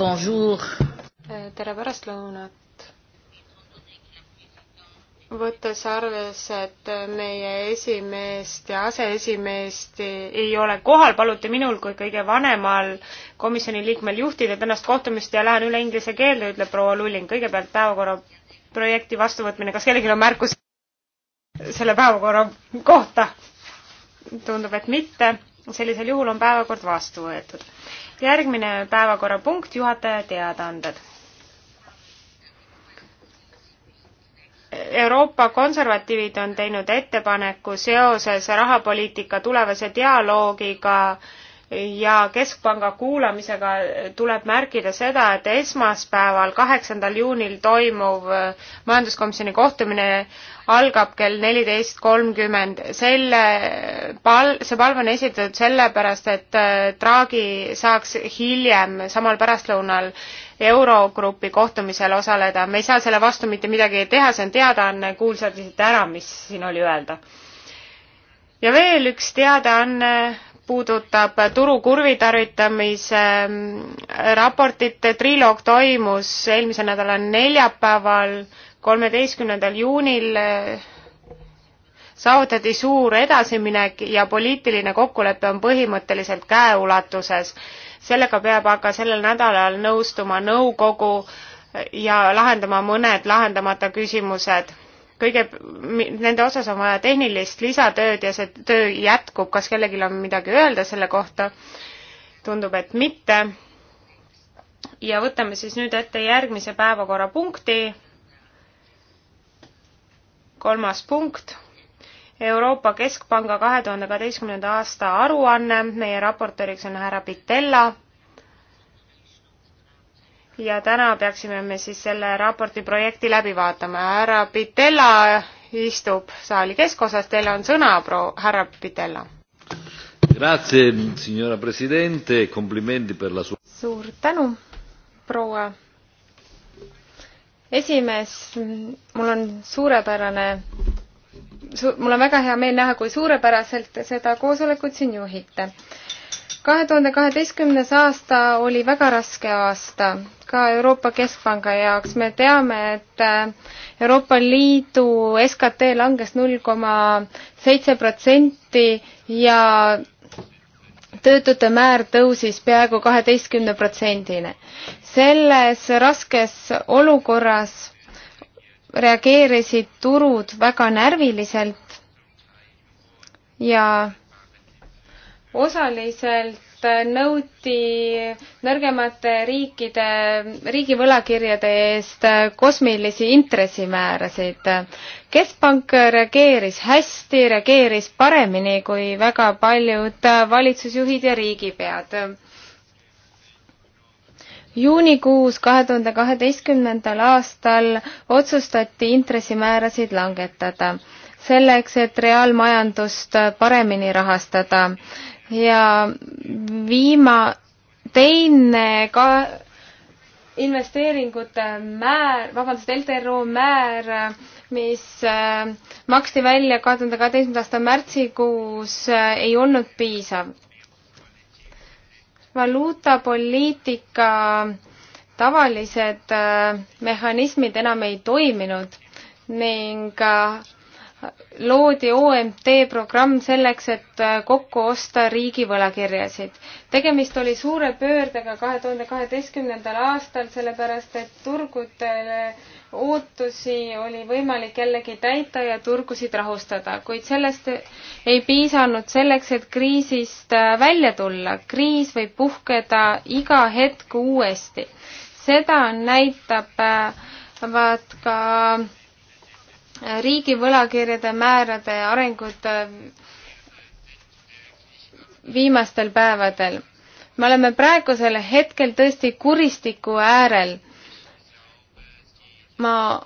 bonjour. tere pärastlõunat. võttes arvesse, et meie esimeest ja aseesimeest ei ole kohal, paluti minul kui kõige vanemal komisjoni liikmel juhtida tänast kohtumist ja lähen üle inglise keelde, ütleb proua Lulling. kõigepealt päevakorra projekti vastuvõtmine, kas kellelgi on märkus selle päevakorra kohta? tundub, et mitte sellisel juhul on päevakord vastu võetud. järgmine päevakorrapunkt, juhataja teadaanded. Euroopa konservatiivid on teinud ettepaneku seoses rahapoliitika tulevase dialoogiga ja Keskpanga kuulamisega tuleb märkida seda, et esmaspäeval, kaheksandal juunil toimuv majanduskomisjoni kohtumine algab kell neliteist kolmkümmend. selle pal-, see palve on esitatud sellepärast, et äh, Draghi saaks hiljem samal pärastlõunal Eurogrupi kohtumisel osaleda. me ei saa selle vastu mitte midagi teha, see on teadaanne, kuulsite ära, mis siin oli öelda. ja veel üks teadaanne puudutab turu kurvitarvitamise ähm, raportit. triloog toimus eelmise nädala neljapäeval kolmeteistkümnendal juunil eh, saavutati suur edasiminek ja poliitiline kokkulepe on põhimõtteliselt käeulatuses. sellega peab aga sellel nädalal nõustuma nõukogu ja lahendama mõned lahendamata küsimused. kõige, nende osas on vaja tehnilist lisatööd ja see töö jätkub, kas kellelgi on midagi öelda selle kohta? tundub, et mitte. ja võtame siis nüüd ette järgmise päevakorrapunkti kolmas punkt, Euroopa Keskpanga kahe tuhande kaheteistkümnenda aasta aruanne, meie raportööriks on härra Pitella. ja täna peaksime me siis selle raporti projekti läbi vaatama, härra Pitella istub saali keskosas, teil on sõna, proua, härra Pitella. Grazie, signora presidente, complimenti per la su-. suur tänu, proua esimees, mul on suurepärane su-, mul on väga hea meel näha, kui suurepäraselt te seda koosolekut siin juhite. kahe tuhande kaheteistkümnes aasta oli väga raske aasta ka Euroopa Keskpanga jaoks. me teame, et äh, Euroopa Liidu SKT langes null koma seitse protsenti ja töötute määr tõusis peaaegu kaheteistkümne protsendini. selles raskes olukorras reageerisid turud väga närviliselt ja osaliselt nõuti nõrgemate riikide, riigivõlakirjade eest kosmilisi intressimäärasid. keskpank reageeris hästi, reageeris paremini kui väga paljud valitsusjuhid ja riigipead juunikuus kahe tuhande kaheteistkümnendal aastal otsustati intressimäärasid langetada selleks, et reaalmajandust paremini rahastada ja viima-, teine ka investeeringute määr, vabandust, LTRO määr, mis äh, maksti välja kahe tuhande kaheteistkümnenda aasta märtsikuus, äh, ei olnud piisav. valuutapoliitika tavalised äh, mehhanismid enam ei toiminud ning loodi OMT programm selleks, et äh, kokku osta riigi võlakirjasid. tegemist oli suure pöördega kahe tuhande kaheteistkümnendal aastal, sellepärast et turgudele ootusi oli võimalik jällegi täita ja turgusid rahustada, kuid sellest ei piisanud selleks, et kriisist äh, välja tulla. kriis võib puhkeda iga hetk uuesti. seda näitab äh, vaat ka äh, riigi võlakirjade määrade arengut äh, viimastel päevadel. me oleme praegusel hetkel tõesti kuristiku äärel. ma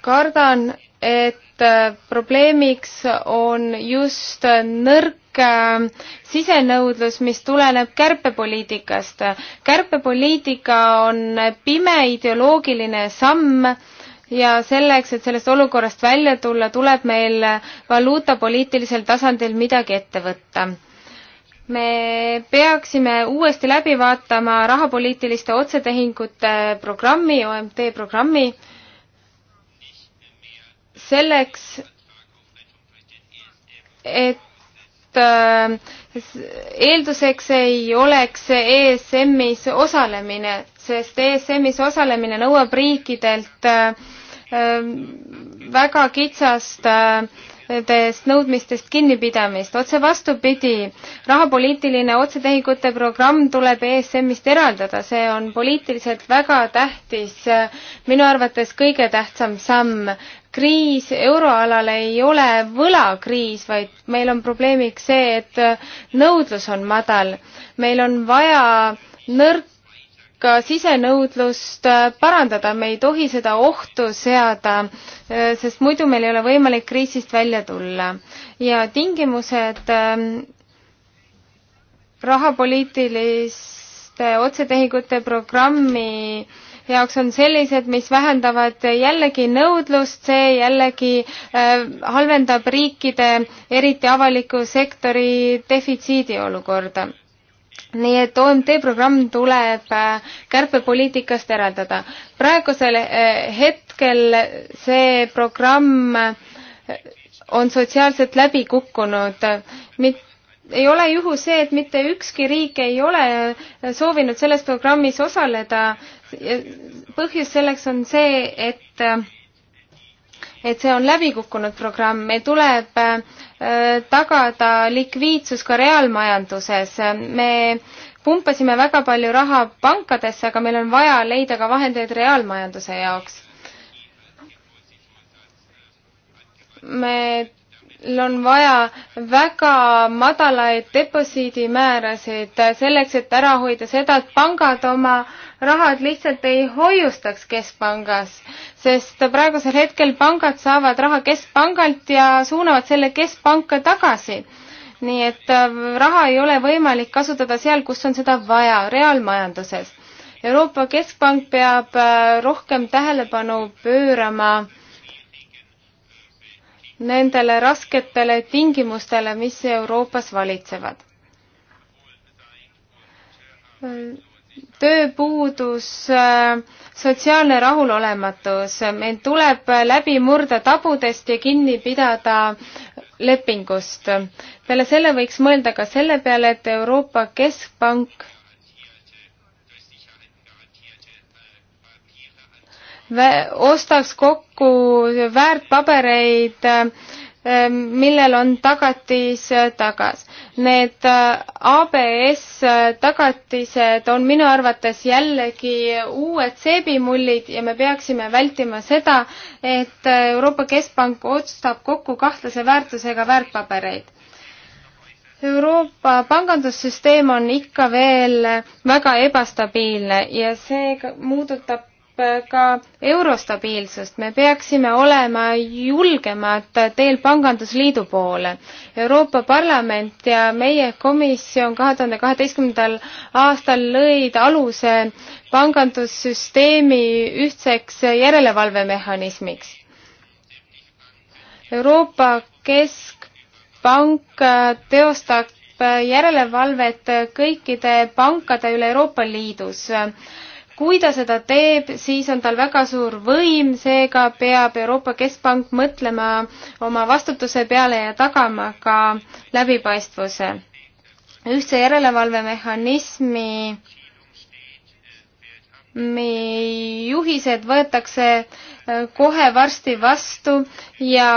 kardan, et äh, probleemiks on just nõrk äh, sisenõudlus, mis tuleneb kärpepoliitikast. kärpepoliitika on pime ideoloogiline samm ja selleks, et sellest olukorrast välja tulla, tuleb meil valuutapoliitilisel tasandil midagi ette võtta me peaksime uuesti läbi vaatama rahapoliitiliste otsetehingute programmi, OMT programmi, selleks, et äh, eelduseks ei oleks ESM-is osalemine, sest ESM-is osalemine nõuab riikidelt äh, Ehm, väga kitsast nendest eh, nõudmistest kinnipidamist. otse vastupidi, rahapoliitiline otsetehingute programm tuleb ESM-ist eraldada, see on poliitiliselt väga tähtis, eh, minu arvates kõige tähtsam samm. kriis euroalal ei ole võlakriis, vaid meil on probleemiks see, et eh, nõudlus on madal. meil on vaja nõrk ka sisenõudlust äh, parandada, me ei tohi seda ohtu seada, äh, sest muidu meil ei ole võimalik kriisist välja tulla. ja tingimused ähm, rahapoliitiliste otsetehingute programmi jaoks on sellised, mis vähendavad jällegi nõudlust, see jällegi äh, halvendab riikide, eriti avaliku sektori defitsiidi olukorda nii et OMT programm tuleb äh, kärpepoliitikast eraldada. praegusel äh, hetkel see programm äh, on sotsiaalselt läbi kukkunud. ei ole juhus see, et mitte ükski riik ei ole soovinud selles programmis osaleda. põhjus selleks on see, et et see on läbikukkunud programm, meil tuleb äh, tagada likviidsus ka reaalmajanduses, me pumpasime väga palju raha pankadesse, aga meil on vaja leida ka vahendeid reaalmajanduse jaoks. me on vaja väga madalaid deposiidimäärasid selleks, et ära hoida seda, et pangad oma rahad lihtsalt ei hoiustaks keskpangas, sest praegusel hetkel pangad saavad raha keskpangalt ja suunavad selle keskpanka tagasi. nii et äh, raha ei ole võimalik kasutada seal, kus on seda vaja, reaalmajanduses. Euroopa Keskpank peab äh, rohkem tähelepanu pöörama äh, nendele rasketele tingimustele, mis Euroopas valitsevad. tööpuudus, sotsiaalne rahulolematus, meil tuleb läbi murda tabudest ja kinni pidada lepingust. peale selle võiks mõelda ka selle peale, et Euroopa Keskpank ostaks kokku väärtpabereid, ähm, millel on tagatis äh, tagas. Need äh, ABS äh, tagatised on minu arvates jällegi uued seebimullid ja me peaksime vältima seda, et Euroopa Keskpank ostab kokku kahtlase väärtusega väärtpabereid Euroopa pangandussüsteem on ikka veel väga ebastabiilne ja see muudutab ka eurostabiilsust, me peaksime olema julgemad teel pangandusliidu poole. Euroopa Parlament ja meie komisjon kahe tuhande kaheteistkümnendal aastal lõid aluse pangandussüsteemi ühtseks järelevalvemehhanismiks. Euroopa Keskpank teostab järelevalvet kõikide pankade üle Euroopa Liidus kui ta seda teeb, siis on tal väga suur võim, seega peab Euroopa Keskpank mõtlema oma vastutuse peale ja tagama ka läbipaistvuse. ühtse järelevalvemehhanismi juhised võetakse eh, kohe varsti vastu ja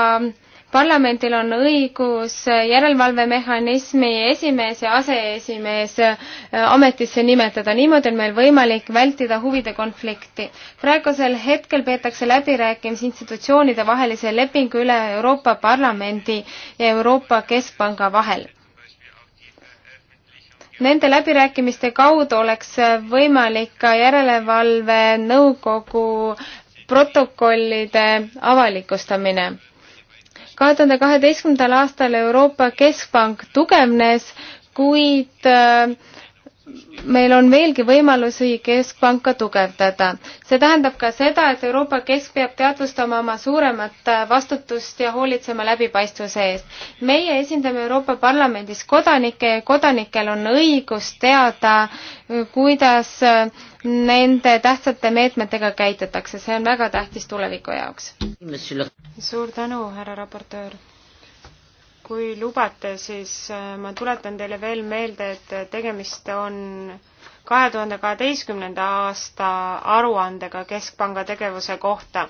parlamendil on õigus järelevalvemehhanismi esimees ja aseesimees äh, ametisse nimetada, niimoodi on meil võimalik vältida huvide konflikti. praegusel hetkel peetakse läbirääkimisi institutsioonide vahelise lepingu üle Euroopa Parlamendi ja Euroopa Keskpanga vahel Nende läbirääkimiste kaudu oleks võimalik ka järelevalve nõukogu protokollide avalikustamine kahe tuhande kaheteistkümnendal aastal Euroopa Keskpank tugevnes, kuid äh, meil on veelgi võimalusi keskpanka tugevdada. see tähendab ka seda, et Euroopa Kesk peab teadvustama oma suuremat vastutust ja hoolitsema läbipaistvuse eest. meie esindame Euroopa Parlamendis kodanikke ja kodanikel on õigus teada, kuidas nende tähtsate meetmetega käitutakse, see on väga tähtis tuleviku jaoks. suur tänu, härra raportöör kui lubate, siis äh, ma tuletan teile veel meelde, et tegemist on kahe tuhande kaheteistkümnenda aasta aruandega Keskpanga tegevuse kohta.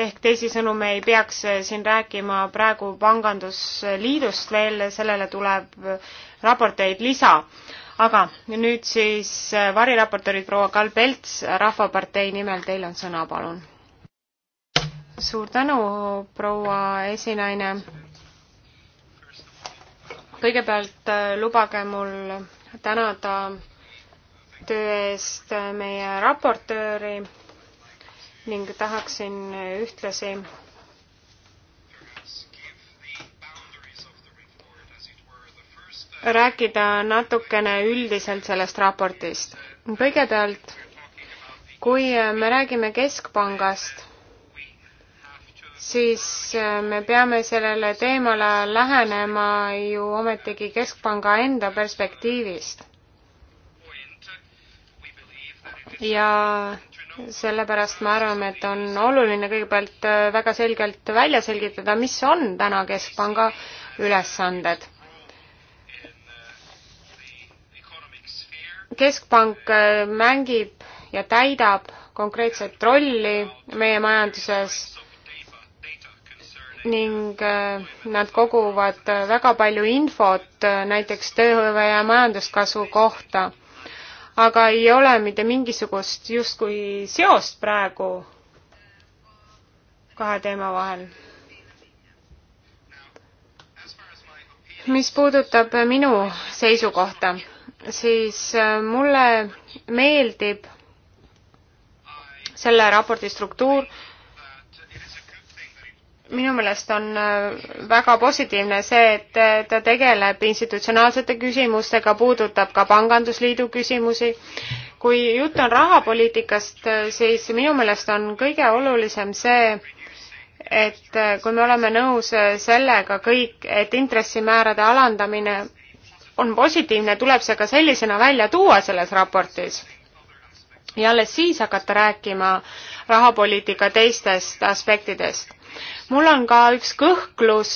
ehk teisisõnu, me ei peaks äh, siin rääkima praegu Pangandusliidust veel, sellele tuleb äh, raporteid lisa. aga nüüd siis variraportöörid proua Karl Pelts Rahvapartei nimel, teil on sõna, palun. suur tänu, proua esinaine kõigepealt äh, lubage mul tänada töö eest meie raportööri ning tahaksin ühtlasi rääkida natukene üldiselt sellest raportist. kõigepealt, kui me räägime Keskpangast siis äh, me peame sellele teemale lähenema ju ometigi Keskpanga enda perspektiivist. ja sellepärast me arvame, et on oluline kõigepealt äh, väga selgelt välja selgitada, mis on täna Keskpanga ülesanded keskpank äh, mängib ja täidab konkreetset rolli meie majanduses ning äh, nad koguvad äh, väga palju infot äh, näiteks tööhõive ja majanduskasvu kohta. aga ei ole mitte mingisugust justkui seost praegu kahe teema vahel. mis puudutab minu seisukohta, siis mulle meeldib selle raporti struktuur, minu meelest on äh, väga positiivne see, et äh, ta tegeleb institutsionaalsete küsimustega, puudutab ka pangandusliidu küsimusi. kui jutt on rahapoliitikast, äh, siis minu meelest on kõige olulisem see, et kui me oleme nõus sellega kõik, et intressimäärade alandamine on positiivne, tuleb see ka sellisena välja tuua selles raportis ja alles siis hakata rääkima rahapoliitika teistest aspektidest. mul on ka üks kõhklus,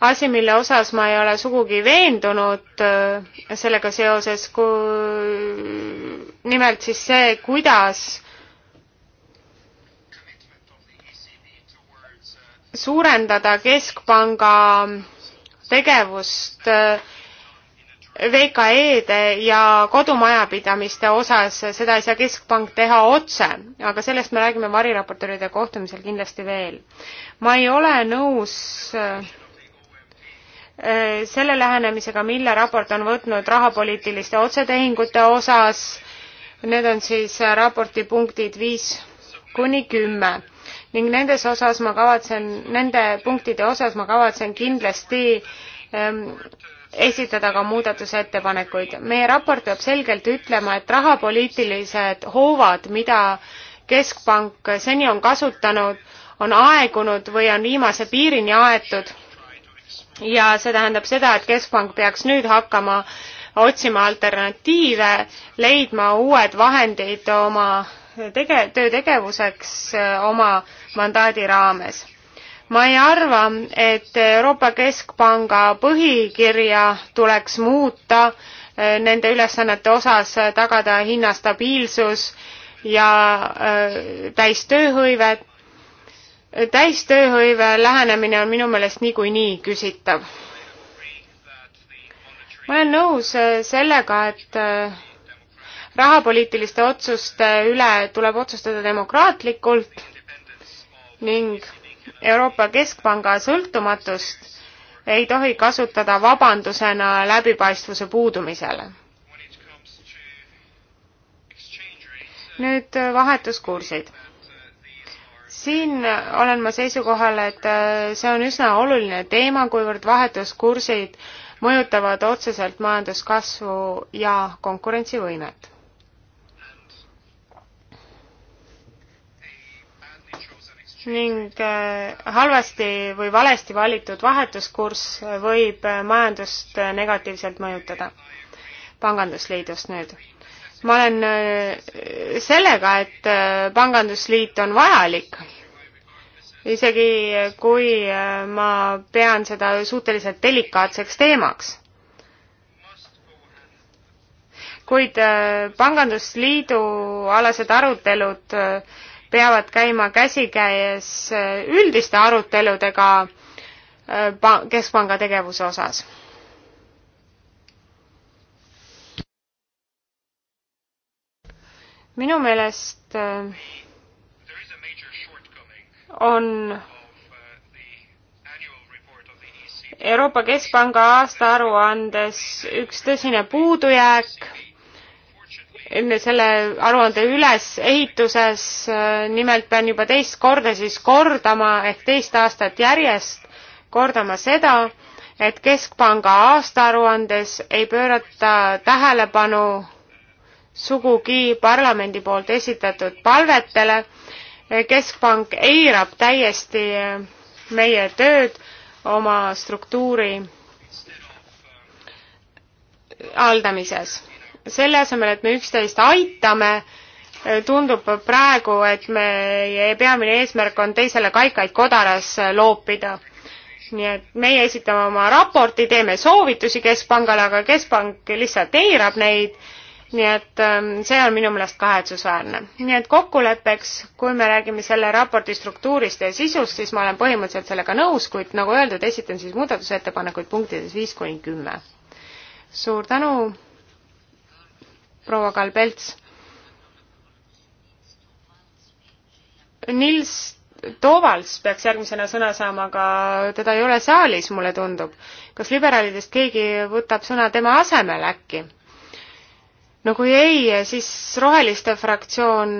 asi, mille osas ma ei ole sugugi veendunud äh, sellega seoses, kui nimelt siis see, kuidas suurendada keskpanga tegevust äh, VKE-de ja kodumajapidamiste osas, seda ei saa Keskpank teha otse, aga sellest me räägime variraportööride kohtumisel kindlasti veel. ma ei ole nõus äh, selle lähenemisega, mille raport on võtnud rahapoliitiliste otsetehingute osas, need on siis raporti punktid viis kuni kümme ning nendes osas ma kavatsen, nende punktide osas ma kavatsen kindlasti ähm, esitada ka muudatusettepanekuid. meie raport peab selgelt ütlema, et rahapoliitilised hoovad, mida keskpank seni on kasutanud, on aegunud või on viimase piirini aetud. ja see tähendab seda, et keskpank peaks nüüd hakkama otsima alternatiive, leidma uued vahendid oma tege-, töötegevuseks eh, oma mandaadi raames ma ei arva, et Euroopa Keskpanga põhikirja tuleks muuta eh, nende ülesannete osas tagada hinnastabiilsus ja eh, täistööhõivet. täistööhõive lähenemine on minu meelest niikuinii küsitav. ma olen nõus eh, sellega, et rahapoliitiliste otsuste üle tuleb otsustada demokraatlikult ning Euroopa Keskpanga sõltumatust ei tohi kasutada vabandusena läbipaistvuse puudumisele. nüüd äh, vahetuskursid. siin olen ma seisukohal, et äh, see on üsna oluline teema, kuivõrd vahetuskursid mõjutavad otseselt majanduskasvu ja konkurentsivõimet ning äh, halvasti või valesti valitud vahetuskurss võib äh, majandust äh, negatiivselt mõjutada. pangandusliidust nüüd. ma olen sellega, et pangandusliit on vajalik. isegi kui ma pean seda suhteliselt delikaatseks teemaks kuid pangandusliidu alased arutelud peavad käima käsikäes äh, üldiste aruteludega äh, keskpanga tegevuse osas. minu meelest äh, on Euroopa Keskpanga aastaaruandes üks tõsine puudujääk enne selle aruande ülesehituses, äh, nimelt pean juba teist korda siis kordama ehk teist aastat järjest kordama seda, et Keskpanga aastaaruandes ei pöörata tähelepanu sugugi parlamendi poolt esitatud palvetele. keskpank eirab täiesti meie tööd oma struktuuri haldamises selle asemel, et me üksteist aitame, tundub praegu, et meie peamine eesmärk on teisele kaikaid kodaras loopida. nii et meie esitame oma raporti, teeme soovitusi Keskpangale, aga Keskpank lihtsalt eirab neid, nii et ähm, see on minu meelest kahetsusväärne. nii et kokkuleppeks, kui me räägime selle raporti struktuurist ja sisust, siis ma olen põhimõtteliselt sellega nõus, kuid nagu öeldud, esitan siis muudatusettepanekuid punktides viis kuni kümme. suur tänu proua Kalbelts. Nils Tovals peaks järgmisena sõna saama, aga teda ei ole saalis, mulle tundub. kas liberaalidest keegi võtab sõna tema asemel äkki? no kui ei, siis Roheliste fraktsioon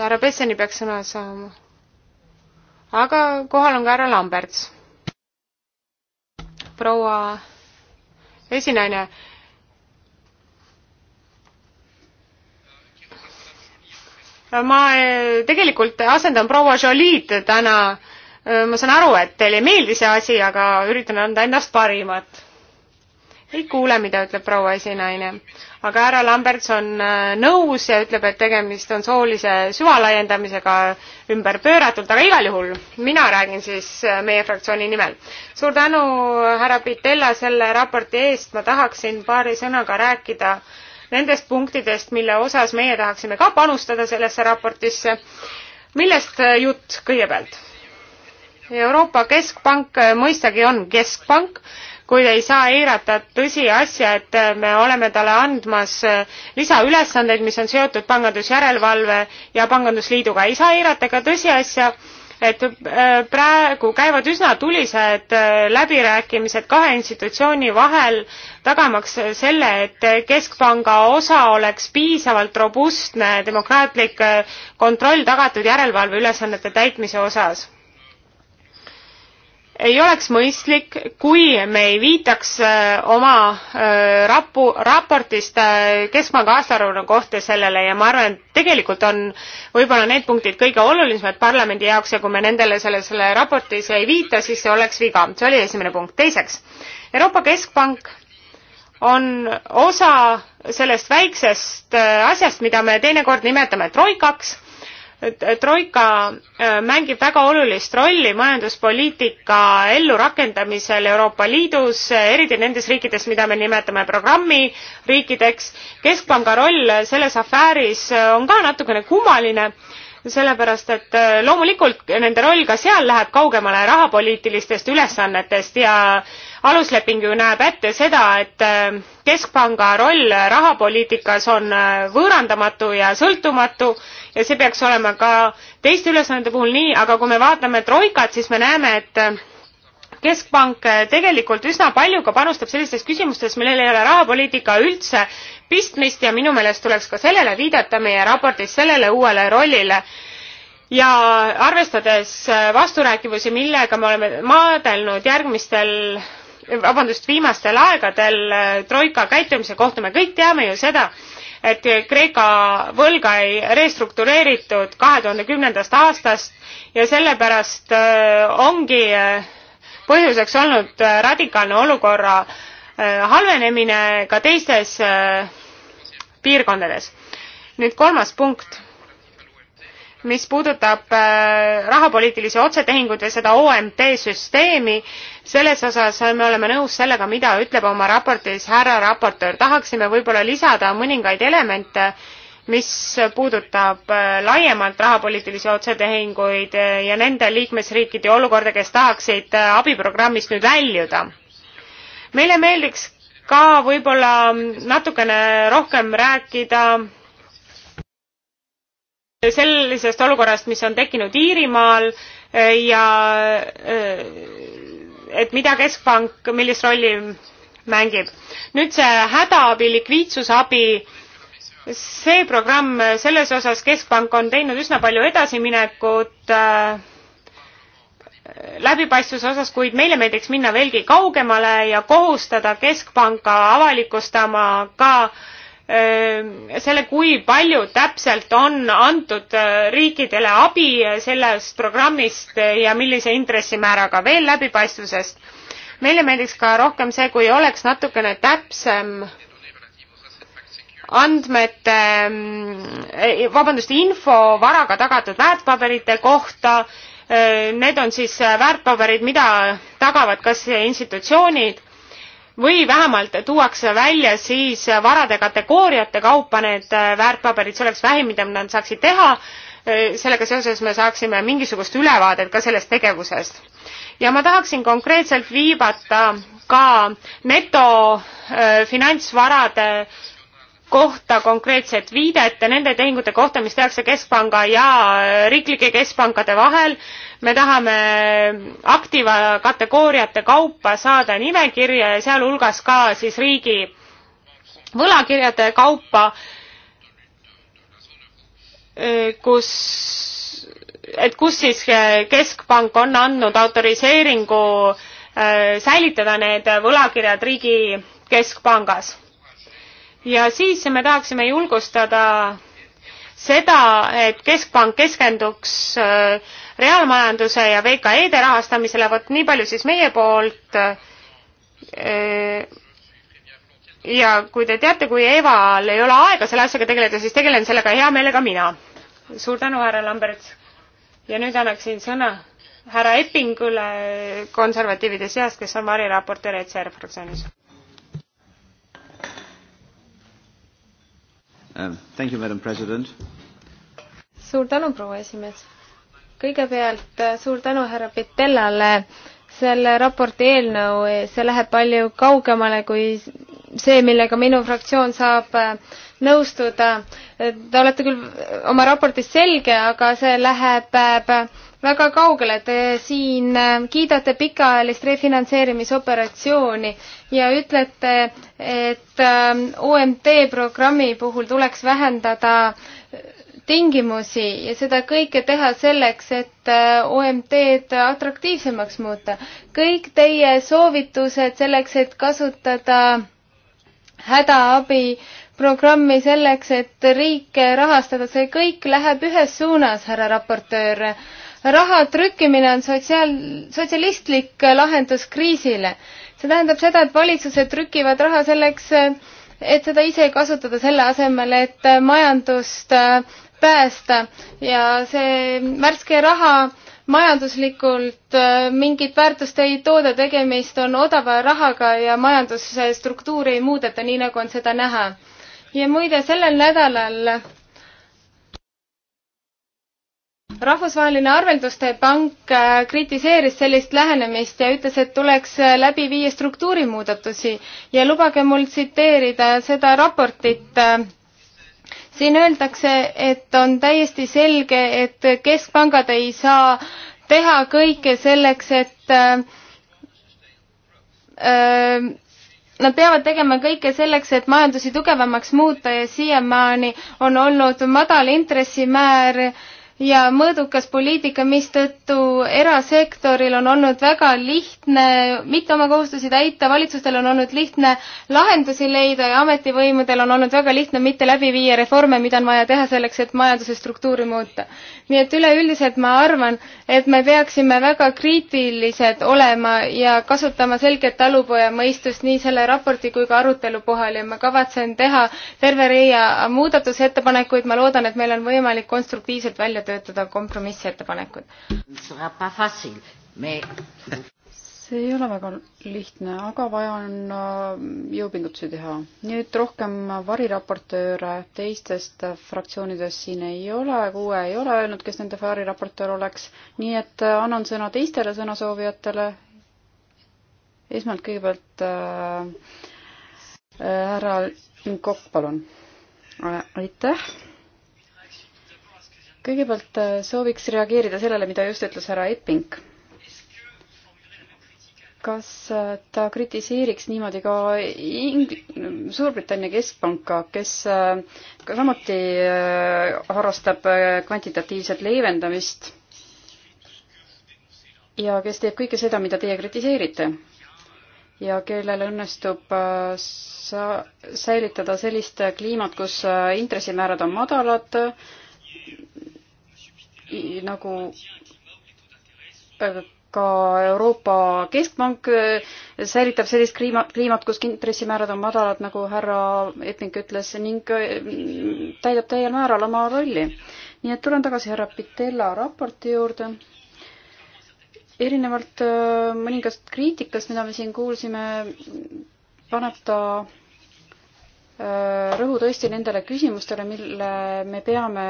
härra Pesseni peaks sõna saama. aga kohal on ka härra Lamberts proua esinaine. ma eh, tegelikult asendan proua Jolid täna. Eh, ma saan aru, et teile ei meeldi see asi, aga üritan anda endast parimat ei kuule, mida ütleb proua esinaine. aga härra Lamberts on äh, nõus ja ütleb, et tegemist on soolise süvalaiendamisega ümberpööratult, aga igal juhul mina räägin siis äh, meie fraktsiooni nimel. suur tänu, härra Pitella, selle raporti eest, ma tahaksin paari sõnaga rääkida nendest punktidest, mille osas meie tahaksime ka panustada sellesse raportisse. millest äh, jutt kõigepealt? Euroopa Keskpank mõistagi on keskpank, kuid ei saa eirata tõsiasja, et me oleme talle andmas eh, lisaülesandeid, mis on seotud pangandusjärelevalve ja pangandusliiduga. ei saa eirata ka tõsiasja, et eh, praegu käivad üsna tulised eh, läbirääkimised kahe institutsiooni vahel, tagamaks selle, et keskpanga osa oleks piisavalt robustne demokraatlik kontroll tagatud järelevalveülesannete täitmise osas ei oleks mõistlik, kui me ei viitaks äh, oma äh, rapu, raportist äh, keskpanga aastaaruanne kohta sellele ja ma arvan, et tegelikult on võib-olla need punktid kõige olulisemad parlamendi jaoks ja kui me nendele selles selle raportis ei viita, siis see oleks viga. see oli esimene punkt. teiseks, Euroopa Keskpank on osa sellest väiksest asjast, mida me teinekord nimetame troikaks troika äh, mängib väga olulist rolli majanduspoliitika ellurakendamisel Euroopa Liidus, eriti nendes riikides, mida me nimetame programmiriikideks. keskpanga roll selles afääris on ka natukene kummaline sellepärast, et äh, loomulikult nende roll ka seal läheb kaugemale rahapoliitilistest ülesannetest ja alusleping ju näeb ette seda, et äh, keskpanga roll rahapoliitikas on võõrandamatu ja sõltumatu ja see peaks olema ka teiste ülesannete puhul nii, aga kui me vaatame troikat, siis me näeme, et keskpank tegelikult üsna palju ka panustab sellistes küsimustes, millel ei ole rahapoliitika üldse pistmist ja minu meelest tuleks ka sellele viidata meie raportis, sellele uuele rollile ja arvestades vasturääkivusi, millega me oleme maadelnud järgmistel vabandust, viimastel aegadel troika käitumise kohta, me kõik teame ju seda, et Kreeka võlga ei restruktureeritud kahe tuhande kümnendast aastast ja sellepärast äh, ongi äh, põhjuseks olnud äh, radikaalne olukorra halvenemine ka teistes piirkondades. nüüd kolmas punkt, mis puudutab rahapoliitilisi otsetehinguid ja seda OMT süsteemi, selles osas me oleme nõus sellega, mida ütleb oma raportis härra raportöör. tahaksime võib-olla lisada mõningaid elemente, mis puudutab äh, laiemalt rahapoliitilisi otsetehinguid äh, ja nende liikmesriikide olukorda, kes tahaksid äh, abiprogrammist nüüd väljuda. meile meeldiks ka võib-olla natukene rohkem rääkida sellisest olukorrast, mis on tekkinud Iirimaal ja et mida keskpank, millist rolli mängib. nüüd see hädaabi, likviidsusabi, see programm, selles osas Keskpank on teinud üsna palju edasiminekut äh, läbipaistvuse osas, kuid meile meeldiks minna veelgi kaugemale ja kohustada Keskpanka avalikustama ka äh, Ehm, selle, kui palju täpselt on antud äh, riikidele abi äh, sellest programmist äh, ja millise intressimääraga veel läbipaistvusest. meile meeldiks ka rohkem see, kui oleks natukene täpsem andmete, ehm, vabandust, info varaga tagatud väärtpaberite kohta. Ehm, need on siis väärtpaberid, mida tagavad kas institutsioonid või vähemalt tuuakse välja siis varade kategooriate kaupa need äh, väärtpaberid, see oleks vähim, mida nad saaksid teha. Äh, sellega seoses me saaksime mingisugust ülevaadet ka sellest tegevusest. ja ma tahaksin konkreetselt viibata ka neto äh, finantsvarade äh, kohta konkreetset viidet nende tehingute kohta, mis tehakse keskpanga ja äh, riiklike keskpankade vahel. me tahame aktiva kategooriate kaupa saada nimekirja ja sealhulgas ka siis riigi võlakirjade kaupa, äh, kus et kus siis äh, keskpank on andnud autoriseeringu säilitada need võlakirjad riigi keskpangas ja siis me tahaksime julgustada seda, et Keskpank keskenduks äh, reaalmajanduse ja VKE-de rahastamisele, vot nii palju siis meie poolt. Äh, ja kui te teate, kui Eval ei ole aega selle asjaga tegeleda, siis tegelen sellega hea meelega mina. suur tänu, härra Lamberts. ja nüüd annaksin sõna härra Eppingule konservatiivide seast, kes on variraportöör ECR fraktsioonis um,. Thank you, madam president. suur tänu, proua esimees. kõigepealt äh, suur tänu härra Pitellale selle raporti eelnõu, see läheb palju kaugemale kui see, millega minu fraktsioon saab äh, nõustuda. Äh, te olete küll oma raportis selge, aga see läheb väga kaugele. Te siin äh, kiidate pikaajalist refinantseerimisoperatsiooni ja ütlete, et ähm, OMT programmi puhul tuleks vähendada äh, tingimusi ja seda kõike teha selleks, et äh, OMT-d atraktiivsemaks muuta. kõik teie soovitused selleks, et kasutada hädaabiprogrammi selleks, et riike rahastada, see kõik läheb ühes suunas, härra raportöör raha trükkimine on sotsiaal, sotsialistlik lahendus kriisile. see tähendab seda, et valitsused trükivad raha selleks, et seda ise kasutada, selle asemel, et majandust äh, päästa ja see värske raha majanduslikult äh, mingit väärtust ei tooda, tegemist on odava rahaga ja majanduse struktuuri ei muudeta, nii nagu on seda näha. ja muide, sellel nädalal rahvusvaheline Arvelduste Pank äh, kritiseeris sellist lähenemist ja ütles, et tuleks äh, läbi viia struktuurimuudatusi ja lubage mul tsiteerida seda raportit. Äh, siin öeldakse, et on täiesti selge, et keskpangad ei saa teha kõike selleks, et äh, nad peavad tegema kõike selleks, et majandusi tugevamaks muuta ja siiamaani on olnud madal intressimäär ja mõõdukas poliitika, mistõttu erasektoril on olnud väga lihtne mitte oma kohustusi täita, valitsustel on olnud lihtne lahendusi leida ja ametivõimudel on olnud väga lihtne mitte läbi viia reforme, mida on vaja teha selleks, et majanduse struktuuri muuta. nii et üleüldiselt ma arvan, et me peaksime väga kriitilised olema ja kasutama selget talupojamõistust nii selle raporti kui ka arutelu puhul ja ma kavatsen teha terve reia muudatusettepanekuid, ma loodan, et meil on võimalik konstruktiivselt välja töötada töötada kompromissettepanekud. see ei ole väga lihtne, aga vaja on äh, jõupingutusi teha. nüüd rohkem variraportööre teistest fraktsioonidest siin ei ole, kuue ei ole öelnud, kes nende variraportöör oleks, nii et äh, annan sõna teistele sõnasoovijatele. esmalt kõigepealt äh, härra äh, Kokk, palun. aitäh kõigepealt äh, sooviks reageerida sellele, mida just ütles härra Epping. kas äh, ta kritiseeriks niimoodi ka Ing-, Suurbritannia keskpanka, kes äh, ka samuti harrastab kvantitatiivset leevendamist ja kes teeb kõike seda, mida teie kritiseerite? ja kellel õnnestub sa-, säilitada sellist kliimat, kus intressimäärad on madalad, nagu äh, ka Euroopa Keskpank äh, säilitab sellist kliima, kliimat, kus intressimäärad on madalad, nagu härra Epping ütles, ning äh, täidab täiel määral oma rolli. nii et tulen tagasi härra Pitella raporti juurde. erinevalt mõningast kriitikast, mida me siin kuulsime, paneb ta Äh, rõhu tõesti nendele küsimustele, mille me peame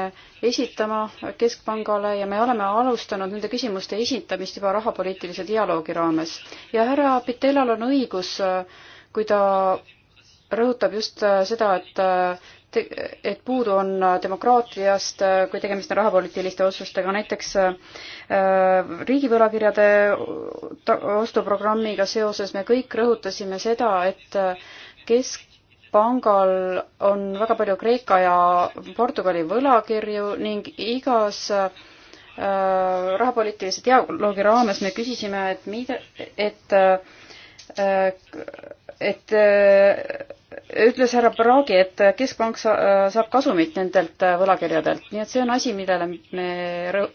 esitama Keskpangale ja me oleme alustanud nende küsimuste esitamist juba rahapoliitilise dialoogi raames. ja härra Pitellal on õigus, äh, kui ta rõhutab just äh, seda, et et puudu on demokraatiast, kui tegemist on rahapoliitiliste otsustega, näiteks riigivõlakirjade ostuprogrammiga seoses me kõik rõhutasime seda, et kesk pangal on väga palju Kreeka ja Portugali võlakirju ning igas äh, rahapoliitilise dialoogi raames me küsisime, et mida, et äh, et äh, ütles härra Bragi, et keskpank saab kasumit nendelt võlakirjadelt, nii et see on asi, millele me rõh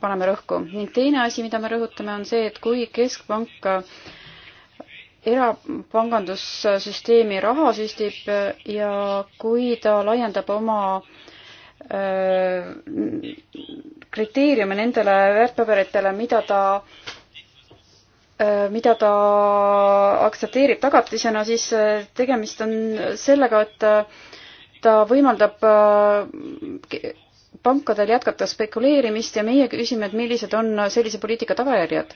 paneme rõhku. ning teine asi, mida me rõhutame, on see, et kui keskpank erapangandussüsteemi raha süstib äh, ja kui ta laiendab oma äh, kriteeriume nendele väärtpaberitele, mida ta, äh, mida ta aktsepteerib tagatisena, siis tegemist on sellega, et ta võimaldab pankadel jätkata spekuleerimist ja meie küsime, et millised on sellise poliitika tagajärjed.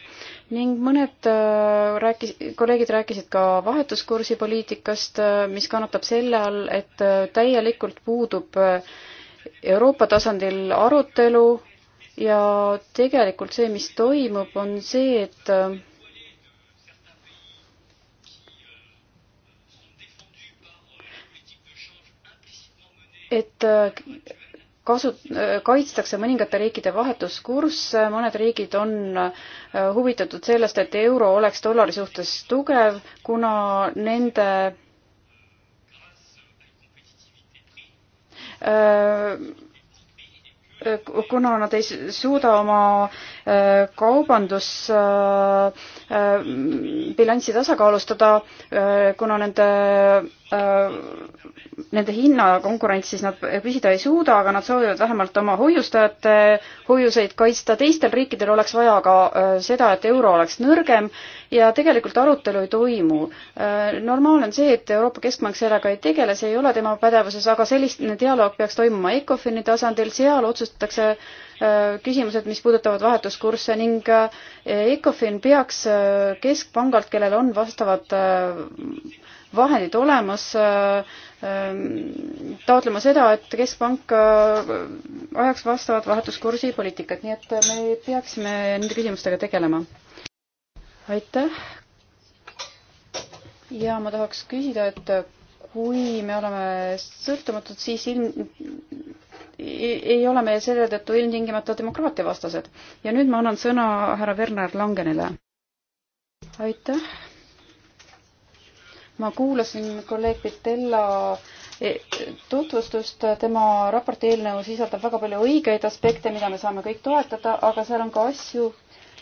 ning mõned äh, rääkis, kolleegid rääkisid ka vahetuskursi poliitikast, äh, mis kannatab selle all, et äh, täielikult puudub Euroopa tasandil arutelu ja tegelikult see, mis toimub, on see, et et kasu-, kaitstakse mõningate riikide vahetuskursse, mõned riigid on äh, huvitatud sellest, et euro oleks dollari suhtes tugev, kuna nende äh, äh, kuna nad ei suuda oma kaubandus Äh, bilanssi tasakaalustada, äh, kuna nende, äh, nende hinnakonkurentsis nad püsida ei suuda, aga nad soovivad vähemalt oma hoiustajate hoiuseid kaitsta. teistel riikidel oleks vaja ka seda, et euro oleks nõrgem ja tegelikult arutelu ei toimu. normaalne on see, et Euroopa Keskpank sellega ei tegele, see ei ole tema pädevuses, aga sellist dialoog peaks toimuma ECOFIN-i tasandil, seal otsustatakse Äh, küsimused, mis puudutavad vahetuskursse ning äh, ECOFIN peaks äh, keskpangalt, kellel on vastavad vahendid olemas, ähm, taotlema seda, et Keskpank ajaks vastavat vahetuskursi poliitikat, nii et me peaksime nende küsimustega tegelema. aitäh. ja ma tahaks küsida, et kui me oleme sõltumatud, siis ilm, ei ole me selle tõttu ilmtingimata demokraatia vastased. ja nüüd ma annan sõna härra Werner Langenile. aitäh. ma kuulasin kolleeg Pitella e, tutvustust, tema raporti eelnõu sisaldab väga palju õigeid aspekte, mida me saame kõik toetada, aga seal on ka asju,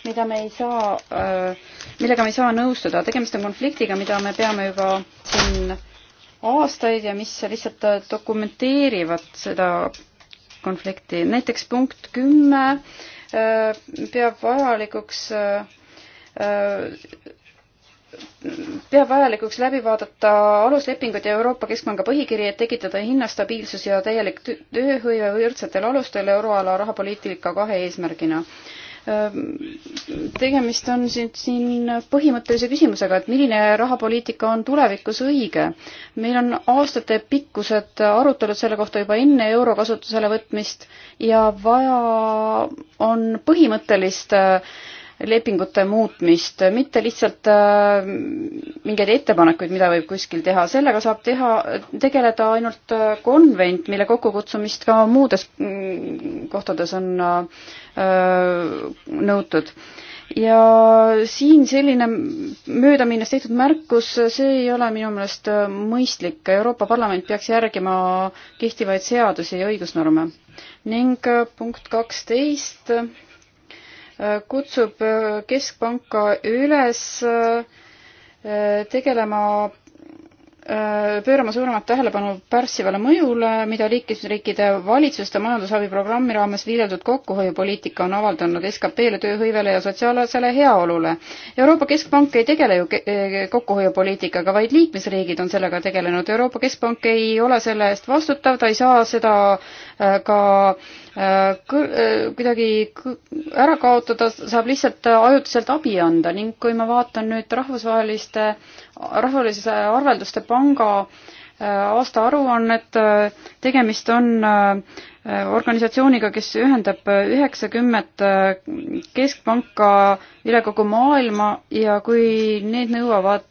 mida me ei saa, äh, millega me ei saa nõustuda. tegemist on konfliktiga, mida me peame juba siin aastaid ja mis lihtsalt dokumenteerivad seda konflikti. näiteks punkt kümme äh, peab vajalikuks äh, äh, peab vajalikuks läbi vaadata aluslepingud ja Euroopa Keskpanga põhikiri, et tekitada hinnastabiilsus ja täielik tööhõive võrdsetel alustel euroala rahapoliitika kahe eesmärgina. Ehm, tegemist on siin, siin põhimõttelise küsimusega, et milline rahapoliitika on tulevikus õige. meil on aastatepikkused arutelud selle kohta juba enne euro kasutusele võtmist ja vaja on põhimõttelist äh, lepingute muutmist, mitte lihtsalt äh, mingeid ettepanekuid, mida võib kuskil teha, sellega saab teha, tegeleda ainult äh, konvent, mille kokkukutsumist ka muudes mm, kohtades on äh, nõutud. ja siin selline möödaminnes tehtud märkus, see ei ole minu meelest mõistlik, Euroopa Parlament peaks järgima kehtivaid seadusi ja õigusnorme. ning punkt kaksteist 12 kutsub äh, Keskpanka üles äh, tegelema Äh, pöörama suuremat tähelepanu pärssivale mõjule, mida liikmesriikide valitsuste majandusabiprogrammi raames viideldud kokkuhoiupoliitika on avaldanud SKP-le, tööhõivele ja sotsiaalsele heaolule. Euroopa Keskpank ei tegele ju äh, kokkuhoiupoliitikaga, vaid liikmesriigid on sellega tegelenud. Euroopa Keskpank ei ole selle eest vastutav, ta ei saa seda äh, ka kuidagi ära kaotada, saab lihtsalt ajutiselt abi anda ning kui ma vaatan nüüd rahvusvaheliste äh, rahvusvahelise arvelduste panga äh, aastaaruannet. Äh, tegemist on äh, organisatsiooniga, kes ühendab üheksakümmet keskpanka üle kogu maailma ja kui need nõuavad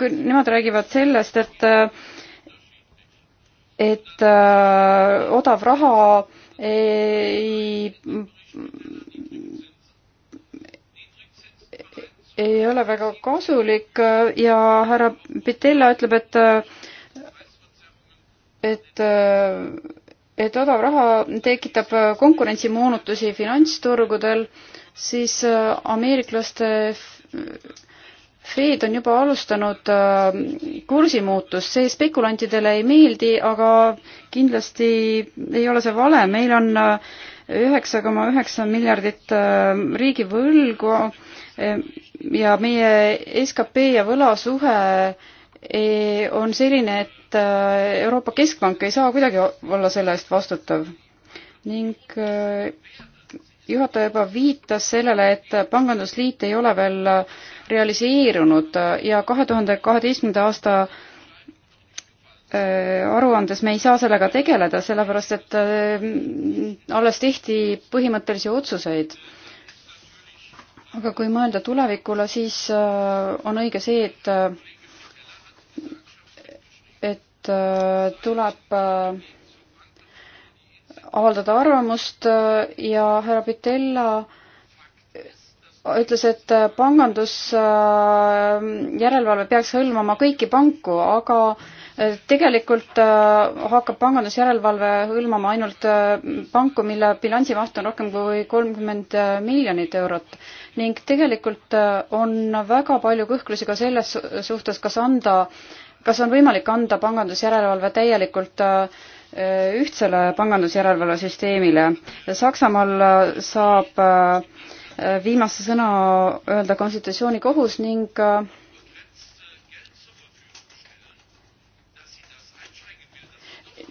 kui nemad räägivad sellest, et et öö, odav raha öö, ei ei ole väga kasulik ja härra Pitella ütleb, et et et odav raha tekitab konkurentsimoonutusi finantsturgudel, siis ameeriklaste Fed on juba alustanud äh, kursimuutust, see spekulantidele ei meeldi, aga kindlasti ei ole see vale, meil on äh, üheksa koma üheksa miljardit äh, riigivõlgu ja meie skp ja võlasuhe on selline, et Euroopa Keskpank ei saa kuidagi olla selle eest vastutav. ning juhataja juba viitas sellele, et pangandusliit ei ole veel realiseerunud ja kahe tuhande kaheteistkümnenda aasta äh, aruandes me ei saa sellega tegeleda, sellepärast et äh, alles tehti põhimõttelisi otsuseid. aga kui mõelda tulevikule, siis äh, on õige see, et, et tuleb avaldada arvamust ja härra Pitella äh, ütles, et äh, pangandusjärelevalve äh, peaks hõlmama kõiki panku, aga äh, tegelikult hakkab pangandusjärelevalve hõlmama ainult panku, mille bilansimaht on rohkem kui kolmkümmend miljonit eurot. ning tegelikult on väga palju kõhklusi ka selles suhtes, kas anda, kas on võimalik anda pangandusjärelevalve täielikult ühtsele pangandusjärelevalvesüsteemile. Saksamaal saab äh, viimase sõna öelda konstitutsioonikohus ning äh,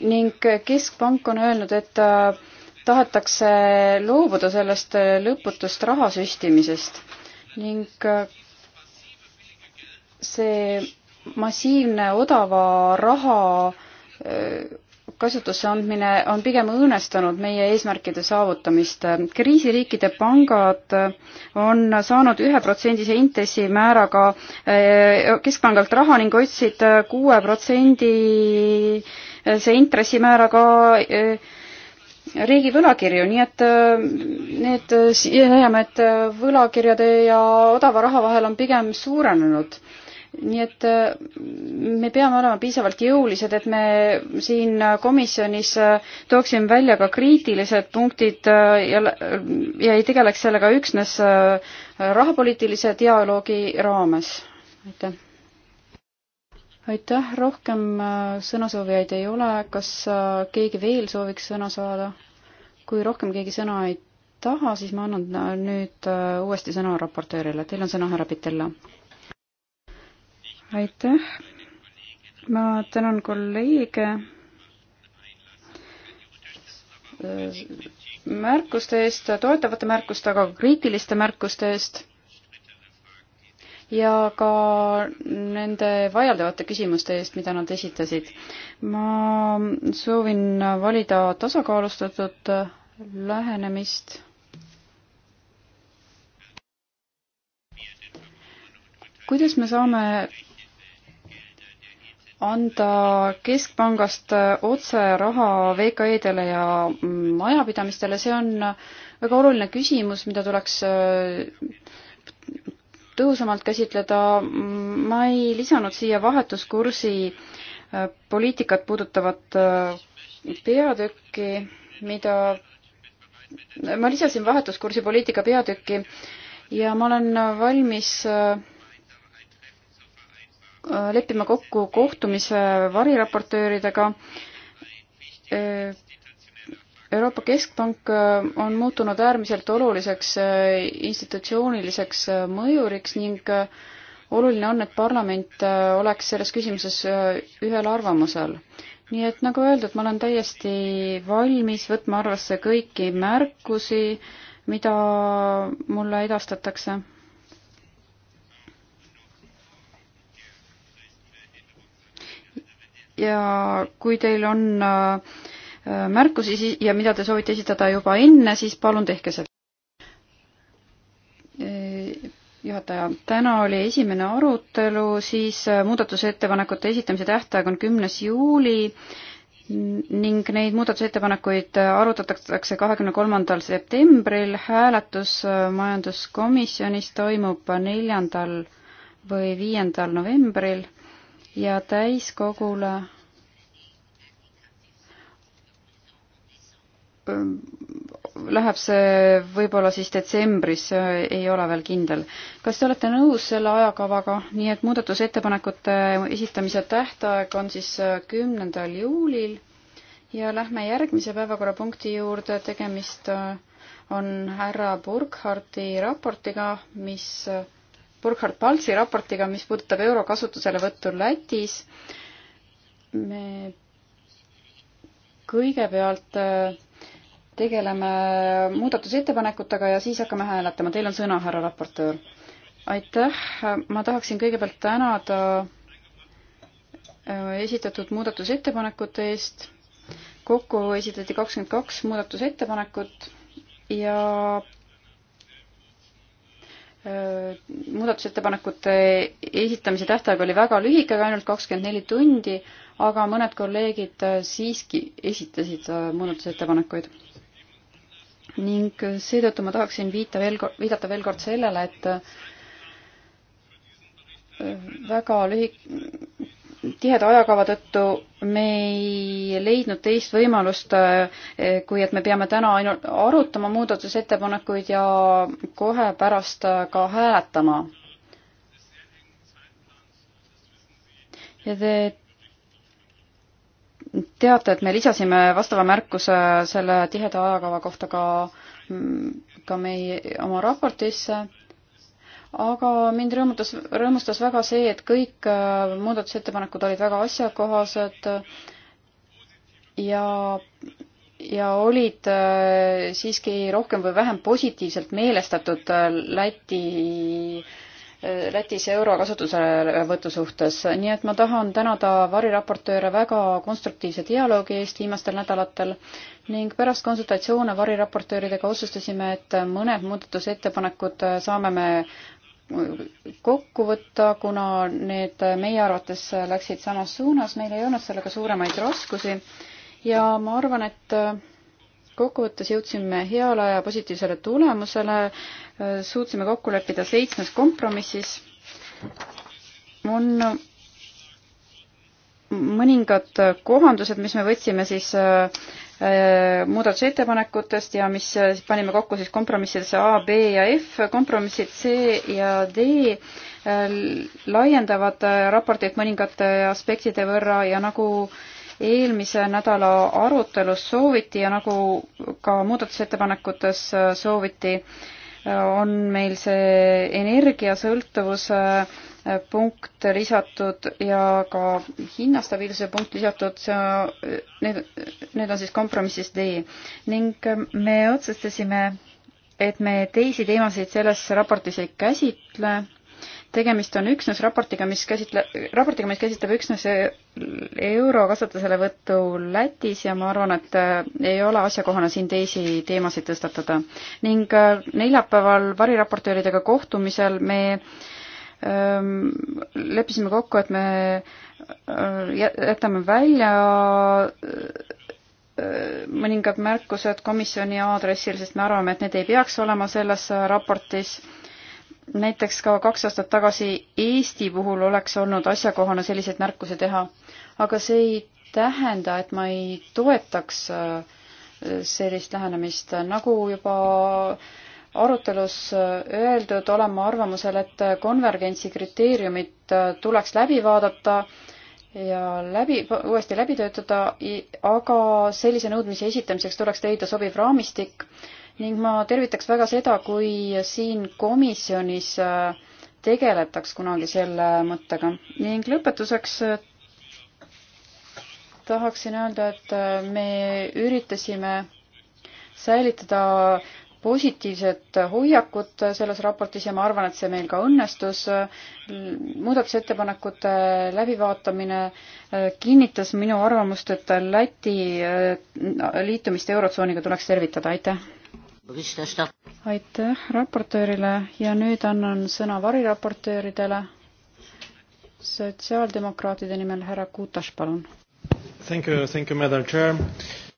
ning Keskpank on öelnud, et äh, tahetakse loobuda sellest äh, lõputust raha süstimisest ning see massiivne odava raha kasutusse andmine on pigem õõnestanud meie eesmärkide saavutamist. kriisiriikide pangad on saanud üheprotsendise intressimääraga eh, keskpangalt raha ning hoidsid kuue protsendi see intressimääraga eh, riigi võlakirju, nii et eh, need, leiame, et võlakirjade ja odava raha vahel on pigem suurenenud nii et äh, me peame olema piisavalt jõulised, et me siin komisjonis äh, tooksime välja ka kriitilised punktid äh, ja, ja ei tegeleks sellega üksnes rahapoliitilise dialoogi raames. aitäh. aitäh, rohkem sõnasoovijaid ei ole, kas keegi veel sooviks sõna saada? kui rohkem keegi sõna ei taha, siis ma annan nüüd uuesti sõna raportöörile, teil on sõna, härra Pitella aitäh. ma tänan kolleege äh, märkuste eest, toetavate märkuste, aga ka kriitiliste märkuste eest ja ka nende vaieldavate küsimuste eest, mida nad esitasid. ma soovin valida tasakaalustatud lähenemist. kuidas me saame anda keskpangast otse raha VKE-dele ja majapidamistele, see on väga oluline küsimus, mida tuleks äh, tõhusamalt käsitleda. ma ei lisanud siia vahetuskursi äh, poliitikat puudutavat äh, peatükki, mida, ma lisasin vahetuskursi poliitika peatüki ja ma olen valmis äh, Äh, leppima kokku kohtumise variraportööridega. Äh, Euroopa Keskpank äh, on muutunud äärmiselt oluliseks institutsiooniliseks mõjuriks ning oluline on, et parlament oleks selles küsimuses ühel arvamusel. nii et nagu öeldud, ma olen täiesti valmis võtma arvesse kõiki märkusi, mida mulle edastatakse ja kui teil on äh, märkusi ja mida te soovite esitada juba enne, siis palun tehke seda. E, juhataja, täna oli esimene arutelu, siis äh, muudatusettepanekute esitamise tähtaeg on kümnes juuli ning neid muudatusettepanekuid äh, arutatakse kahekümne kolmandal septembril, hääletus majanduskomisjonis toimub neljandal või viiendal novembril ja täiskogule ähm, läheb see võib-olla siis detsembris, ei ole veel kindel. kas te olete nõus selle ajakavaga, nii et muudatusettepanekute esitamise tähtaeg on siis äh, kümnendal juulil ja lähme järgmise päevakorrapunkti juurde, tegemist äh, on härra Burkharti raportiga, mis äh, Burkhard Paltsi raportiga, mis puudutab euro kasutuselevõttu Lätis. me kõigepealt äh, tegeleme muudatusettepanekutega ja siis hakkame hääletama. Teil on sõna, härra raportöör. aitäh, ma tahaksin kõigepealt tänada äh, esitatud muudatusettepanekute eest. kokku esitati kakskümmend kaks muudatusettepanekut ja muudatusettepanekute esitamise tähtaeg oli väga lühike, ainult kakskümmend neli tundi, aga mõned kolleegid siiski esitasid äh, muudatusettepanekuid. ning seetõttu ma tahaksin viita veel, viidata veel kord sellele, et äh, väga lühi-, tiheda ajakava tõttu me ei leidnud teist võimalust, eh, kui et me peame täna ainult arutama muudatusettepanekuid ja kohe pärast ka hääletama. ja te teate, et me lisasime vastava märkuse selle tiheda ajakava kohta ka, mm, ka meie oma raportisse aga mind rõõmutas, rõõmustas väga see, et kõik äh, muudatusettepanekud olid väga asjakohased äh, ja, ja olid äh, siiski rohkem või vähem positiivselt meelestatud Läti Lätis euro kasutuselevõtu suhtes, nii et ma tahan tänada variraportööre väga konstruktiivse dialoogi eest viimastel nädalatel ning pärast konsultatsioone variraportööridega otsustasime, et mõned muudatusettepanekud saame me kokku võtta, kuna need meie arvates läksid samas suunas, meil ei olnud sellega suuremaid raskusi ja ma arvan, et kokkuvõttes jõudsime heale ja positiivsele tulemusele, suutsime kokku leppida seitsmes kompromissis. on mõningad kohandused, mis me võtsime siis äh, Äh, muudatusettepanekutest ja mis äh, panime kokku siis kompromissidesse A, B ja F, kompromissid C ja D äh, laiendavad raportit mõningate aspektide võrra ja nagu eelmise nädala arutelus sooviti ja nagu ka muudatusettepanekutes sooviti, on meil see energiasõltuvuse punkt lisatud ja ka hinnastabiilsuse punkt lisatud, see, need, need on siis kompromissis D. ning me otsustasime, et me teisi teemasid selles raportis ei käsitle tegemist on üksnes raportiga, mis käsitle-, raportiga, mis käsitleb üksnes euro kasutuselevõttu Lätis ja ma arvan, et äh, ei ole asjakohane siin teisi teemasid tõstatada. ning äh, neljapäeval variraportööridega kohtumisel me äh, leppisime kokku, et me jätame välja mõningad märkused komisjoni aadressil, sest me arvame, et need ei peaks olema selles raportis. näiteks ka kaks aastat tagasi Eesti puhul oleks olnud asjakohane selliseid märkusi teha, aga see ei tähenda, et ma ei toetaks sellist lähenemist, nagu juba äh, arutelus äh, öeldud, olen ma arvamusel, et konvergentsi kriteeriumid äh, tuleks läbi vaadata ja läbi, uuesti läbi töötada, aga sellise nõudmise esitamiseks tuleks leida sobiv raamistik ning ma tervitaks väga seda, kui siin komisjonis äh, tegeletaks kunagi selle mõttega. ning lõpetuseks tahaksin öelda, et me üritasime säilitada positiivset hoiakut selles raportis ja ma arvan, et see meil ka õnnestus. muudatusettepanekute läbivaatamine kinnitas minu arvamust, et Läti äh, liitumist Eurotsooniga tuleks tervitada, aitäh! aitäh raportöörile ja nüüd annan sõna variraportööridele. sotsiaaldemokraatide nimel härra Kutas, palun! Thank you, thank you, madam chair.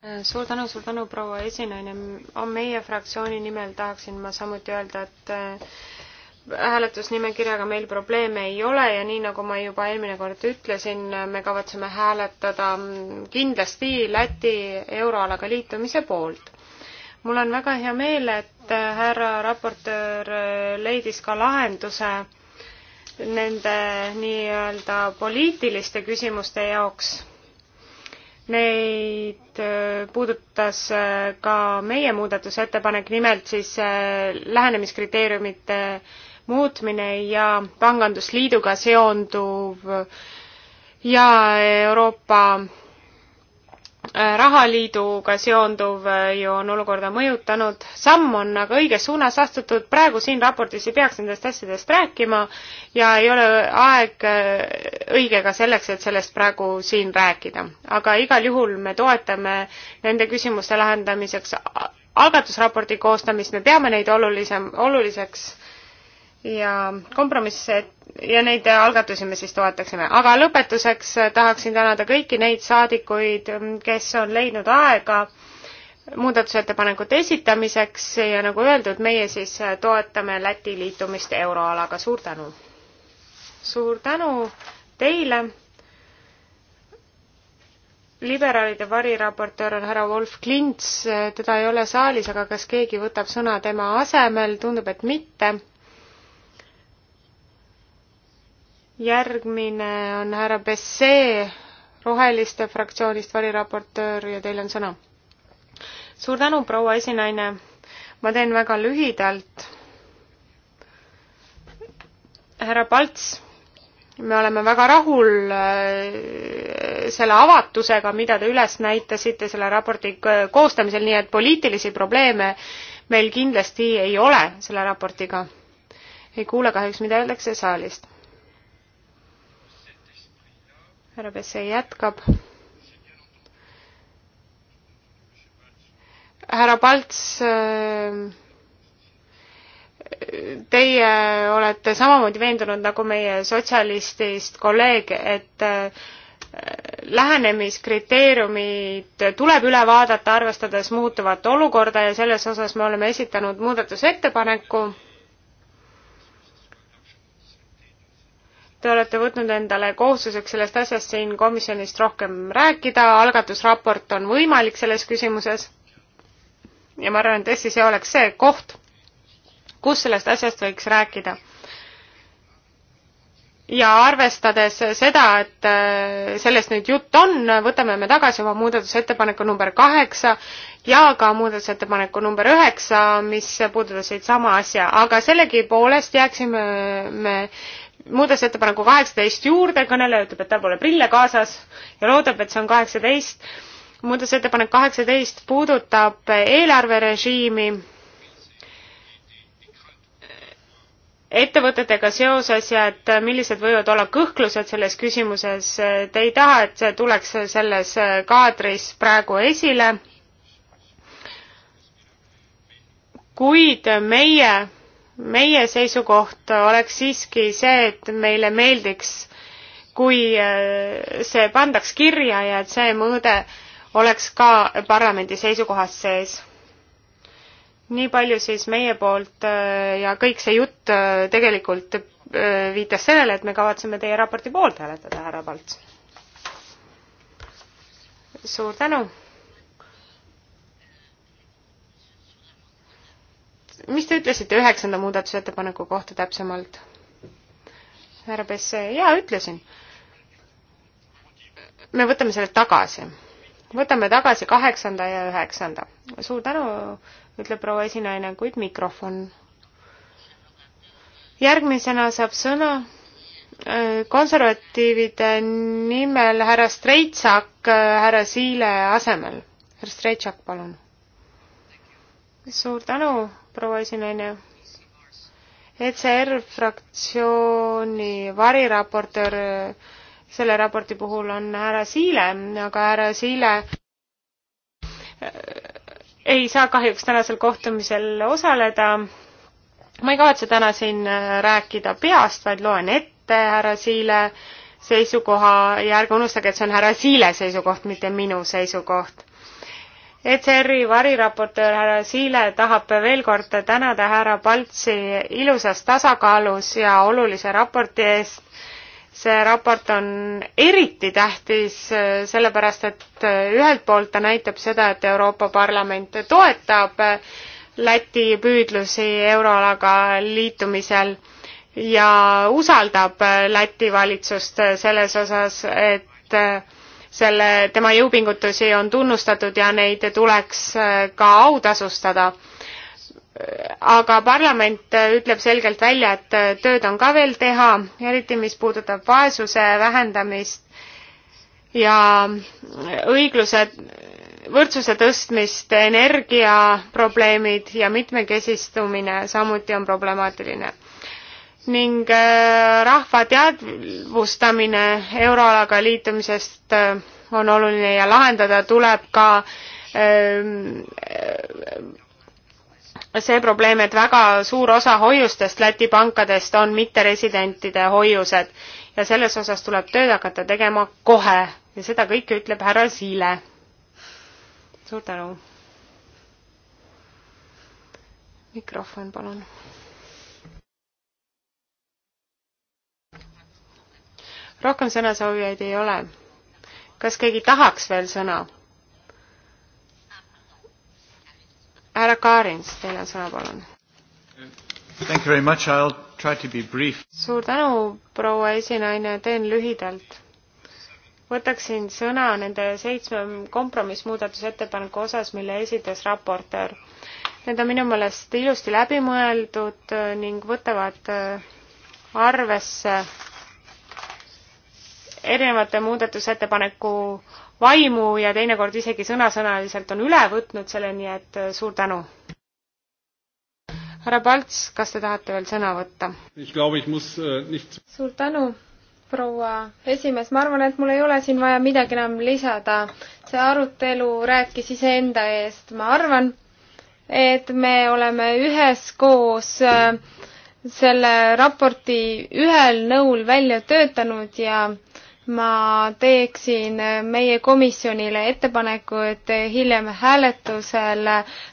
Äh, suur tänu, suur tänu, proua esinaine. meie fraktsiooni nimel tahaksin ma samuti öelda, et äh, hääletusnimekirjaga meil probleeme ei ole ja nii nagu ma juba eelmine kord ütlesin, äh, me kavatseme hääletada mm, kindlasti Läti euroalaga liitumise poolt. mul on väga hea meel, et härra raportöör leidis ka lahenduse nende nii-öelda poliitiliste küsimuste jaoks Neid puudutas ka meie muudatusettepanek, nimelt siis lähenemiskriteeriumite muutmine ja pangandusliiduga seonduv ja Euroopa Äh, rahaliiduga seonduv äh, ju on olukorda mõjutanud, samm on aga õiges suunas astutud, praegu siin raportis ei peaks nendest asjadest rääkima ja ei ole aeg äh, õige ka selleks, et sellest praegu siin rääkida. aga igal juhul me toetame nende küsimuste lahendamiseks algatusraporti koostamist, me peame neid olulisem, oluliseks ja kompromisse ja neid algatusi me siis toetaksime. aga lõpetuseks tahaksin tänada kõiki neid saadikuid, kes on leidnud aega muudatusettepanekute esitamiseks ja nagu öeldud, meie siis toetame Läti liitumist euroalaga. suur tänu! suur tänu teile! liberaalide variraportöör on härra Wolf Klints, teda ei ole saalis, aga kas keegi võtab sõna tema asemel, tundub, et mitte järgmine on härra Bessee Roheliste fraktsioonist variraportöör ja teil on sõna. suur tänu, proua esinaine. ma teen väga lühidalt. härra Palts, me oleme väga rahul äh, selle avatusega, mida te üles näitasite selle raporti koostamisel, nii et poliitilisi probleeme meil kindlasti ei ole selle raportiga. ei kuule kahjuks, mida öeldakse saalist härra Pesse jätkab. härra Palts, teie olete samamoodi veendunud nagu meie sotsialistist kolleeg, et äh, lähenemiskriteeriumid tuleb üle vaadata, arvestades muutuvat olukorda ja selles osas me oleme esitanud muudatusettepaneku Te olete võtnud endale kohustuseks sellest asjast siin komisjonist rohkem rääkida, algatusraport on võimalik selles küsimuses. ja ma arvan, et tõesti see oleks see koht, kus sellest asjast võiks rääkida. ja arvestades seda, et äh, sellest nüüd jutt on, võtame me tagasi oma muudatusettepaneku number kaheksa ja ka muudatusettepaneku number üheksa, mis puudutasid sama asja, aga sellegipoolest jääksime me muudatusettepaneku kaheksateist juurde, kõneleja ütleb, et tal pole prille kaasas ja loodab, et see on kaheksateist. muudatusettepanek kaheksateist puudutab eelarverežiimi ettevõtetega seoses ja et millised võivad olla kõhklused selles küsimuses. Te ei taha, et see tuleks selles kaadris praegu esile. kuid meie meie seisukoht oleks siiski see, et meile meeldiks, kui äh, see pandaks kirja ja et see mõõde oleks ka parlamendi seisukohas sees. nii palju siis meie poolt äh, ja kõik see jutt äh, tegelikult viitas sellele, et me kavatseme teie raporti poolt hääletada, härra Palts. suur tänu mis te ütlesite üheksanda muudatusettepaneku kohta täpsemalt? härra Pesse, jaa, ütlesin. me võtame selle tagasi. võtame tagasi kaheksanda ja üheksanda. suur tänu, ütleb proua esinaine, kuid mikrofon. järgmisena saab sõna äh, konservatiivide nimel härra Streitsak äh, härra Siile asemel. härra Streitsak, palun. suur tänu proua esinaine. ECR fraktsiooni variraportöör selle raporti puhul on härra Siile, aga härra Siile äh, ei saa kahjuks tänasel kohtumisel osaleda. ma ei kavatse täna siin äh, rääkida peast, vaid loen ette härra Siile seisukoha ja ärge unustage, et see on härra Siile seisukoht, mitte minu seisukoht ECR-i variraportöör härra Siile tahab veel kord tänada härra Paltsi ilusas tasakaalus ja olulise raporti eest. see raport on eriti tähtis sellepärast, et ühelt poolt ta näitab seda, et Euroopa Parlament toetab Läti püüdlusi euroalaga liitumisel ja usaldab Läti valitsust selles osas, et selle, tema jõupingutusi on tunnustatud ja neid tuleks äh, ka autasustada. aga parlament äh, ütleb selgelt välja, et äh, tööd on ka veel teha, eriti mis puudutab vaesuse vähendamist ja õigluse, võrdsuse tõstmist, energiaprobleemid ja mitmekesistumine samuti on problemaatiline ning äh, rahva teadvustamine euroalaga liitumisest äh, on oluline ja lahendada tuleb ka ähm, äh, see probleem, et väga suur osa hoiustest Läti pankadest on mitteresidentide hoiused ja selles osas tuleb tööd hakata tegema kohe ja seda kõike ütleb härra Siile. suur tänu. mikrofon, palun rohkem sõnasoovijaid ei ole. kas keegi tahaks veel sõna? härra Kaarins, teil on sõna, palun. Thank you very much, I will try to be brief. suur tänu, proua esinaine, teen lühidalt võtaksin sõna nende seitsme kompromissmuudatusettepaneku osas, mille esitas raportöör. Need on minu meelest ilusti läbimõeldud ning võtavad äh, arvesse erinevate muudatusettepaneku vaimu ja teinekord isegi sõnasõnaliselt on üle võtnud selle, nii et äh, suur tänu. härra Palts, kas te tahate veel sõna võtta? Äh, nicht... suur tänu, proua esimees, ma arvan, et mul ei ole siin vaja midagi enam lisada. see arutelu rääkis iseenda eest, ma arvan, et me oleme üheskoos äh, selle raporti ühel nõul välja töötanud ja ma teeksin meie komisjonile ettepaneku, et hiljem hääletusel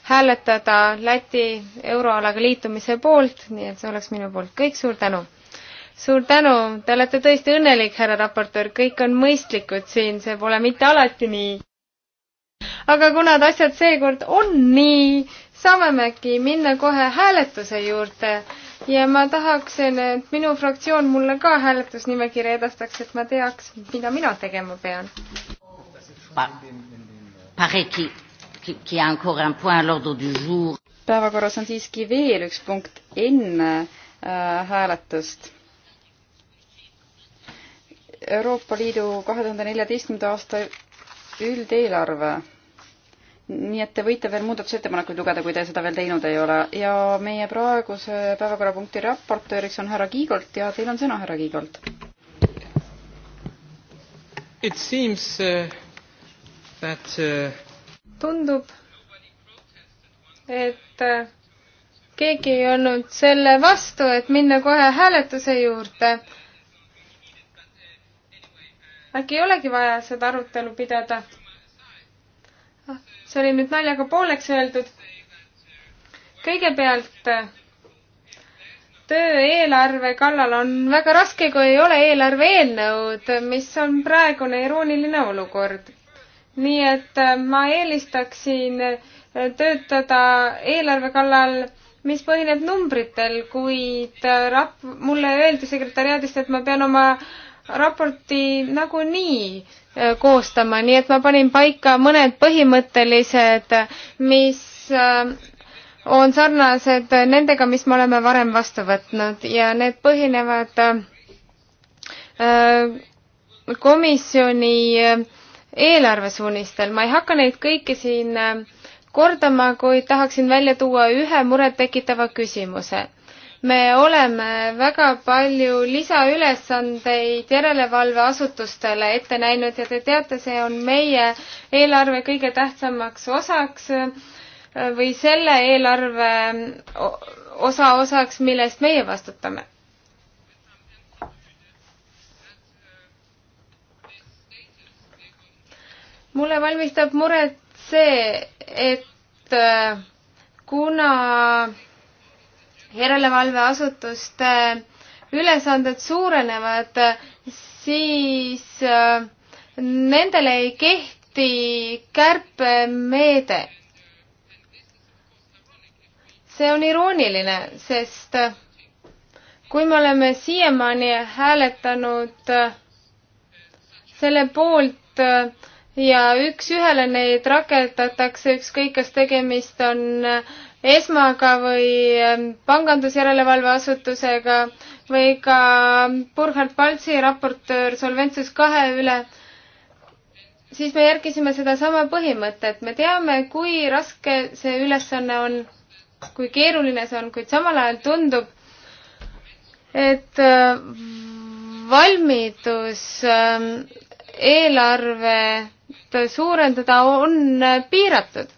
hääletada Läti euroalaga liitumise poolt, nii et see oleks minu poolt kõik, suur tänu! suur tänu, te olete tõesti õnnelik, härra raportöör, kõik on mõistlikud siin, see pole mitte alati nii. aga kuna asjad seekord on nii, saame me äkki minna kohe hääletuse juurde ja ma tahaksin, et minu fraktsioon mulle ka hääletusnimekirja edastaks, et ma teaks, mida mina tegema pean pa. päevakorras on siiski veel üks punkt enne äh, hääletust Euroopa Liidu kahe tuhande neljateistkümnenda aasta üldeelarve nii et te võite veel muudatusettepanekuid lugeda, kui te seda veel teinud ei ole. ja meie praeguse päevakorrapunkti raportööriks on härra Kiigolt ja teil on sõna, härra Kiigolt. It seems uh, that uh... tundub, et uh, keegi ei olnud selle vastu, et minna kohe hääletuse juurde. äkki ei olegi vaja seda arutelu pidada? Ah, see oli nüüd naljaga pooleks öeldud. kõigepealt töö eelarve kallal on väga raske, kui ei ole eelarve eelnõud, mis on praegune irooniline olukord. nii et äh, ma eelistaksin äh, töötada eelarve kallal, mis põhineb numbritel, kuid äh, rap-, mulle öeldi sekretäriaadist, et ma pean oma raporti nagunii Äh, koostama, nii et ma panin paika mõned põhimõttelised, mis äh, on sarnased nendega, mis me oleme varem vastu võtnud ja need põhinevad äh, komisjoni eelarvesuunistel. ma ei hakka neid kõiki siin kordama, kuid tahaksin välja tuua ühe murettekitava küsimuse me oleme väga palju lisaülesandeid järelevalveasutustele ette näinud ja te teate, see on meie eelarve kõige tähtsamaks osaks äh, või selle eelarve osa osaks, mille eest meie vastutame mulle valmistab muret see, et äh, kuna järelevalveasutuste ülesanded suurenevad, siis äh, nendele ei kehti kärpemeede. see on irooniline, sest äh, kui me oleme siiamaani hääletanud äh, selle poolt ja üks-ühele neid rakendatakse, ükskõik kas tegemist on äh, esmaga või ähm, pangandusjärelevalveasutusega või ka Burkhard Paltsi raportöör Solventsus kahe üle, siis me järgisime sedasama põhimõtet, me teame, kui raske see ülesanne on, kui keeruline see on, kuid samal ajal tundub, et äh, valmidus ähm, eelarvet suurendada on äh, piiratud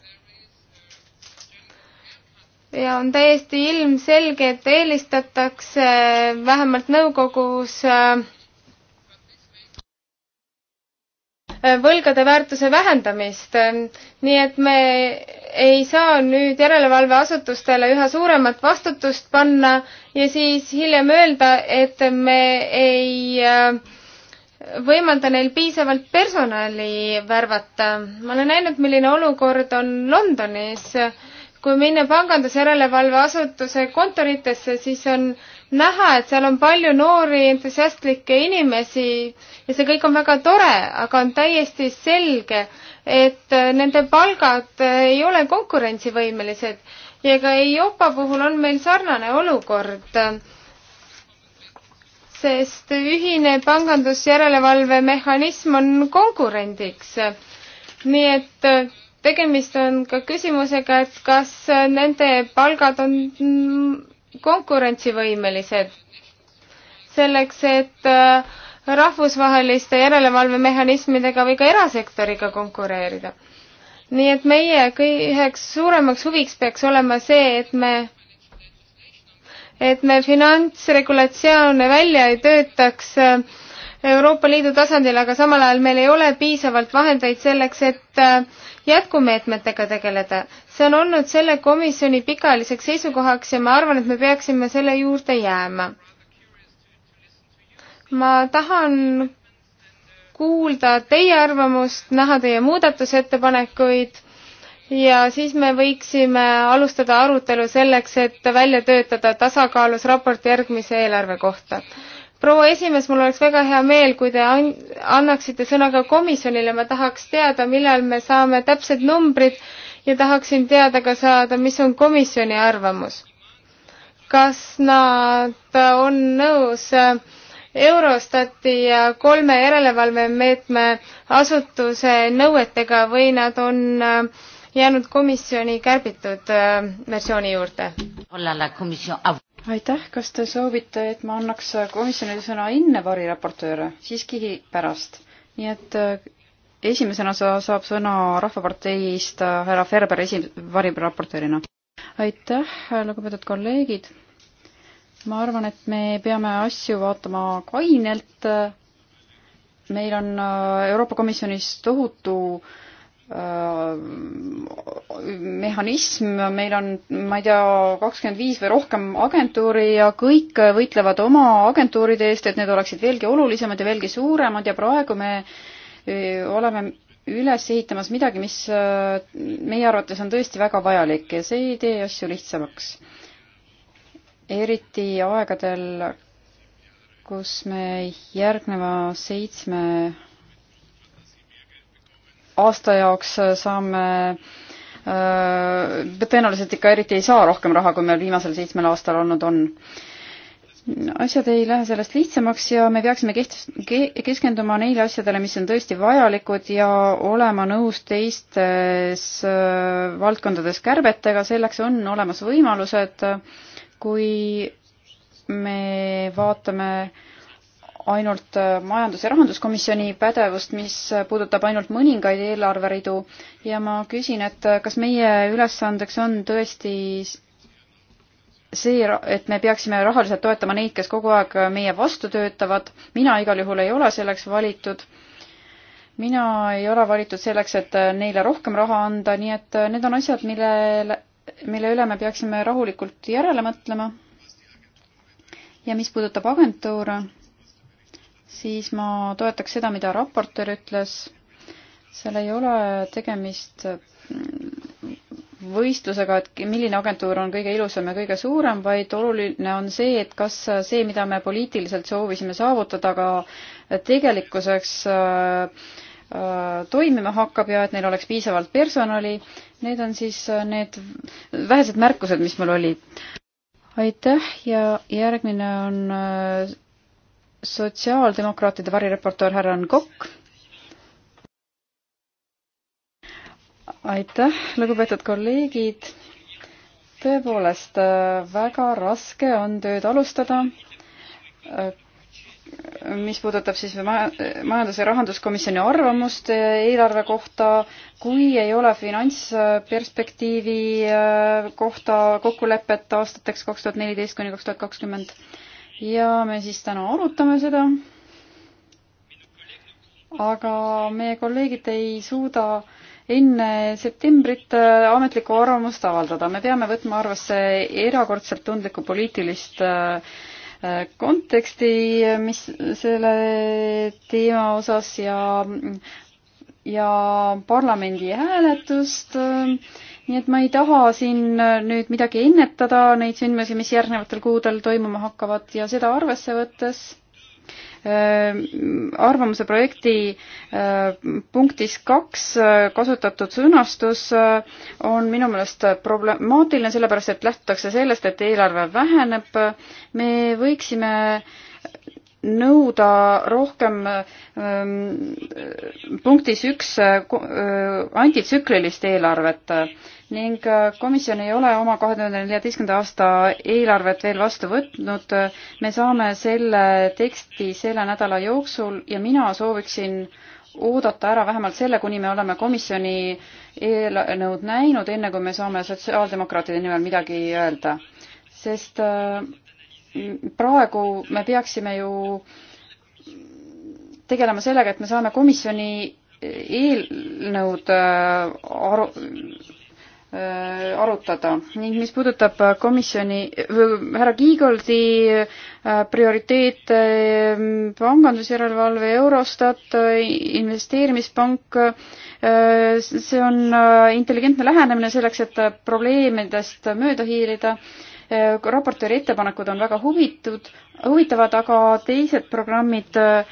ja on täiesti ilmselge, et eelistatakse vähemalt nõukogus äh, võlgade väärtuse vähendamist. nii et me ei saa nüüd järelevalveasutustele üha suuremat vastutust panna ja siis hiljem öelda, et me ei äh, võimalda neil piisavalt personali värvata. ma olen näinud, milline olukord on Londonis kui minna pangandusjärelevalveasutuse kontoritesse, siis on näha, et seal on palju noori entusiastlikke inimesi ja see kõik on väga tore, aga on täiesti selge, et äh, nende palgad äh, ei ole konkurentsivõimelised ja ka EIOPA puhul on meil sarnane olukord, äh, sest ühine pangandusjärelevalve mehhanism on konkurendiks. nii et tegemist on ka küsimusega, et kas nende palgad on konkurentsivõimelised selleks, et äh, rahvusvaheliste järelevalvemehhanismidega või ka erasektoriga konkureerida. nii et meie üheks suuremaks huviks peaks olema see, et me, et me finantsregulatsioone välja ei töötaks äh, Euroopa Liidu tasandil, aga samal ajal meil ei ole piisavalt vahendeid selleks, et äh, jätkumeetmetega tegeleda. see on olnud selle komisjoni pikaajaliseks seisukohaks ja ma arvan, et me peaksime selle juurde jääma. ma tahan kuulda teie arvamust, näha teie muudatusettepanekuid ja siis me võiksime alustada arutelu selleks, et välja töötada tasakaalus raport järgmise eelarve kohta proua esimees, mul oleks väga hea meel, kui te annaksite sõna ka komisjonile, ma tahaks teada, millal me saame täpsed numbrid ja tahaksin teada ka saada, mis on komisjoni arvamus. kas nad on nõus äh, Eurostati ja kolme järelevalvemeetme asutuse nõuetega või nad on äh, jäänud komisjoni kärbitud äh, versiooni juurde? aitäh, kas te soovite, et ma annaks komisjonile sõna enne variraportööre, siiski pärast? nii et äh, esimesena sa saab sõna Rahvaparteist äh, härra Ferber esi-, variraportöörina. aitäh, lugupeetud kolleegid. ma arvan, et me peame asju vaatama kainelt. meil on äh, Euroopa Komisjonis tohutu äh, mehhanism, meil on, ma ei tea, kakskümmend viis või rohkem agentuuri ja kõik võitlevad oma agentuuride eest, et need oleksid veelgi olulisemad ja veelgi suuremad ja praegu me oleme üles ehitamas midagi, mis meie arvates on tõesti väga vajalik ja see ei tee asju lihtsamaks. eriti aegadel, kus me järgneva seitsme aasta jaoks äh, saame äh, tõenäoliselt ikka eriti ei saa rohkem raha, kui meil viimasel seitsmel aastal olnud on. asjad ei lähe sellest lihtsamaks ja me peaksime keht-, keskenduma neile asjadele, mis on tõesti vajalikud ja olema nõus teistes äh, valdkondades kärbetega, selleks on olemas võimalused, kui me vaatame äh, ainult äh, majandus- ja rahanduskomisjoni pädevust, mis puudutab ainult mõningaid eelarveridu ja ma küsin, et äh, kas meie ülesandeks on tõesti see, et me peaksime rahaliselt toetama neid, kes kogu aeg äh, meie vastu töötavad, mina igal juhul ei ole selleks valitud. mina ei ole valitud selleks, et neile rohkem raha anda, nii et need on asjad, mille, mille üle me peaksime rahulikult järele mõtlema. ja mis puudutab agentuure siis ma toetaks seda, mida raportöör ütles. seal ei ole tegemist võistlusega, et milline agentuur on kõige ilusam ja kõige suurem, vaid oluline on see, et kas see, mida me poliitiliselt soovisime saavutada, ka tegelikkuseks äh, äh, toimima hakkab ja et neil oleks piisavalt personali. Need on siis äh, need vähesed märkused, mis mul olid. aitäh ja järgmine on sotsiaaldemokraatide varireportöör härra Nkokk. aitäh, lugupeetud kolleegid. tõepoolest äh, väga raske on tööd alustada. Äh, mis puudutab siis majandus- ja rahanduskomisjoni arvamust äh, eelarve kohta, kui ei ole finantsperspektiivi kohta kokkulepet aastateks kaks tuhat neliteist kuni kaks tuhat kakskümmend ja me siis täna arutame seda. aga meie kolleegid ei suuda enne septembrit äh, ametlikku arvamust avaldada, me peame võtma arvesse erakordselt tundlikku poliitilist äh, äh, konteksti, mis selle teema osas ja ja parlamendi hääletust. nii et ma ei taha siin nüüd midagi ennetada, neid sündmusi, mis järgnevatel kuudel toimuma hakkavad ja seda arvesse võttes äh, arvamuse projekti äh, punktis kaks äh, kasutatud sõnastus on minu meelest problemaatiline, sellepärast et lähtutakse sellest, et eelarve väheneb. me võiksime äh, nõuda rohkem ähm, punktis üks äh, antitsüklilist eelarvet ning äh, komisjon ei ole oma kahe tuhande neljateistkümnenda aasta eelarvet veel vastu võtnud. me saame selle teksti selle nädala jooksul ja mina sooviksin oodata ära vähemalt selle, kuni me oleme komisjoni eelnõud näinud, enne kui me saame sotsiaaldemokraatide nimel midagi öelda. sest äh, praegu me peaksime ju tegelema sellega, et me saame komisjoni eelnõud äh, aru, äh, arutada ning mis puudutab komisjoni, härra Kiigoldi äh, prioriteete, pangandusjärelevalve, Eurostat, investeerimispank, see on intelligentne lähenemine selleks, et probleemidest mööda hiilida Äh, raportööri ettepanekud on väga huvitud, huvitavad, aga teised programmid äh,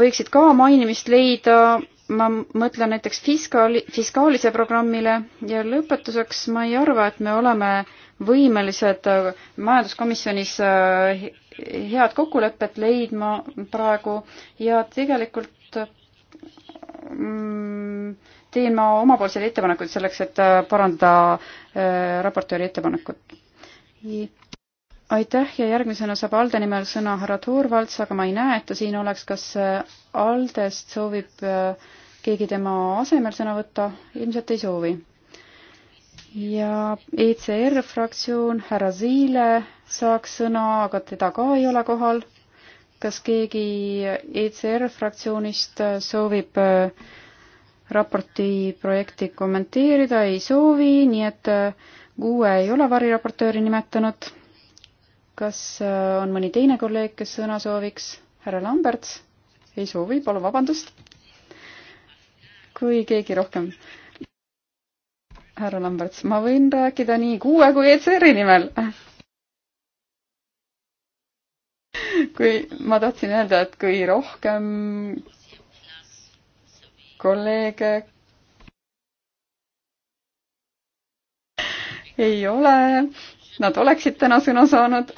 võiksid ka mainimist leida, ma mõtlen näiteks fiskaali, fiskaalise programmile ja lõpetuseks ma ei arva, et me oleme võimelised äh, majanduskomisjonis head kokkulepet leidma praegu ja tegelikult mm, teen ma omapoolseid ettepanekuid selleks, et äh, parandada äh, raportööri ettepanekut. aitäh ja järgmisena saab ALDE nimel sõna härra Toorvalts, aga ma ei näe, et ta siin oleks. kas äh, ALDE-st soovib keegi tema asemel sõna võtta? ilmselt ei soovi ja ECR fraktsioon, härra Ziile saaks sõna, aga teda ka ei ole kohal. kas keegi ECR fraktsioonist soovib raporti projekti kommenteerida ei soovi, nii et Kuue äh, ei ole variraportööri nimetanud. kas äh, on mõni teine kolleeg, kes sõna sooviks? härra Lamberts? ei soovi, palun vabandust. kui keegi rohkem? härra Lamberts, ma võin rääkida nii Kuue kui ECR-i nimel. kui ma tahtsin öelda, et kui rohkem kolleege ei ole, nad oleksid täna sõna saanud.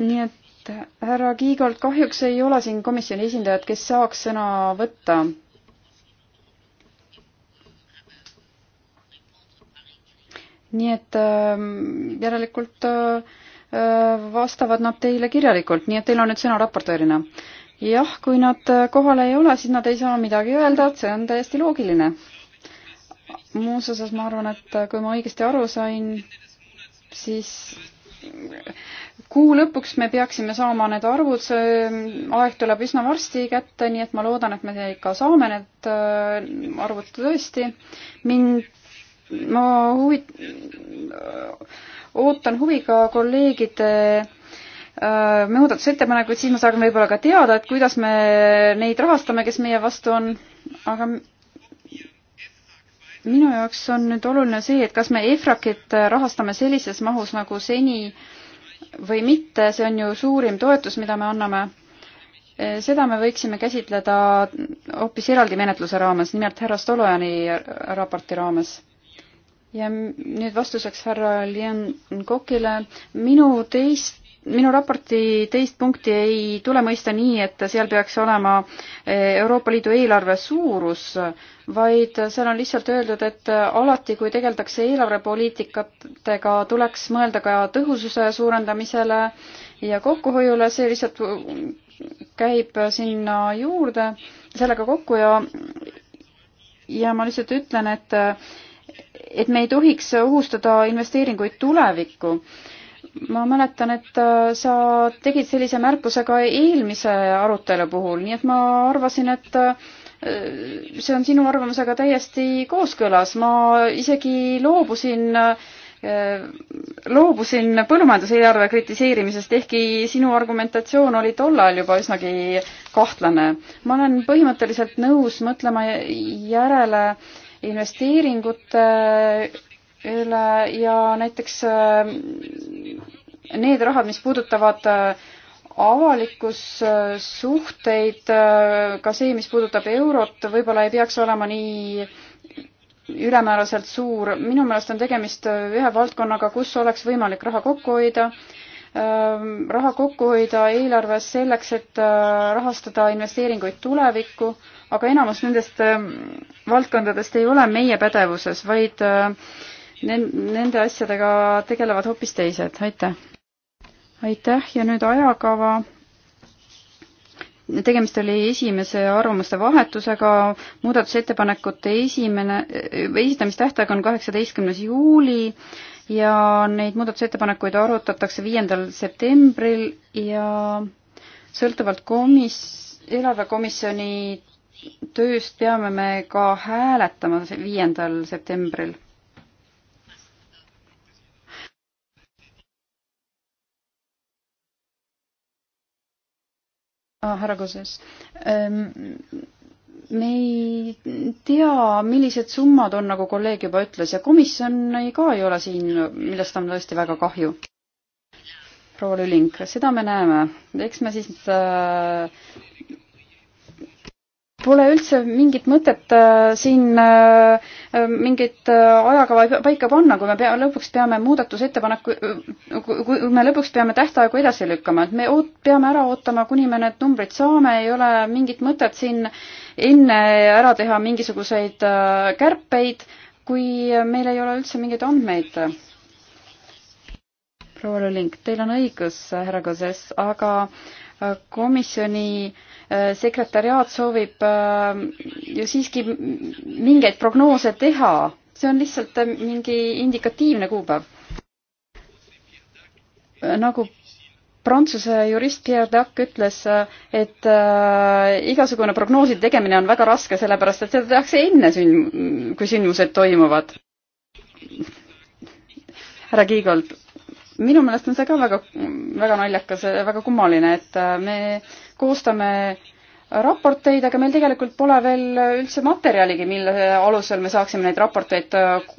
nii et härra Kiigolt kahjuks ei ole siin komisjoni esindajat, kes saaks sõna võtta. nii et ähm, äh, järelikult äh, vastavad nad teile kirjalikult, nii et teil on nüüd sõna raportöörina äh, jah, kui nad äh, kohal ei ole, siis nad ei saa midagi öelda, et see on täiesti loogiline. muus osas ma arvan, et äh, kui ma õigesti aru sain, siis äh, kuu lõpuks me peaksime saama need arvud, see aeg tuleb üsna varsti kätte, nii et ma loodan, et me ikka saame need arvud tõesti. mind, ma huvi-, ootan huviga kolleegide Äh, muudatusettepanekuid, siis me saame võib-olla ka teada, et kuidas me neid rahastame, kes meie vastu on, aga minu jaoks on nüüd oluline see, et kas me EFRAK-it rahastame sellises mahus nagu seni või mitte, see on ju suurim toetus, mida me anname. Äh, seda me võiksime käsitleda hoopis eraldi menetluse raames, nimelt härra Stolojani raporti raames ja nüüd vastuseks härra Lian Kokile. minu teist minu raporti teist punkti ei tule mõista nii, et seal peaks olema eh, Euroopa Liidu eelarve suurus, vaid seal on lihtsalt öeldud, et alati, kui tegeldakse eelarvepoliitikatega, tuleks mõelda ka tõhususe suurendamisele ja kokkuhoiule, see lihtsalt käib sinna juurde, sellega kokku ja ja ma lihtsalt ütlen, et et me ei tohiks ohustada investeeringuid tulevikku ma mäletan, et äh, sa tegid sellise märkuse ka eelmise arutelu puhul, nii et ma arvasin, et äh, see on sinu arvamusega täiesti kooskõlas, ma isegi loobusin äh, loobusin põllumajanduseelarve kritiseerimisest, ehkki sinu argumentatsioon oli tollal juba üsnagi kahtlane. ma olen põhimõtteliselt nõus mõtlema järele investeeringute üle ja näiteks need rahad, mis puudutavad äh, avalikus äh, suhteid, äh, ka see, mis puudutab eurot, võib-olla ei peaks olema nii ülemääraselt suur. minu meelest on tegemist ühe valdkonnaga, kus oleks võimalik raha kokku hoida, ähm, raha kokku hoida eelarves selleks, et rahastada investeeringuid tulevikku, aga enamus nendest ähm, valdkondadest ei ole meie pädevuses, vaid nende asjadega tegelevad hoopis teised. aitäh! aitäh ja nüüd ajakava. tegemist oli esimese arvamuste vahetusega, muudatusettepanekute esimene, esitamistähtaeg on kaheksateistkümnes juuli ja neid muudatusettepanekuid arutatakse viiendal septembril ja sõltuvalt komis-, eelarvekomisjoni tööst peame me ka hääletama viiendal septembril Ah, härra Koses ähm,. me ei tea, millised summad on, nagu kolleeg juba ütles ja komisjon ei ka ei ole siin, millest on tõesti väga kahju. proua Lüling, seda me näeme, eks me siis äh, Pole üldse mingit mõtet äh, siin äh, äh mingit äh, ajakava paika panna, kui me pea, lõpuks peame muudatusettepaneku, äh, kui me lõpuks peame tähtaegu edasi lükkama, et me oot, peame ära ootama, kuni me need numbrid saame, ei ole mingit mõtet siin enne ära teha mingisuguseid äh, kärpeid, kui meil ei ole üldse mingeid andmeid. proua Lulling, teil on õigus, härra Kozes, aga äh, komisjoni äh, Äh, sekretäriaat soovib äh, ju siiski mingeid prognoose teha, see on lihtsalt äh, mingi indikatiivne kuupäev. nagu Prantsuse jurist Pierre Dac ütles, et äh, igasugune prognooside tegemine on väga raske, sellepärast et seda tehakse enne sünd-, kui sündmused toimuvad. härra Kiigold, minu meelest on see ka väga, väga naljakas, väga kummaline, et äh, me koostame raporteid, aga meil tegelikult pole veel üldse materjaligi, mille alusel me saaksime neid raporteid äh,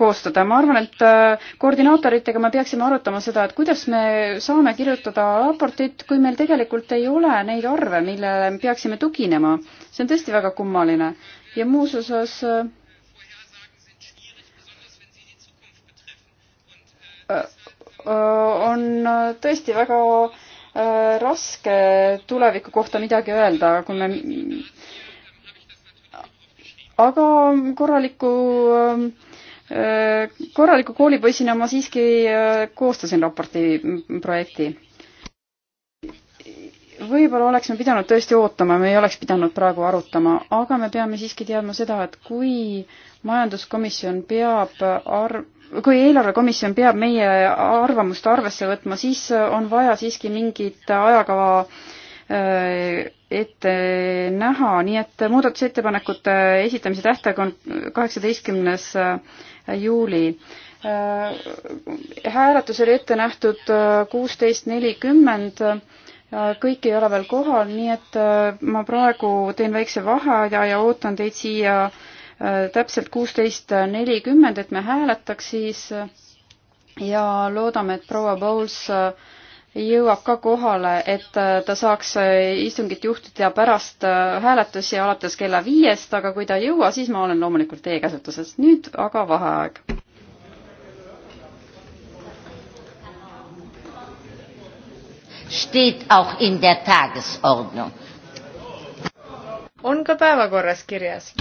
koostada. ma arvan, et äh, koordinaatoritega me peaksime arutama seda, et kuidas me saame kirjutada raportit, kui meil tegelikult ei ole neid arve, millele me peaksime tuginema. see on tõesti väga kummaline. ja muus osas äh, Äh, on äh, tõesti väga äh, raske tuleviku kohta midagi öelda, kui me aga korraliku, korraliku koolipoisina ma siiski koostasin raporti projekti. võib-olla oleks me pidanud tõesti ootama, me ei oleks pidanud praegu arutama, aga me peame siiski teadma seda, et kui majanduskomisjon peab arv-, kui eelarvekomisjon peab meie arvamust arvesse võtma, siis on vaja siiski mingit ajakava äh, ette näha, nii et muudatusettepanekute esitamise tähtaeg on kaheksateistkümnes äh, juuli. Äh, hääletus oli ette nähtud kuusteist nelikümmend kõik ei ole veel kohal, nii et ma praegu teen väikse vaheaja ja ootan teid siia täpselt kuusteist nelikümmend, et me hääletaks siis ja loodame, et proua Bowles äh, jõuab ka kohale, et äh, ta saaks äh, istungit juhtida pärast hääletusi alates kella viiest, aga kui ta ei jõua, siis ma olen loomulikult teie käsutuses. nüüd aga vaheaeg. Steht auch in der Tagesordnung. on ka päevakorras kirjas.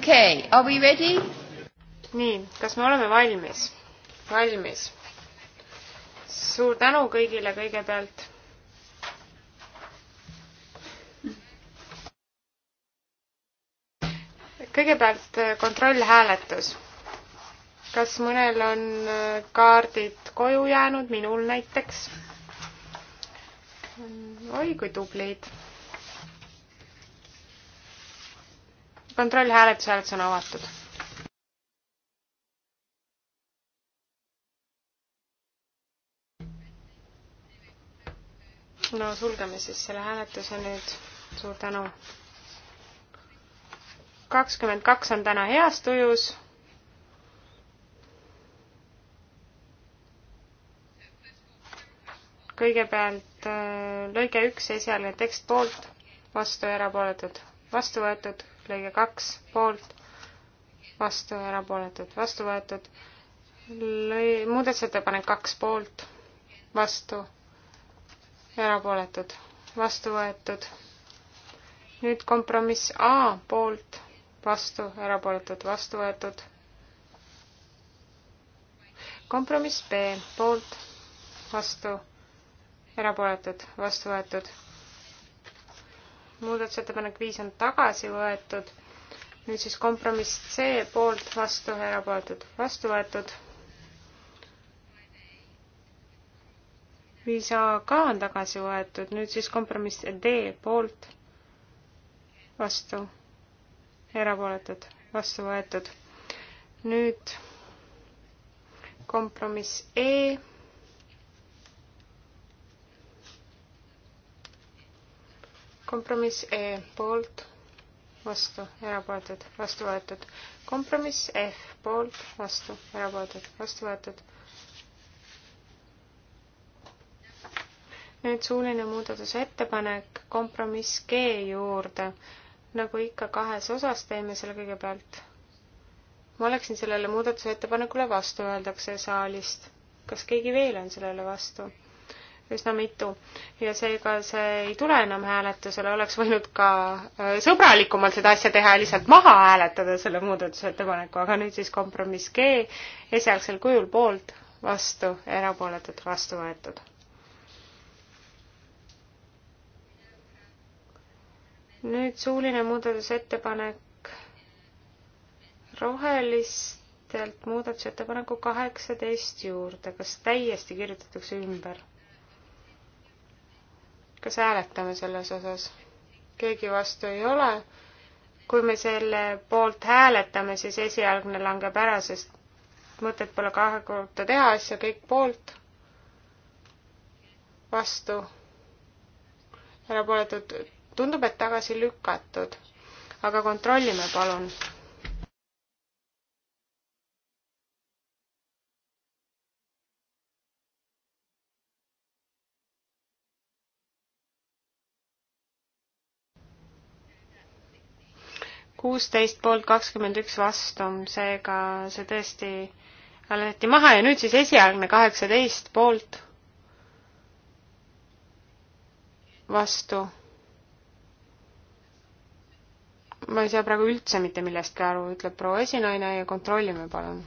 okay,. Are we ready? nii, kas me oleme valmis? valmis. suur tänu kõigile kõigepealt. kõigepealt eh, kontrollhääletus. kas mõnel on eh, kaardid koju jäänud, minul näiteks? oi kui tublid kontrollhääletus, hääletus on avatud. no sulgeme siis selle hääletuse nüüd, suur tänu. kakskümmend kaks on täna heas tujus kõigepealt äh, lõige üks esialgne tekst poolt, vastu erapooletud, vastu võetud lõige kaks poolt, vastu, erapooletud, vastu võetud. lõi-, muudatusettepanek kaks poolt, vastu, erapooletud, vastu võetud. nüüd kompromiss A poolt, vastu, erapooletud, vastu võetud. kompromiss B poolt, vastu, erapooletud, vastu võetud muudatusettepanek viis on tagasi võetud. nüüd siis kompromiss C poolt, vastu, erapooletud, vastu võetud. viis A ka on tagasi võetud, nüüd siis kompromiss D poolt, vastu, erapooletud, vastu võetud. nüüd kompromiss E kompromiss E poolt, vastu, erapooletud, vastu võetud. kompromiss F poolt, vastu, erapooletud, vastu võetud. nüüd suuline muudatusettepanek kompromiss G juurde. nagu ikka kahes osas teeme selle kõigepealt. ma oleksin sellele muudatusettepanekule vastu, öeldakse saalist. kas keegi veel on sellele vastu? üsna mitu ja seega see ei tule enam hääletusele, oleks võinud ka äh, sõbralikumalt seda asja teha ja lihtsalt maha hääletada selle muudatusettepaneku, aga nüüd siis kompromiss G esialgsel kujul poolt, vastu, erapooletud, vastu võetud. nüüd suuline muudatusettepanek rohelistelt muudatusettepaneku kaheksateist juurde, kas täiesti kirjutatakse ümber? kas hääletame selles osas? keegi vastu ei ole. kui me selle poolt hääletame, siis esialgne langeb ära, sest mõtet pole kahe korda teha asja, kõik poolt, vastu, erapooletud, tundub, et tagasi lükatud. aga kontrollime palun kuusteist poolt kakskümmend üks vastu, seega see tõesti hääletati maha ja nüüd siis esialgne kaheksateist poolt vastu. ma ei saa praegu üldse mitte millestki aru, ütleb proua esinaine ja kontrollime palun.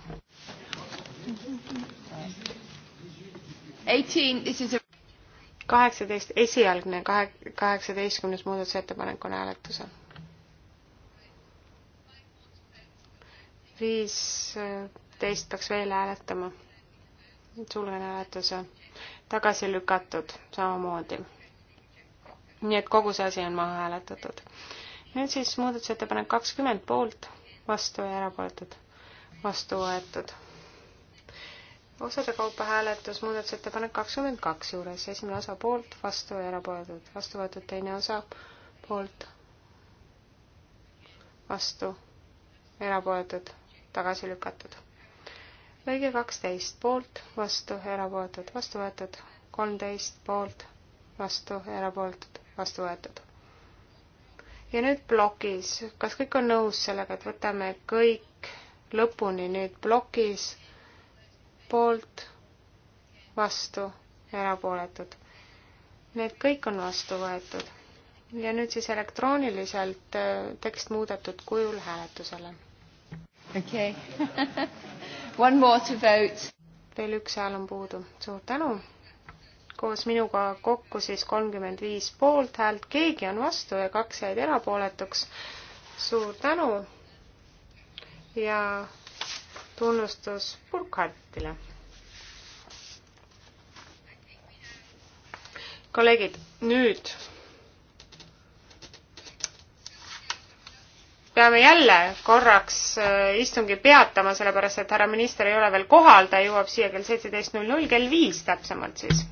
kaheksateist, esialgne kahe, kaheksateistkümnes muudatusettepanek on hääletusel viisteist peaks veel hääletama. sulgen hääletuse. tagasi lükatud samamoodi. nii et kogu see asi on maha hääletatud. nüüd siis muudatusettepanek kakskümmend poolt, vastu ja erapooletud, vastu võetud. osade kaupa hääletus muudatusettepanek kakskümmend kaks juures, esimene osa poolt, vastu ja erapooletud, vastu võetud teine osa poolt, vastu erapooletud, tagasi lükatud. lõige kaksteist poolt, vastu, erapooletud, vastu võetud, kolmteist poolt, vastu, erapooletud, vastu võetud. ja nüüd plokis, kas kõik on nõus sellega, et võtame kõik lõpuni nüüd plokis, poolt, vastu, erapooletud. Need kõik on vastu võetud ja nüüd siis elektrooniliselt äh, tekst muudetud kujul hääletusele okei okay. One more to vote. veel üks hääl on puudu, suur tänu. koos minuga kokku siis kolmkümmend viis poolthäält, keegi on vastu ja kaks jäid erapooletuks. suur tänu ja tunnustus Burkhardtile. kolleegid, nüüd peame jälle korraks äh, istungi peatama, sellepärast et härra minister ei ole veel kohal, ta jõuab siia kell seitseteist null null, kell viis täpsemalt siis.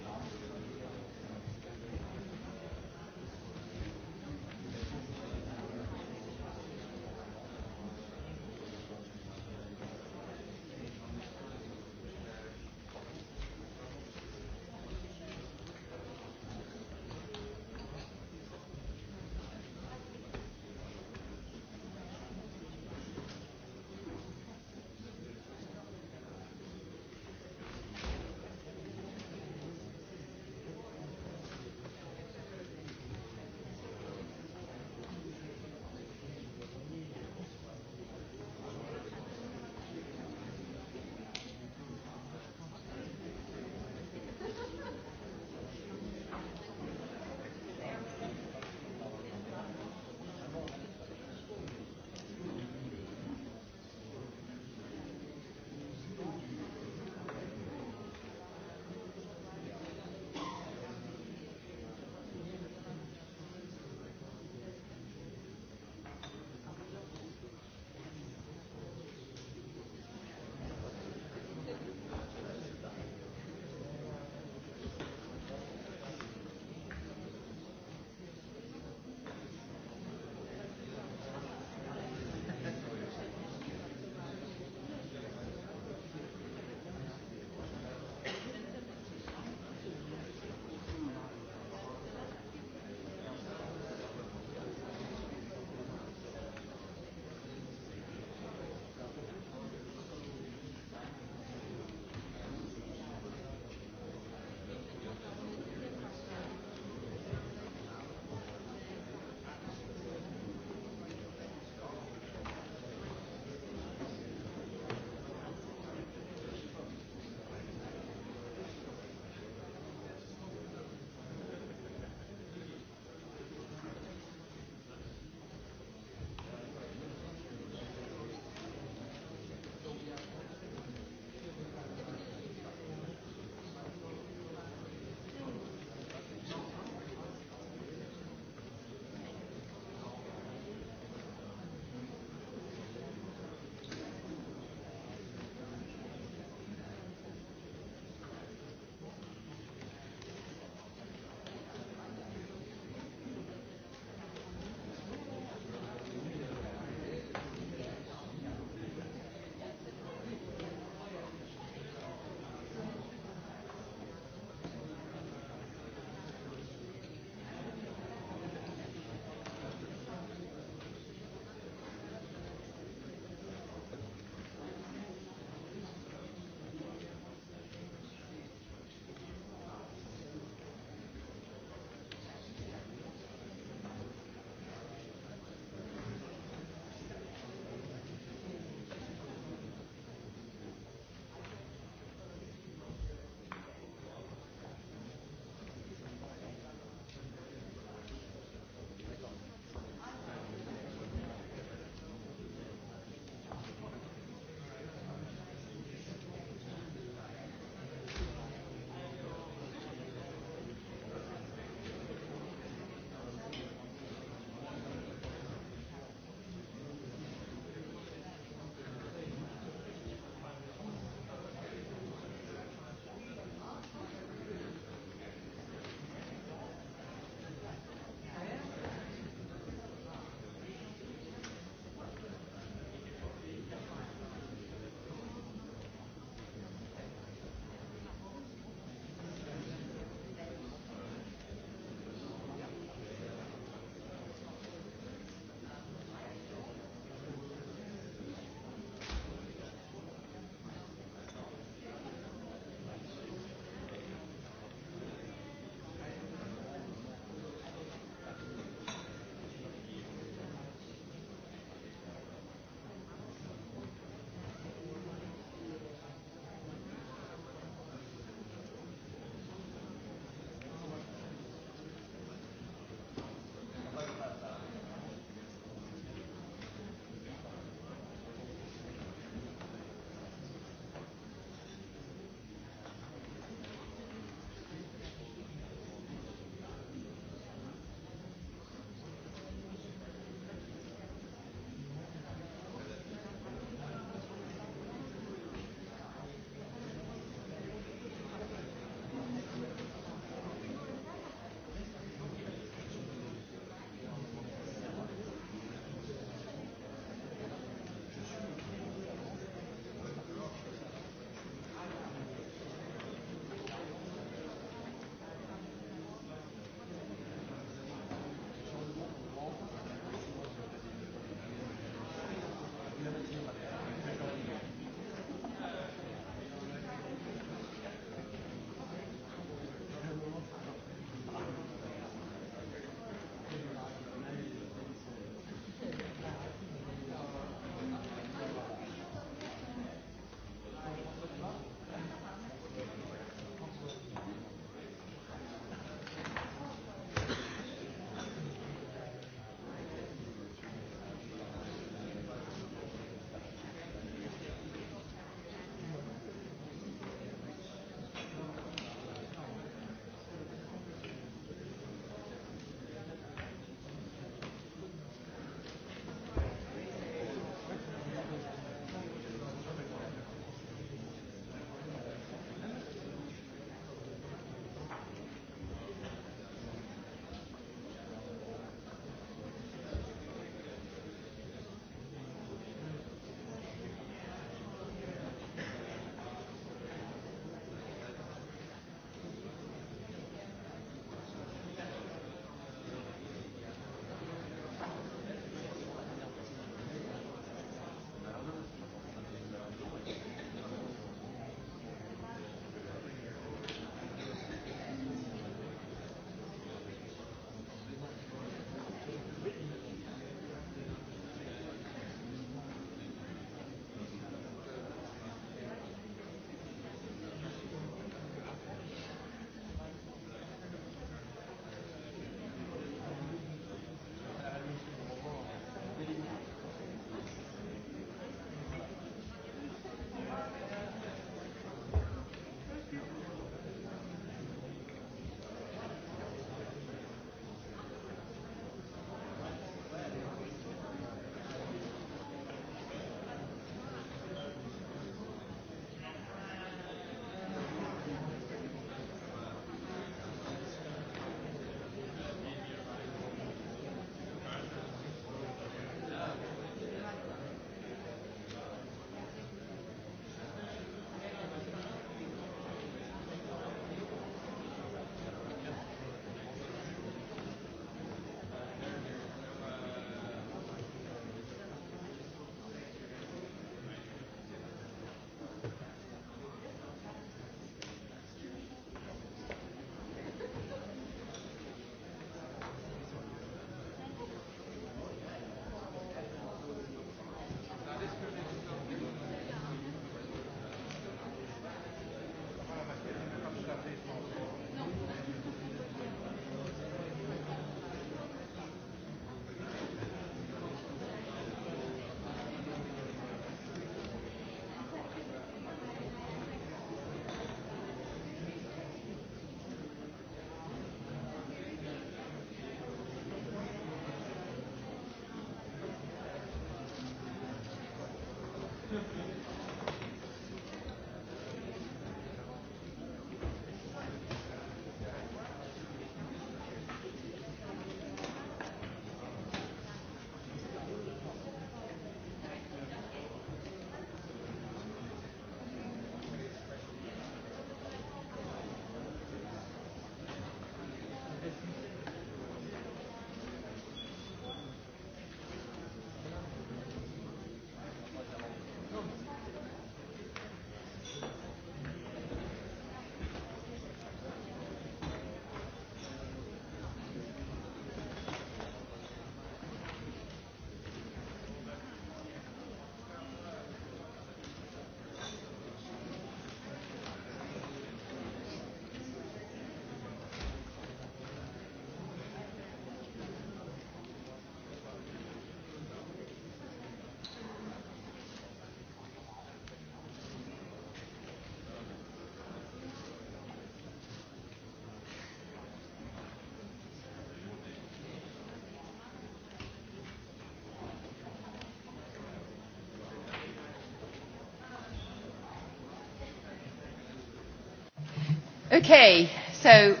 okei okay,, so.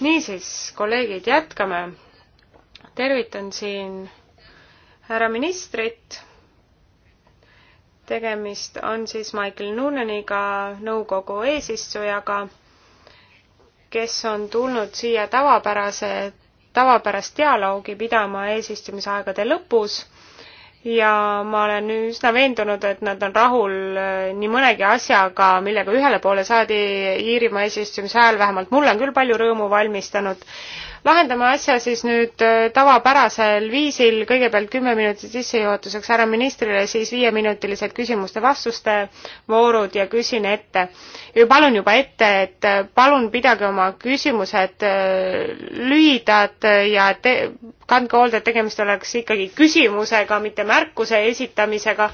niisiis, kolleegid, jätkame. tervitan siin härra ministrit. tegemist on siis Michael Noonaniga, nõukogu eesistujaga, kes on tulnud siia tavapärase, tavapärast dialoogi pidama eesistumisaegade lõpus ja ma olen üsna veendunud, et nad on rahul äh, nii mõnegi asjaga, millega ühele poole saadi Iirimaa eesistumise ajal, vähemalt mulle on küll palju rõõmu valmistanud lahendame asja siis nüüd äh, tavapärasel viisil, kõigepealt kümme minutit sissejuhatuseks härra ministrile, siis viieminutilised küsimuste-vastuste voorud ja küsin ette. palun juba ette, et äh, palun pidage oma küsimused äh, lühidad ja te, kandke hoolde, et tegemist oleks ikkagi küsimusega, mitte märkuse esitamisega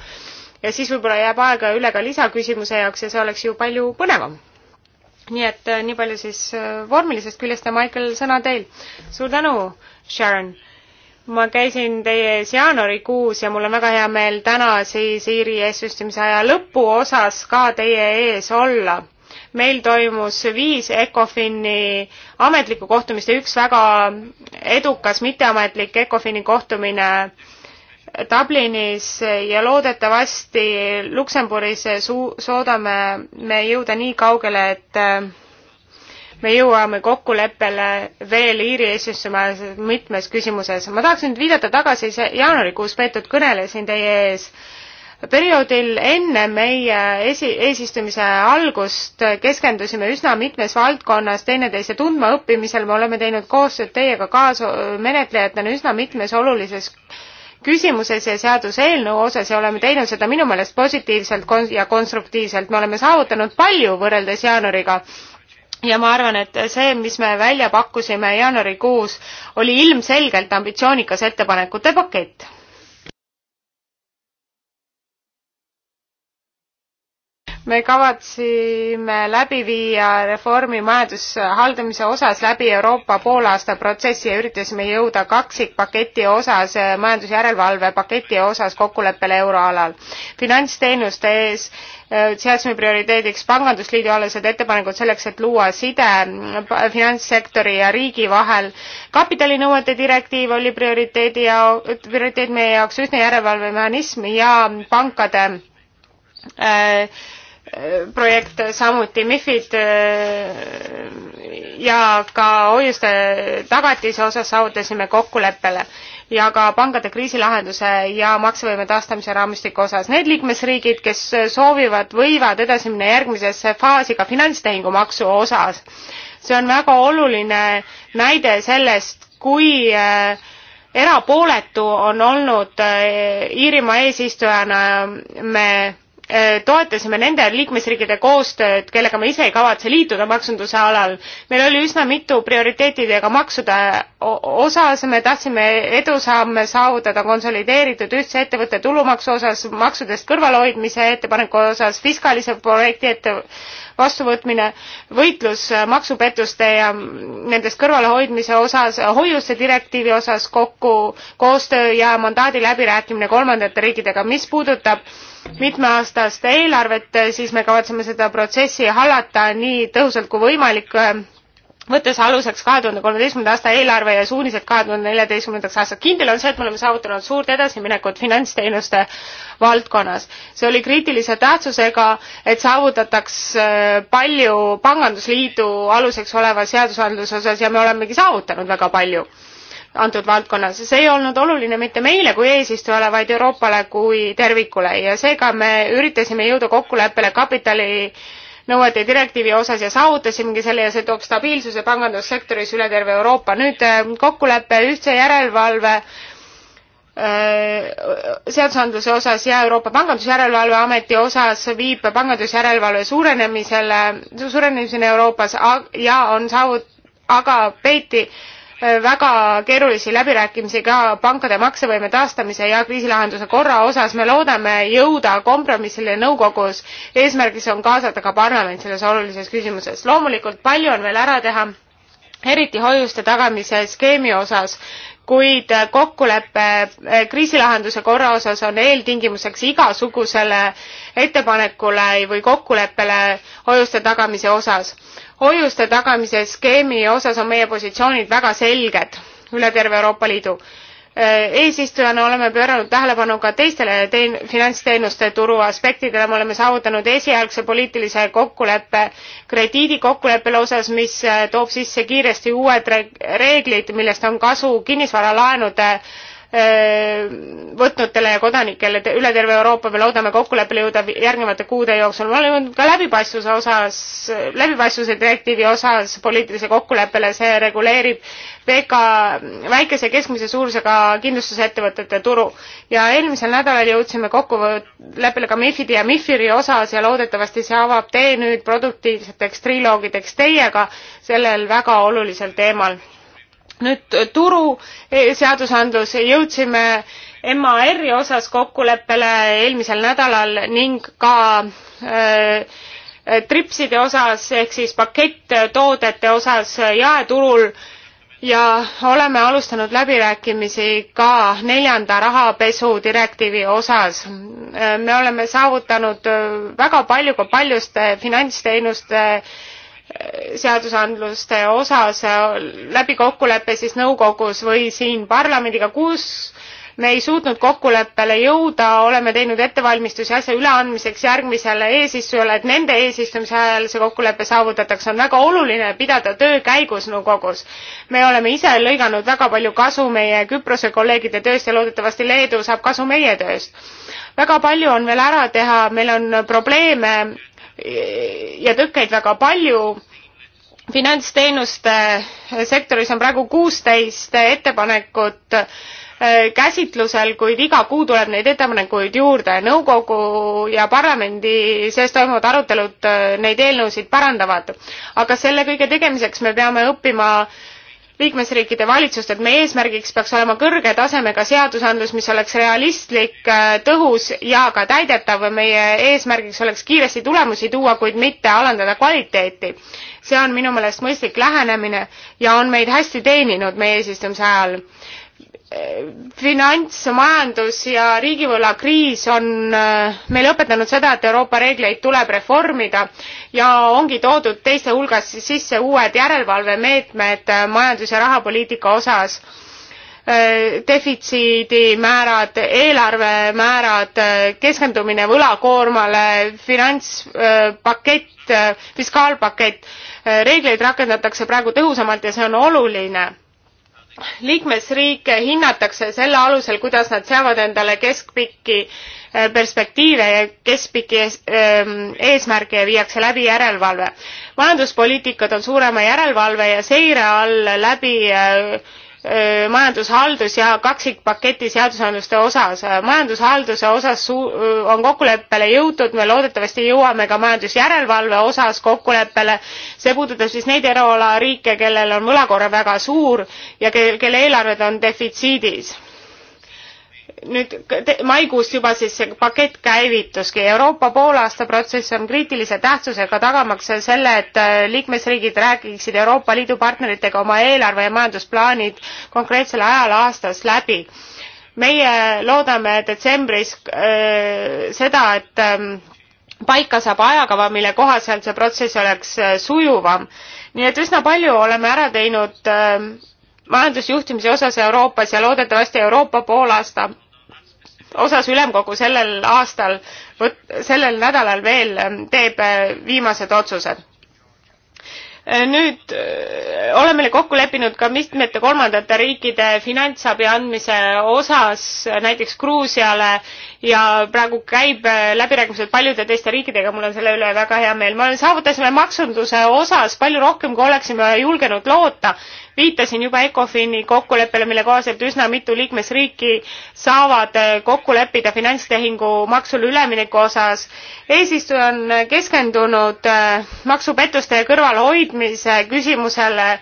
ja siis võib-olla jääb aega üle ka lisaküsimuse jaoks ja see oleks ju palju põnevam nii et äh, nii palju siis äh, vormilisest küljest ja Michael, sõna teil. suur tänu, Sharon. ma käisin teie ees jaanuarikuus ja mul on väga hea meel täna siis Iiri eesistumise aja lõpuosas ka teie ees olla. meil toimus viis ECOFIN-i ametlikku kohtumist ja üks väga edukas mitteametlik ECOFIN-i kohtumine äh, Dublinis ja loodetavasti Luksemburis suu-, soodame me jõuda nii kaugele, et äh, me jõuame kokkuleppele veel Iiri eesistumas mitmes küsimuses. ma tahaksin nüüd viidata tagasi jaanuarikuus peetud kõnele siin teie ees perioodil enne meie esi-, eesistumise algust keskendusime üsna mitmes valdkonnas teineteise tundmaõppimisel, me oleme teinud koostööd teiega kaasmenetlejatena üsna mitmes olulises küsimuses ja seaduseelnõu osas ja oleme teinud seda minu meelest positiivselt kon- ja konstruktiivselt. me oleme saavutanud palju võrreldes jaanuariga ja ma arvan, et see, mis me välja pakkusime jaanuarikuus, oli ilmselgelt ambitsioonikas ettepanekute pakett me kavatsime läbi viia reformi majandushaldamise osas läbi Euroopa poolaasta protsessi ja üritasime jõuda kaksikpaketi osas, majandusjärelevalve paketi osas kokkuleppele euroalal. finantsteenuste ees äh, seadsime prioriteediks pangandusliidu alused ettepanekud selleks, et luua side finantssektori ja riigi vahel. kapitalinõuete direktiiv oli prioriteedi ja, prioriteet meie jaoks, ühtne järelevalvemehhanism ja pankade äh, projekt, samuti MIFID äh, ja ka hoiuste tagatise osas saavutasime kokkuleppele ja ka pangade kriisilahenduse ja maksevõime taastamise raamistiku osas. Need liikmesriigid, kes soovivad, võivad edasi minna järgmisesse faasi ka finantstehingumaksu osas. see on väga oluline näide sellest, kui äh, erapooletu on olnud äh, Iirimaa eesistujana me Äh, toetasime nende liikmesriikide koostööd, kellega me ise ei kavatse liituda maksunduse alal. meil oli üsna mitu prioriteetidega maksude osas, me tahtsime edusamme saavutada konsolideeritud ühtse ettevõtte tulumaksu osas, maksudest kõrvalehoidmise ettepaneku osas, fiskalise projekti ette vastuvõtmine, võitlus maksupettuste ja nendest kõrvalehoidmise osas, hoiuste direktiivi osas kokku, koostöö ja mandaadi läbirääkimine kolmandate riikidega. mis puudutab mitmeaastast eelarvet, siis me kavatseme seda protsessi hallata nii tõhusalt kui võimalik võttes aluseks kahe tuhande kolmeteistkümnenda aasta eelarve ja suunised kahe tuhande neljateistkümnendaks aastaks. kindel on see, et me oleme saavutanud suurt edasiminekut finantsteenuste valdkonnas. see oli kriitilise tähtsusega, et saavutataks äh, palju pangandusliidu aluseks oleva seadusandluse osas ja me olemegi saavutanud väga palju antud valdkonnas. see ei olnud oluline mitte meile kui eesistujale, vaid Euroopale kui tervikule ja seega me üritasime jõuda kokkuleppele kapitali äh, nõuete direktiivi osas ja saavutasimegi selle ja see toob stabiilsuse pangandussektoris üle terve Euroopa. nüüd äh, kokkulepe ühtse järelevalve äh, seadusandluse osas ja Euroopa Pangandusjärelevalve Ameti osas viib pangandusjärelevalve suurenemisele, suurenemiseni Euroopas ja on saavut-, aga peiti Äh, väga keerulisi läbirääkimisi ka pankade maksevõime taastamise ja kriisilahenduse korra osas. me loodame jõuda kompromissile nõukogus. eesmärgiks on kaasata ka parlament selles olulises küsimuses. loomulikult palju on veel ära teha eriti hoiuste tagamise skeemi osas kuid kokkulepe eh, kriisilahenduse korra osas on eeltingimuseks igasugusele ettepanekule või kokkuleppele hoiuste tagamise osas. hoiuste tagamise skeemi osas on meie positsioonid väga selged üle terve Euroopa Liidu Äh, eesistujana oleme pööranud tähelepanu ka teistele teen, finantsteenuste turu aspektidele, me oleme saavutanud esialgse poliitilise kokkuleppe krediidikokkuleppele osas, mis äh, toob sisse kiiresti uued reeglid, millest on kasu kinnisvaralaenude Äh, võtnutele ja kodanikele üle terve Euroopa, me loodame kokkuleppele jõuda järgnevate kuude jooksul. me oleme jõudnud ka läbipaistvuse osas, läbipaistvuse direktiivi osas poliitilise kokkuleppele, see reguleerib VK, väikese ja keskmise suurusega kindlustusettevõtete turu. ja eelmisel nädalal jõudsime kokkuleppele ka MIFID-i ja MIFIR-i osas ja loodetavasti see avab tee nüüd produktiivseteks triloogideks teiega sellel väga olulisel teemal nüüd turu seadusandlus, jõudsime MAR-i osas kokkuleppele eelmisel nädalal ning ka äh, tripside osas ehk siis paketttoodete osas jaeturul ja oleme alustanud läbirääkimisi ka neljanda rahapesu direktiivi osas. Äh, me oleme saavutanud äh, väga palju ka paljuste finantsteenuste äh, seadusandluste osas äh, läbi kokkuleppe siis nõukogus või siin parlamendiga, kus me ei suutnud kokkuleppele jõuda, oleme teinud ettevalmistusi asja üleandmiseks järgmisele eesistujale, et nende eesistumise ajal see kokkulepe saavutatakse, on väga oluline pidada töö käigus nõukogus. me oleme ise lõiganud väga palju kasu meie Küprose kolleegide tööst ja loodetavasti Leedu saab kasu meie tööst. väga palju on veel ära teha, meil on probleeme ja tõkkeid väga palju finantsteenuste sektoris on praegu kuusteist ettepanekut äh, käsitlusel, kuid iga kuu tuleb neid ettepanekuid juurde. nõukogu ja parlamendi sees toimuvad arutelud äh, neid eelnõusid parandavad. aga selle kõige tegemiseks me peame õppima äh, liikmesriikide valitsustelt, meie eesmärgiks peaks olema kõrge tasemega seadusandlus, mis oleks realistlik, äh, tõhus ja ka täidetav. meie eesmärgiks oleks kiiresti tulemusi tuua, kuid mitte alandada kvaliteeti. see on minu meelest mõistlik lähenemine ja on meid hästi teeninud meie eesistumise ajal finants, majandus ja riigivõlakriis on äh, meile õpetanud seda, et Euroopa reegleid tuleb reformida ja ongi toodud teiste hulgas sisse uued järelevalvemeetmed äh, majandus- ja rahapoliitika osas. Äh, defitsiidimäärad, eelarvemäärad, keskendumine võlakoormale, finantspakett, fiskaalpakett, reegleid rakendatakse praegu tõhusamalt ja see on oluline liikmesriike hinnatakse selle alusel, kuidas nad seavad endale keskpikki äh, perspektiive ja keskpikki ähm, eesmärke ja viiakse läbi järelevalve. majanduspoliitikad on suurema järelevalve ja seire all läbi äh, majandushaldus ja kaksikpaketi seadusandluste osas. majandushalduse osas suu-, on kokkuleppele jõutud, me loodetavasti jõuame ka majandusjärelevalve osas kokkuleppele. see puudutab siis neid euroala riike, kellel on võlakorra väga suur ja kel-, kelle eelarved on defitsiidis nüüd maikuus juba siis see pakett käivituski. Euroopa poolaasta protsess on kriitilise tähtsusega, tagamaks selle, et äh, liikmesriigid räägiksid Euroopa Liidu partneritega oma eelarve ja majandusplaanid konkreetsel ajal aastas läbi. meie loodame detsembris äh, seda, et äh, paika saab ajakava, mille kohaselt see protsess oleks äh, sujuvam. nii et üsna palju oleme ära teinud ähm, majandusjuhtimise osas Euroopas ja loodetavasti Euroopa poolaasta osas ülemkogu sellel aastal, sellel nädalal veel ähm, teeb äh, viimased otsused äh, nüüd äh, oleme meile kokku leppinud ka mitmete kolmandate riikide finantsabi andmise osas näiteks Gruusiale ja praegu käib äh, läbirääkimised paljude teiste riikidega, mul on selle üle väga hea meel. me saavutasime maksunduse osas palju rohkem, kui oleksime julgenud loota. viitasin juba ECOFIN-i kokkuleppele, mille kohaselt üsna mitu liikmesriiki saavad äh, kokku leppida finantstehingu maksule ülemineku osas. eesistuja on keskendunud äh, maksupettuste kõrvalhoidmise küsimusele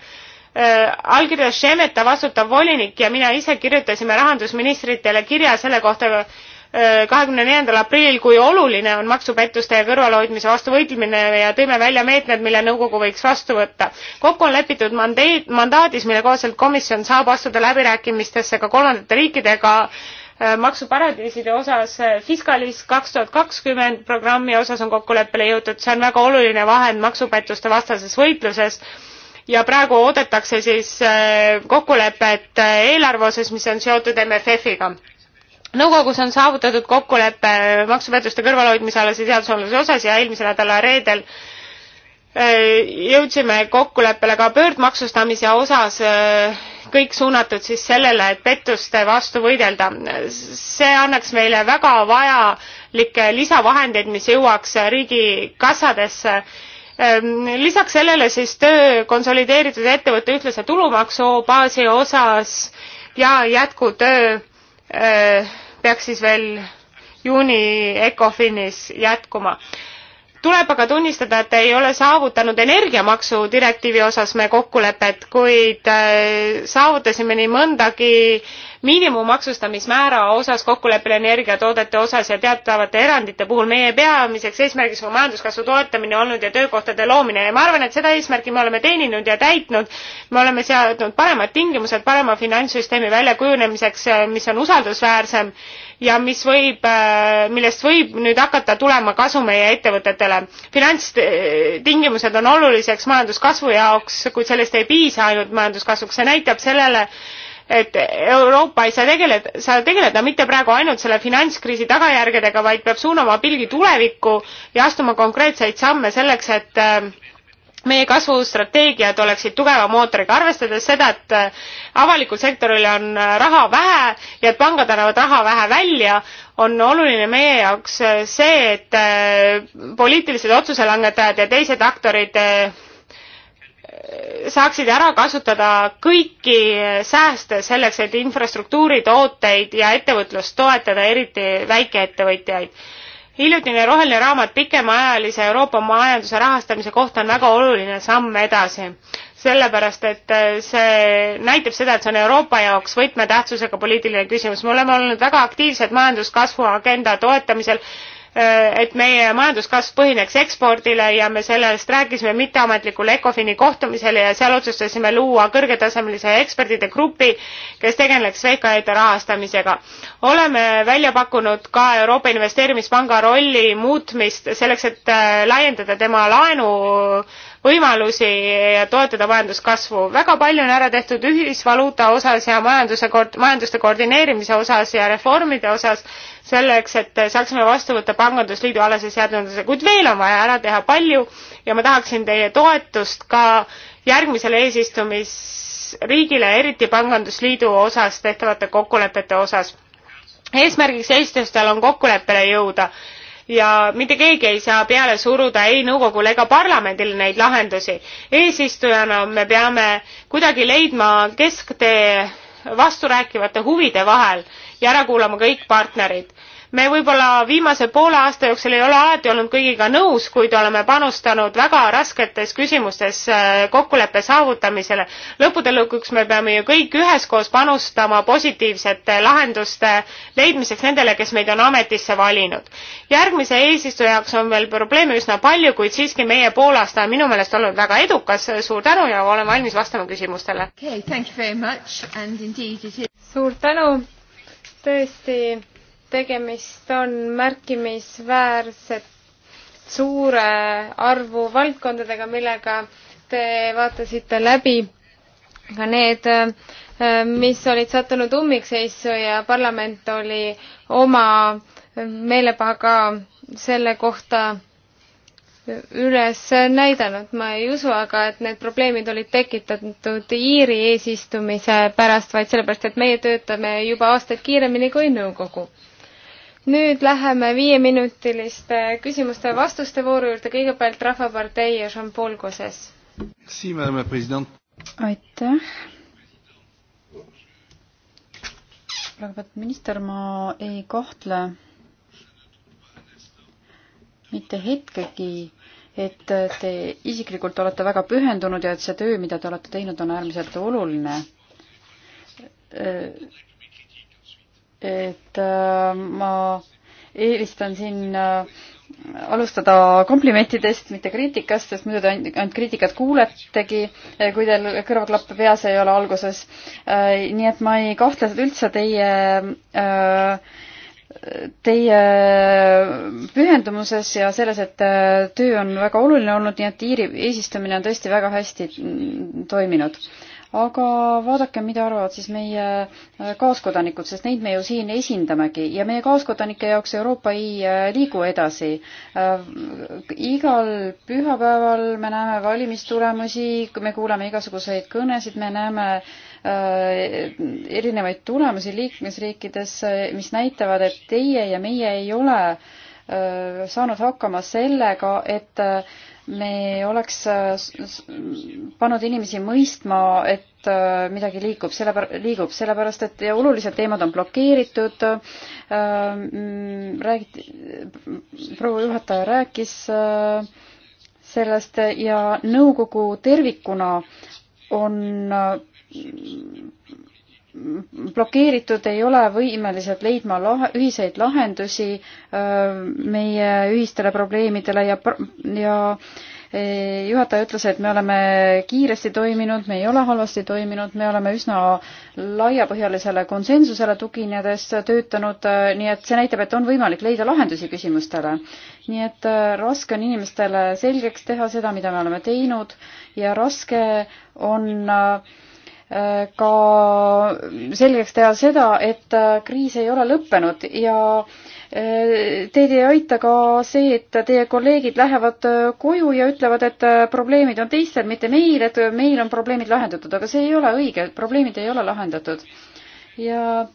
allkirjas Šemeta vastutav volinik ja mina ise kirjutasime rahandusministritele kirja selle kohta kahekümne neljandal aprillil, kui oluline on maksupettuste ja kõrvalehoidmise vastu võitlemine ja tõime välja meetmed, mille nõukogu võiks vastu võtta. kokku on lepitud mandeed, mandaadis, mille kohaselt komisjon saab astuda läbirääkimistesse ka kolmandate riikidega äh, maksuparadiiside osas äh, Fiscalis kaks tuhat kakskümmend programmi osas on kokkuleppele jõutud, see on väga oluline vahend maksupettuste vastases võitluses ja praegu oodatakse siis äh, kokkulepet eelarve osas, mis on seotud MFF-iga nõukogus on saavutatud kokkulepe maksupettuste kõrvalhoidmise alase seadusandluse osas ja eelmise nädala reedel äh, jõudsime kokkuleppele ka pöördmaksustamise osas, äh, kõik suunatud siis sellele, et pettuste vastu võidelda. see annaks meile väga vajalikke lisavahendeid, mis jõuaks riigikassadesse. Ähm, lisaks sellele siis töö konsolideeritud ettevõtte ühtlase tulumaksu baasi osas ja jätkutöö äh, peaks siis veel juuni ECOFINis jätkuma. tuleb aga tunnistada, et ei ole saavutanud energiamaksu direktiivi osas me kokkulepet, kuid äh, saavutasime nii mõndagi äh, miinimummaksustamismäära osas kokkuleppel energiatoodete osas ja teatavate erandite puhul meie peamiseks eesmärgiks on majanduskasvu toetamine olnud ja töökohtade loomine ja ma arvan, et seda eesmärki me oleme teeninud ja täitnud. me oleme seadnud paremad tingimused parema finantssüsteemi väljakujunemiseks, eh, mis on usaldusväärsem ja mis võib, eh, millest võib nüüd hakata tulema kasu meie ettevõtetele. finantstingimused on oluliseks majanduskasvu jaoks, kuid sellest ei piisa ainult majanduskasvuks, see näitab sellele, et Euroopa ei saa tegeleda, saa tegeleda mitte praegu ainult selle finantskriisi tagajärgedega, vaid peab suunama pilgi tulevikku ja astuma konkreetseid samme selleks, et äh, meie kasvustrateegiad oleksid tugeva mootoriga, arvestades seda, et äh, avalikul sektoril on äh, raha vähe ja et pangad annavad raha vähe välja, on oluline meie jaoks see, et poliitilised otsuselangetajad ja teised aktorid saaksid ära kasutada kõiki sääste selleks, et infrastruktuuri, tooteid ja ettevõtlust toetada, eriti väikeettevõtjaid. hiljutine roheline raamat pikemaajalise Euroopa majanduse rahastamise kohta on väga oluline samm edasi, sellepärast et see näitab seda, et see on Euroopa jaoks võtmetähtsusega poliitiline küsimus. me oleme olnud väga aktiivsed majanduskasvu agenda toetamisel Äh, et meie majanduskasv põhineks ekspordile ja me sellest rääkisime mitteametlikul ECOFIN-i kohtumisel ja seal otsustasime luua kõrgetasemelise ekspertide grupi, kes tegeleks VKE-de rahastamisega. oleme välja pakkunud ka Euroopa Investeerimispanga rolli muutmist selleks, et äh, laiendada tema laenu võimalusi ja toetada majanduskasvu. väga palju on ära tehtud ühisvaluuta osas ja majanduse, majanduste koordineerimise osas ja reformide osas selleks, et saaksime vastu võtta pangandusliidu alase seaduse, kuid veel on vaja ära teha palju ja ma tahaksin teie toetust ka järgmisele eesistumisriigile, eriti pangandusliidu osas tehtavate kokkulepete osas eesmärgiks eestlastel on kokkuleppele jõuda ja mitte keegi ei saa peale suruda ei nõukogule ega parlamendile neid lahendusi. eesistujana me peame kuidagi leidma kesktee vasturääkivate huvide vahel ja ära kuulama kõik partnerid me võib-olla viimase poole aasta jooksul ei ole alati olnud kõigiga nõus, kuid oleme panustanud väga rasketes küsimustes äh, kokkuleppe saavutamisele. lõppude lõpuks me peame ju kõik üheskoos panustama positiivsete lahenduste leidmiseks nendele, kes meid on ametisse valinud. järgmise eesistuja jaoks on veel probleeme üsna palju, kuid siiski meie poolaasta on minu meelest olnud väga edukas. suur tänu ja olen valmis vastama küsimustele okay,. suur tänu tõesti tegemist on märkimisväärselt suure arvu valdkondadega, millega te vaatasite läbi ka need, mis olid sattunud ummikseisu ja parlament oli oma meelepahaga selle kohta üles näidanud, ma ei usu aga, et need probleemid olid tekitatud Iiri eesistumise pärast, vaid sellepärast, et meie töötame juba aastaid kiiremini kui nõukogu nüüd läheme viieminutiliste küsimuste ja vastuste vooru juurde, kõigepealt Rahvapartei ja Jean-Paul Gosses. aitäh. lugupeetud minister, ma ei kahtle mitte hetkegi, et te isiklikult olete väga pühendunud ja et see töö, mida te olete teinud, on äärmiselt oluline et äh, ma eelistan siin äh, alustada komplimentidest, mitte kriitikast, sest muidu te ainult kriitikat kuuletegi, äh, kui teil kõrvaklappe peas ei ole alguses. nii et ma ei kahtle üldse teie, teie pühendumuses ja selles, et töö on väga oluline olnud, nii et Iiri eesistumine on tõesti väga hästi mm, toiminud aga vaadake, mida arvavad siis meie äh, kaaskodanikud, sest neid me ju siin esindamegi ja meie kaaskodanike jaoks Euroopa ei äh, liigu edasi. Äh, igal pühapäeval me näeme valimistulemusi, me kuuleme igasuguseid kõnesid, me näeme erinevaid tulemusi liikmesriikides, mis näitavad, et teie ja meie ei ole saanud hakkama sellega, et me oleks äh, pannud inimesi mõistma, et äh, midagi liikub, selle, liigub, sellepärast et olulised teemad on blokeeritud. Äh, mm, räägiti, proua juhataja rääkis sellest ja nõukogu tervikuna on blokeeritud, ei ole võimelised leidma lahe, ühiseid lahendusi öö, äh, meie ühistele probleemidele ja, ja e, juhataja ütles, et me oleme kiiresti toiminud, me ei ole halvasti toiminud, me oleme üsna laiapõhjalisele konsensusele tuginedes töötanud, äh, nii et see näitab, et on võimalik leida lahendusi küsimustele. nii et äh, raske on inimestele selgeks teha seda, mida me oleme teinud ja raske on äh, ka selgeks teha seda, et äh, kriis ei ole lõppenud ja äh, Teid ei aita ka see, et teie kolleegid lähevad äh, koju ja ütlevad, et probleemid on teistel, mitte meil, et meil on probleemid lahendatud, aga see ei ole õige, probleemid ei ole lahendatud. ja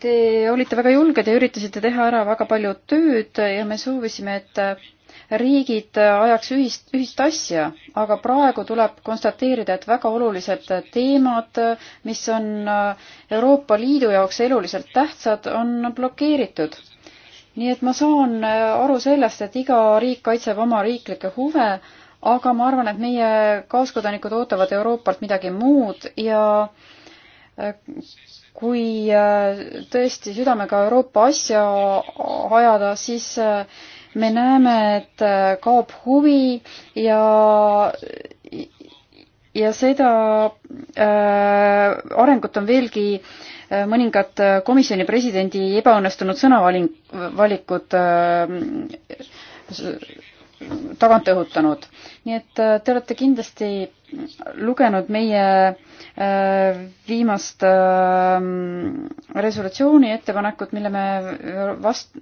te olite väga julged ja üritasite teha ära väga palju tööd ja me soovisime, et riigid ajaks ühist, ühist asja, aga praegu tuleb konstateerida, et väga olulised teemad, mis on Euroopa Liidu jaoks eluliselt tähtsad, on blokeeritud. nii et ma saan aru sellest, et iga riik kaitseb oma riiklikke huve, aga ma arvan, et meie kaaskodanikud ootavad Euroopalt midagi muud ja äh, kui äh, tõesti südamega Euroopa asja ajada, siis äh, me näeme, et äh, kaob huvi ja ja seda äh, arengut on veelgi äh, mõningad äh, komisjoni presidendi ebaõnnestunud sõnavalikud äh, tagant õhutanud. nii et äh, te olete kindlasti lugenud meie äh, viimast ähm, resolutsiooni ettepanekut, mille me vast-,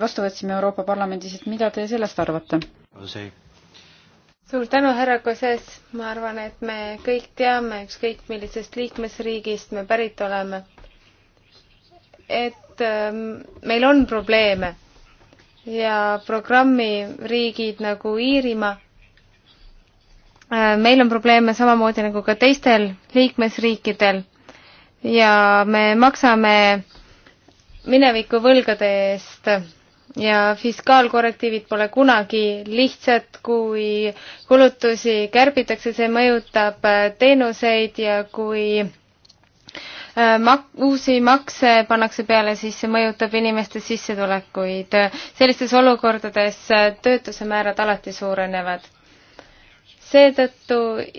vastu võtsime Euroopa Parlamendis, et mida te sellest arvate? suur tänu, härra Koses, ma arvan, et me kõik teame, ükskõik millisest liikmesriigist me pärit oleme, et ähm, meil on probleeme ja programmiriigid nagu Iirimaa. Äh, meil on probleeme samamoodi nagu ka teistel liikmesriikidel ja me maksame mineviku võlgade eest ja fiskaalkorrektiivid pole kunagi lihtsad, kui kulutusi kärbitakse, see mõjutab äh, teenuseid ja kui Äh, mak-, uusi makse pannakse peale, siis see mõjutab inimeste sissetulekuid. sellistes olukordades äh, töötuse määrad alati suurenevad. seetõttu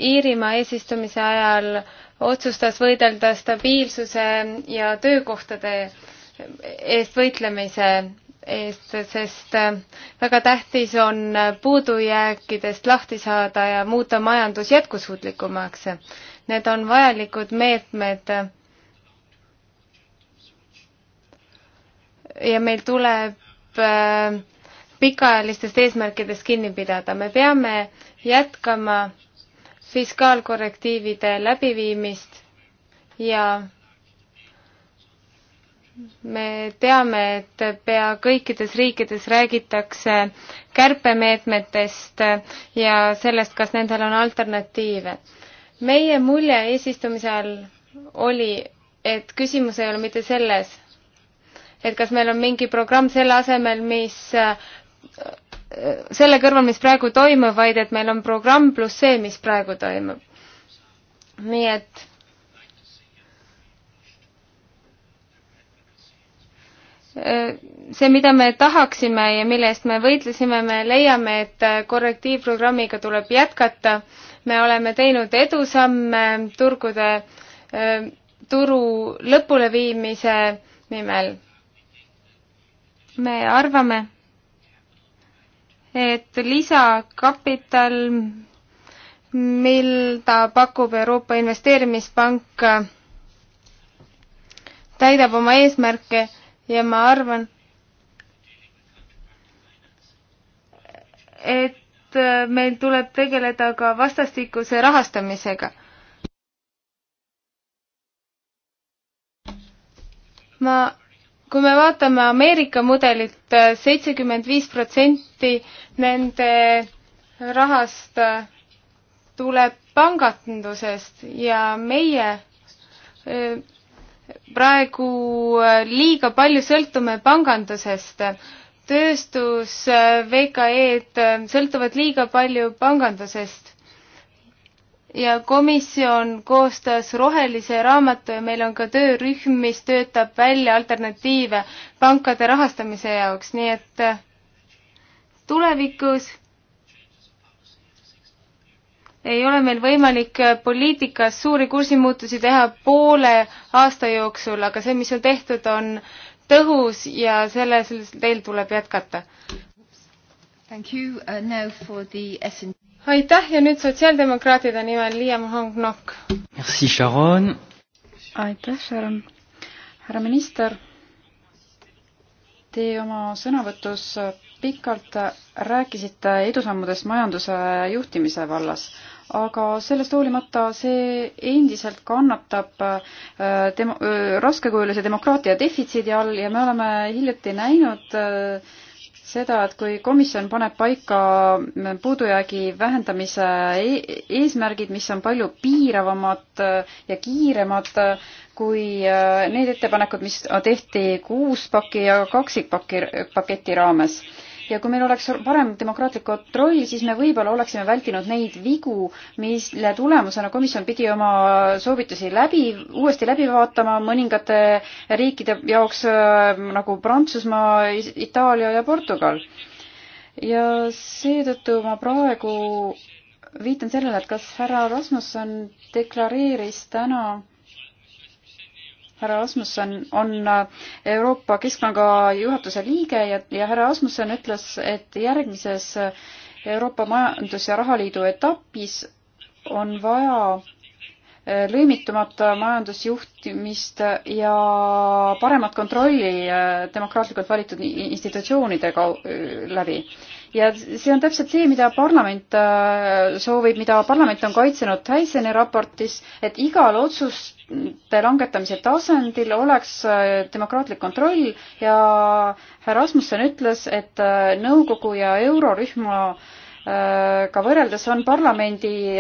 Iirimaa eesistumise ajal otsustas võidelda stabiilsuse ja töökohtade eest võitlemise eest, sest äh, väga tähtis on puudujääkidest lahti saada ja muuta majandus jätkusuutlikumaks. Need on vajalikud meetmed ja meil tuleb äh, pikaajalistest eesmärkidest kinni pidada. me peame jätkama fiskaalkorrektiivide läbiviimist ja me teame, et pea kõikides riikides räägitakse kärpemeetmetest ja sellest, kas nendel on alternatiive. meie mulje eesistumise all oli, et küsimus ei ole mitte selles, et kas meil on mingi programm selle asemel, mis selle kõrval, mis praegu toimub, vaid et meil on programm pluss see, mis praegu toimub. nii et see, mida me tahaksime ja mille eest me võitlesime, me leiame, et korrektiivprogrammiga tuleb jätkata. me oleme teinud edusamme turgude, turu lõpuleviimise nimel me arvame, et lisakapital, mil ta pakub Euroopa Investeerimispank, täidab oma eesmärke ja ma arvan, et meil tuleb tegeleda ka vastastikuse rahastamisega. ma kui me vaatame Ameerika mudelit, seitsekümmend viis protsenti nende rahast tuleb pangandusest ja meie eh, praegu liiga palju sõltume pangandusest. tööstus, eh, VKE-d eh, sõltuvad liiga palju pangandusest ja komisjon koostas rohelise raamatu ja meil on ka töörühm, mis töötab välja alternatiive pankade rahastamise jaoks, nii et äh, tulevikus ei ole meil võimalik äh, poliitikas suuri kursimuutusi teha poole aasta jooksul, aga see, mis on tehtud, on tõhus ja selles teil tuleb jätkata. Uh, aitäh ja nüüd sotsiaaldemokraatide nimel Liam Hong-Nok. aitäh, Sharon. härra minister, te oma sõnavõtus pikalt rääkisite edusammudest majanduse juhtimise vallas, aga sellest hoolimata see endiselt kannatab äh, dem-, äh, raskekujulise demokraatia defitsiidi all ja me oleme hiljuti näinud äh, seda, et kui komisjon paneb paika puudujäägi vähendamise e-, eesmärgid, mis on palju piiravamad ja kiiremad kui äh, need ettepanekud, mis tehti kuuspaki ja kaksikpaki, paketi raames ja kui meil oleks parem demokraatlik kontroll, siis me võib-olla oleksime vältinud neid vigu, mille tulemusena komisjon pidi oma soovitusi läbi, uuesti läbi vaatama mõningate riikide jaoks äh, nagu Prantsusmaa, Itaalia ja Portugal. ja seetõttu ma praegu viitan sellele, et kas härra Rasmusson deklareeris täna härra Asmussen on äh, Euroopa Keskpanga juhatuse liige ja, ja härra Asmussen ütles, et järgmises äh, Euroopa Majandus- ja Rahaliidu etapis on vaja äh, lõimitumata majandusjuhtimist ja paremat kontrolli demokraatlikult valitud institutsioonide läbi ja see on täpselt see, mida parlament äh, soovib, mida parlament on kaitsenud Tysoni raportis, et igal otsuste langetamise tasandil oleks äh, demokraatlik kontroll ja härra Asmussen ütles, et äh, nõukogu ja eurorühma ka võrreldes on parlamendi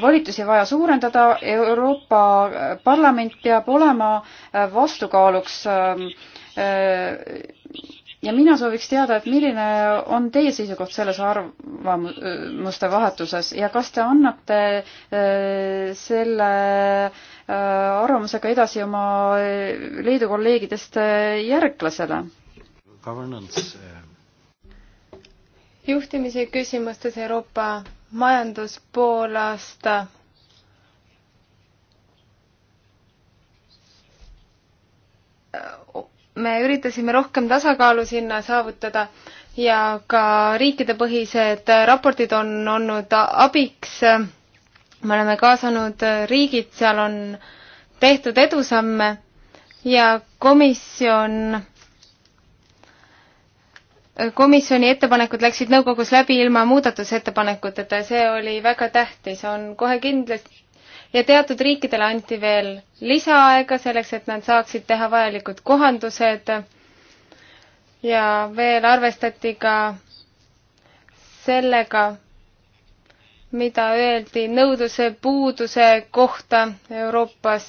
volitusi vaja suurendada, Euroopa Parlament peab olema vastukaaluks ähm, ja mina sooviks teada, et milline on teie seisukoht selles arvamuste vahetuses ja kas te annate äh, selle äh, arvamusega edasi oma äh, Leedu kolleegidest järglasele? juhtimise küsimustes Euroopa majandus poolaasta me üritasime rohkem tasakaalu sinna saavutada ja ka riikidepõhised raportid on olnud abiks. me oleme kaasanud riigid, seal on tehtud edusamme ja komisjon, komisjoni ettepanekud läksid nõukogus läbi ilma muudatusettepanekuteta ja see oli väga tähtis, on kohe kindlasti ja teatud riikidele anti veel lisaaega selleks, et nad saaksid teha vajalikud kohandused ja veel arvestati ka sellega, mida öeldi nõudluse puuduse kohta Euroopas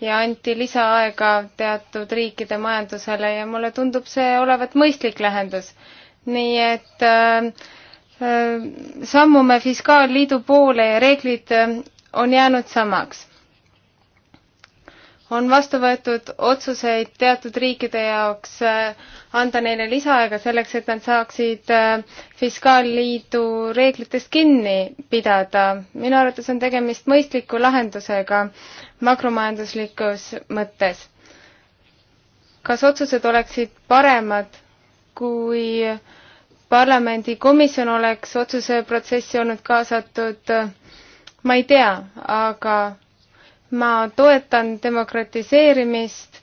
ja anti lisaaega teatud riikide majandusele ja mulle tundub see olevat mõistlik lahendus. nii et äh, äh sammume Fiskaalliidu poole ja reeglid on jäänud samaks. on vastu võetud otsuseid teatud riikide jaoks eh, anda neile lisaaega selleks, et nad saaksid eh, fiskaalliidu reeglitest kinni pidada. minu arvates on tegemist mõistliku lahendusega makromajanduslikus mõttes. kas otsused oleksid paremad, kui parlamendi komisjon oleks otsuse protsessi olnud kaasatud äh, ma ei tea, aga ma toetan demokratiseerimist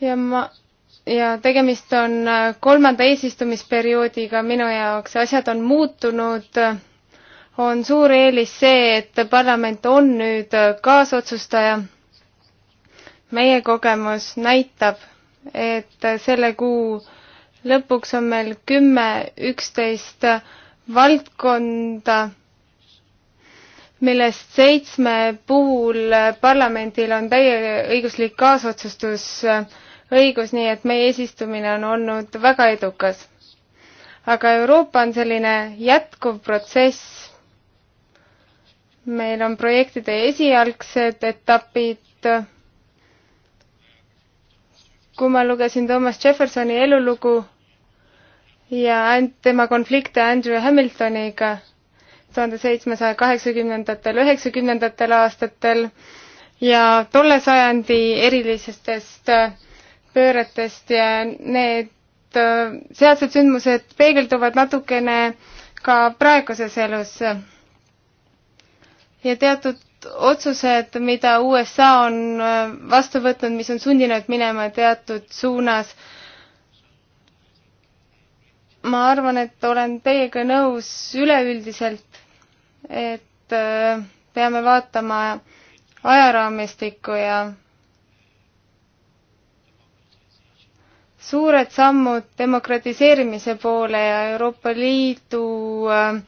ja ma ja tegemist on äh, kolmanda eesistumisperioodiga minu jaoks, asjad on muutunud, on suur eelis see, et parlament on nüüd äh, kaasotsustaja. meie kogemus näitab, et äh, selle kuu lõpuks on meil kümme, üksteist valdkonda millest seitsme puhul parlamendil on täieõiguslik kaasotsustusõigus, nii et meie eesistumine on olnud väga edukas. aga Euroopa on selline jätkuv protsess. meil on projektide esialgsed etapid. kui ma lugesin Thomas Jeffersoni elulugu ja tema konflikte Andrew Hamiltoniga tuhande seitsmesaja kaheksakümnendatel, üheksakümnendatel aastatel ja tolle sajandi erilisestest äh, pööretest ja need äh, sealsed sündmused peegelduvad natukene ka praeguses elus. ja teatud otsused, mida USA on äh, vastu võtnud, mis on sundinud minema teatud suunas, ma arvan, et olen teiega nõus üleüldiselt et äh, peame vaatama ajaraamistikku ja suured sammud demokratiseerimise poole ja Euroopa Liidu äh,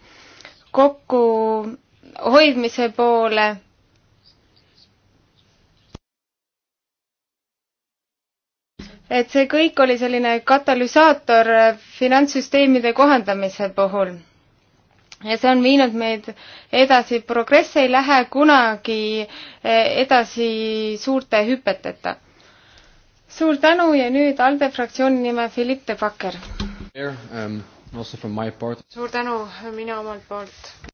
kokkuhoidmise poole et see kõik oli selline katalüsaator äh, finantssüsteemide kohandamise puhul ja see on viinud meid edasi, progress ei lähe kunagi eh, edasi suurte hüpeteta. suur tänu ja nüüd ALDE fraktsiooni nimel Philippe de Backer. Um, suur tänu minu omalt poolt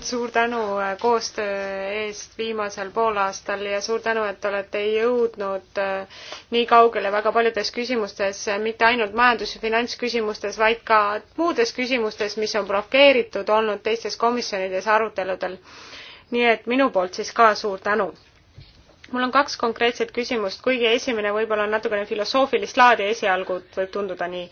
suur tänu äh, koostöö eest viimasel poolaastal ja suur tänu, et olete jõudnud äh, nii kaugele väga paljudes küsimustes, äh, mitte ainult majandus- ja finantsküsimustes, vaid ka muudes küsimustes, mis on blokeeritud olnud teistes komisjonides aruteludel. nii et minu poolt siis ka suur tänu. mul on kaks konkreetset küsimust, kuigi esimene võib-olla on natukene filosoofilist laadi esialgu, võib tunduda nii.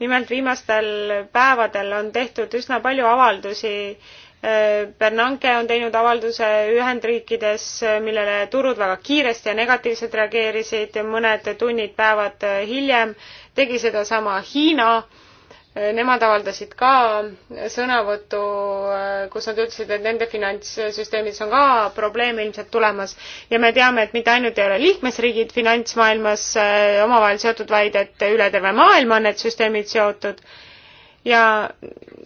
nimelt viimastel päevadel on tehtud üsna palju avaldusi Bernanke on teinud avalduse Ühendriikides, millele turud väga kiiresti ja negatiivselt reageerisid, mõned tunnid, päevad hiljem tegi sedasama Hiina. Nemad avaldasid ka sõnavõttu, kus nad ütlesid, et nende finantssüsteemides on ka probleeme ilmselt tulemas ja me teame, et mitte ainult ei ole liikmesriigid finantsmaailmas omavahel seotud, vaid et üle terve maailma on need süsteemid seotud ja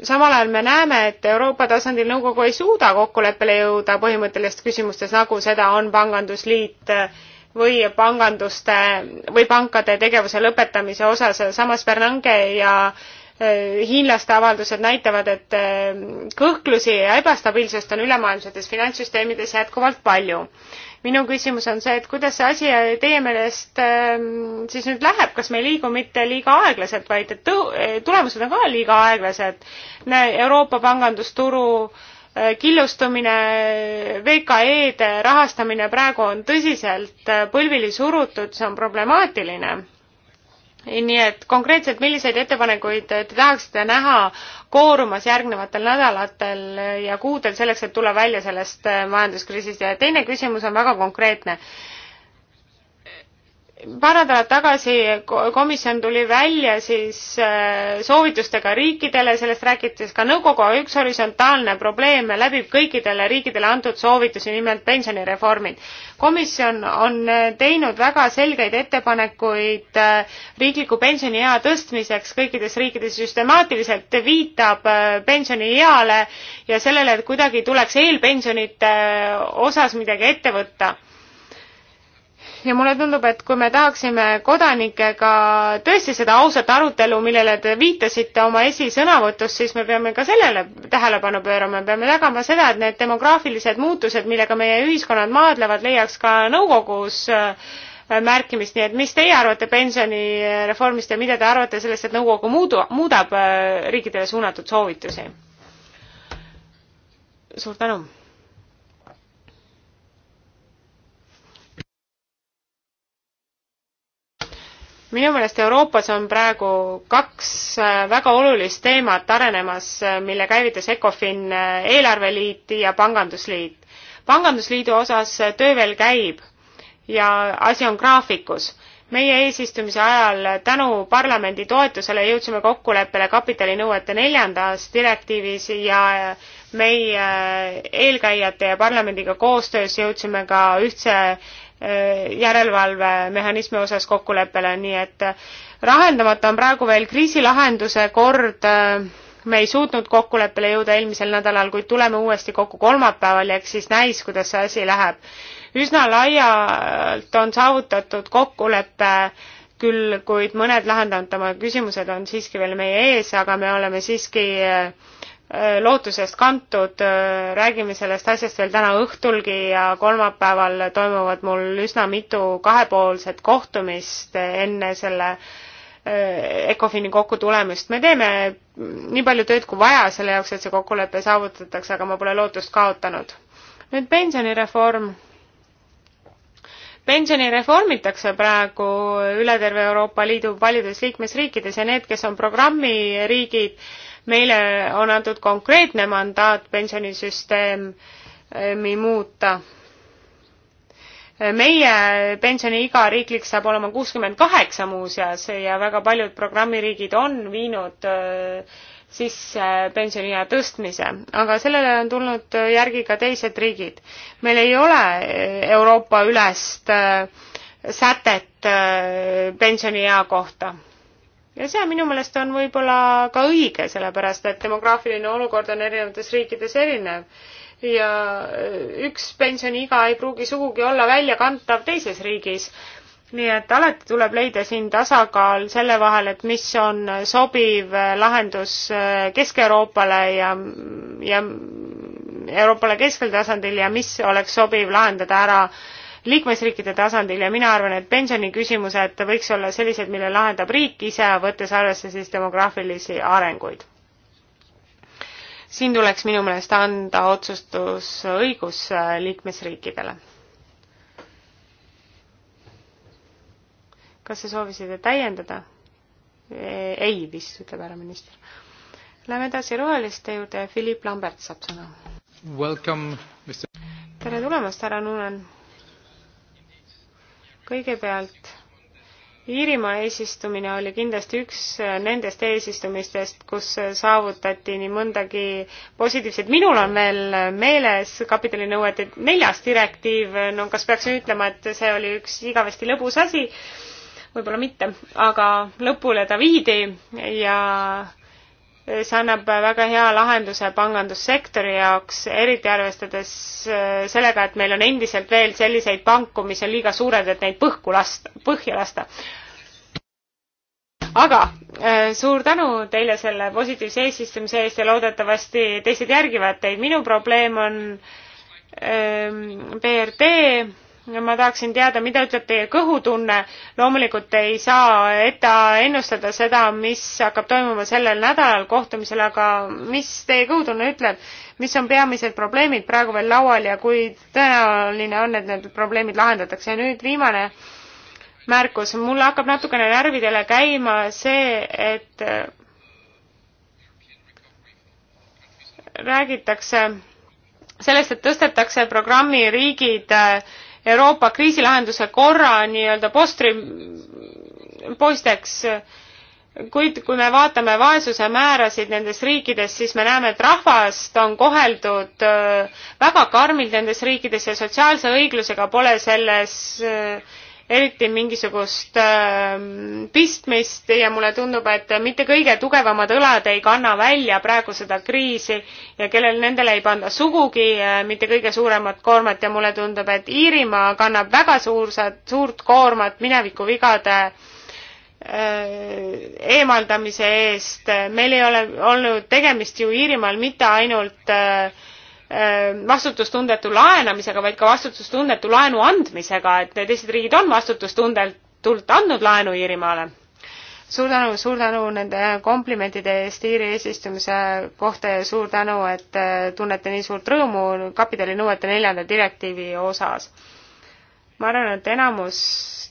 samal ajal me näeme, et Euroopa tasandil nõukogu ei suuda kokkuleppele jõuda põhimõttelistes küsimustes, nagu seda on pangandusliit või panganduste või pankade tegevuse lõpetamise osas, samas Bernanke ja eh, hiinlaste avaldused näitavad, et eh, kõhklusi ja ebastabiilsust on ülemaailmsetes finantssüsteemides jätkuvalt palju minu küsimus on see, et kuidas see asi teie meelest ähm, siis nüüd läheb, kas me ei liigu mitte liiga aeglaselt, vaid et tõu-, äh, tulemused on ka liiga aeglased. Euroopa pangandusturu äh, killustumine, VKE-de rahastamine praegu on tõsiselt äh, põlvili surutud, see on problemaatiline nii et konkreetselt, milliseid ettepanekuid te tahaksite näha koorumas järgnevatel nädalatel ja kuudel selleks, et tulla välja sellest eh, majanduskriisist ja teine küsimus on väga konkreetne paar nädalat tagasi komisjon tuli välja siis äh, soovitustega riikidele, sellest rääkides ka nõukogu, üks horisontaalne probleem läbib kõikidele riikidele antud soovitusi, nimelt pensionireformid. komisjon on äh, teinud väga selgeid ettepanekuid äh, riikliku pensioniea tõstmiseks kõikides riikides süstemaatiliselt, viitab pensionieale ja sellele, et kuidagi tuleks eelpensionite osas midagi ette võtta ja mulle tundub, et kui me tahaksime kodanikega tõesti seda ausat arutelu, millele te viitasite oma esisõnavõtus, siis me peame ka sellele tähelepanu pöörama, peame tagama seda, et need demograafilised muutused, millega meie ühiskonnad maadlevad, leiaks ka nõukogus äh, märkimist, nii et mis teie arvate pensionireformist ja mida te arvate sellest, et nõukogu muudu, muudab äh, riikidele suunatud soovitusi? suur tänu minu meelest Euroopas on praegu kaks äh, väga olulist teemat arenemas, äh, mille käivitas Ecofin, äh, eelarveliit ja pangandusliit. pangandusliidu osas töö veel käib ja asi on graafikus. meie eesistumise ajal tänu parlamendi toetusele jõudsime kokkuleppele kapitalinõuete neljandas direktiivis ja meie eelkäijate ja parlamendiga koostöös jõudsime ka ühtse Eh, järelevalvemehhanismi osas kokkuleppele, nii et lahendamata eh, on praegu veel kriisilahenduse kord, eh, me ei suutnud kokkuleppele jõuda eelmisel nädalal, kuid tuleme uuesti kokku kolmapäeval ja eks siis näis, kuidas see asi läheb. üsna laialt on saavutatud kokkulepe küll, kuid mõned lahendamata küsimused on siiski veel meie ees, aga me oleme siiski äh, Äh, lootusest kantud, äh, räägime sellest asjast veel täna õhtulgi ja kolmapäeval toimuvad mul üsna mitu kahepoolset kohtumist enne selle äh, ECOFIN-i kokkutulemist. me teeme nii palju tööd kui vaja selle jaoks, et see kokkulepe saavutatakse, aga ma pole lootust kaotanud. nüüd pensionireform. pensioni reformitakse praegu üle terve Euroopa Liidu paljudes liikmesriikides ja need, kes on programmiriigid, meile on antud konkreetne mandaat pensionisüsteemi eh, muuta. meie pensioniiga riiklik saab olema kuuskümmend kaheksa muuseas ja väga paljud programmiriigid on viinud eh, sisse pensioniea tõstmise, aga sellele on tulnud järgi ka teised riigid. meil ei ole eh, Euroopa ülest sätet pensioniea kohta ja see minu meelest on võib-olla ka õige, sellepärast et demograafiline olukord on erinevates riikides erinev ja üks pensioniiga ei pruugi sugugi olla väljakantav teises riigis. nii et alati tuleb leida siin tasakaal selle vahel, et mis on sobiv lahendus Kesk-Euroopale ja, ja Euroopale keskel tasandil ja mis oleks sobiv lahendada ära äh, liikmesriikide tasandil ja mina arvan, et pensioniküsimused võiks olla sellised, mille lahendab riik ise, võttes arvesse siis demograafilisi arenguid. siin tuleks minu meelest anda otsustusõigus äh, liikmesriikidele. kas sa soovisid täiendada? E-, ei vist, ütleb härra minister. Läheme edasi roheliste juurde, Philipp Lambert saab sõna. tere tulemast, härra Nunen kõigepealt Iirimaa eesistumine oli kindlasti üks äh, nendest eesistumistest, kus äh, saavutati nii mõndagi positiivset. minul on veel äh, meeles kapitalinõuete neljas direktiiv, no kas peaksin ütlema, et see oli üks igavesti lõbus asi? võib-olla mitte, aga lõpule ta viidi ja see annab väga hea lahenduse pangandussektori jaoks, eriti arvestades äh, sellega, et meil on endiselt veel selliseid panku, mis on liiga suured, et neid põhku lasta, põhja lasta. aga äh, suur tänu teile selle positiivse eesistumise eest ja loodetavasti teised järgivad teid. minu probleem on ähm, BRD ma tahaksin teada, mida ütleb teie kõhutunne. loomulikult ei saa ette ennustada seda, mis hakkab toimuma sellel nädalal kohtumisel, aga mis teie kõhutunne ütleb, mis on peamised probleemid praegu veel laual ja kui tõenäoline on, et need probleemid lahendatakse. ja nüüd viimane märkus, mul hakkab natukene närvidele käima see, et räägitakse sellest, et tõstetakse programmi riigid äh, Euroopa kriisilahenduse korra nii-öelda postri, poisteks, kuid kui me vaatame vaesuse määrasid nendes riikides, siis me näeme, et rahvast on koheldud äh, väga karmilt nendes riikides ja sotsiaalse õiglusega pole selles äh, eriti mingisugust ähm, pistmist ja mulle tundub, et mitte kõige tugevamad õlad ei kanna välja praegu seda kriisi ja kellel nendele ei panda sugugi äh, mitte kõige suuremat koormat ja mulle tundub, et Iirimaa kannab väga suursat, suurt koormat minevikuvigade äh, eemaldamise eest. meil ei ole olnud tegemist ju Iirimaal mitte ainult äh, Ehm, vastutustundetu laenamisega, vaid ka vastutustundetu laenu andmisega, et teised riigid on vastutustundetult andnud laenu Iirimaale. suur tänu, suur tänu nende komplimentide eest Iiri eesistumise kohta ja suur tänu, et eh, tunnete nii suurt rõõmu kapitalinõuete neljanda direktiivi osas ma arvan, et enamus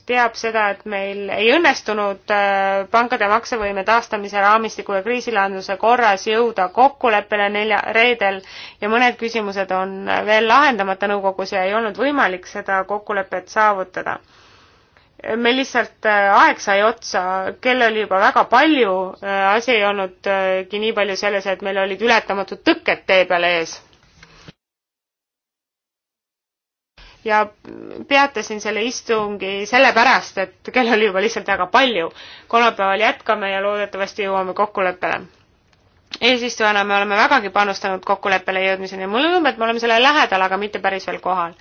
teab seda, et meil ei õnnestunud äh, pankade maksevõime taastamise raamistiku ja kriisilahenduse korras jõuda kokkuleppele nelja, reedel ja mõned küsimused on veel lahendamata nõukogus ja ei olnud võimalik seda kokkulepet saavutada. meil lihtsalt äh, aeg sai otsa, kell oli juba väga palju, äh, asi ei olnudki nii palju selles, et meil olid ületamatud tõkked tee peal ees ja peatasin selle istungi sellepärast, et kell oli juba lihtsalt väga palju. kolmapäeval jätkame ja loodetavasti jõuame kokkuleppele. eesistujana me oleme vägagi panustanud kokkuleppele jõudmiseni ja mul on õnn, et me oleme selle lähedal, aga mitte päris veel kohal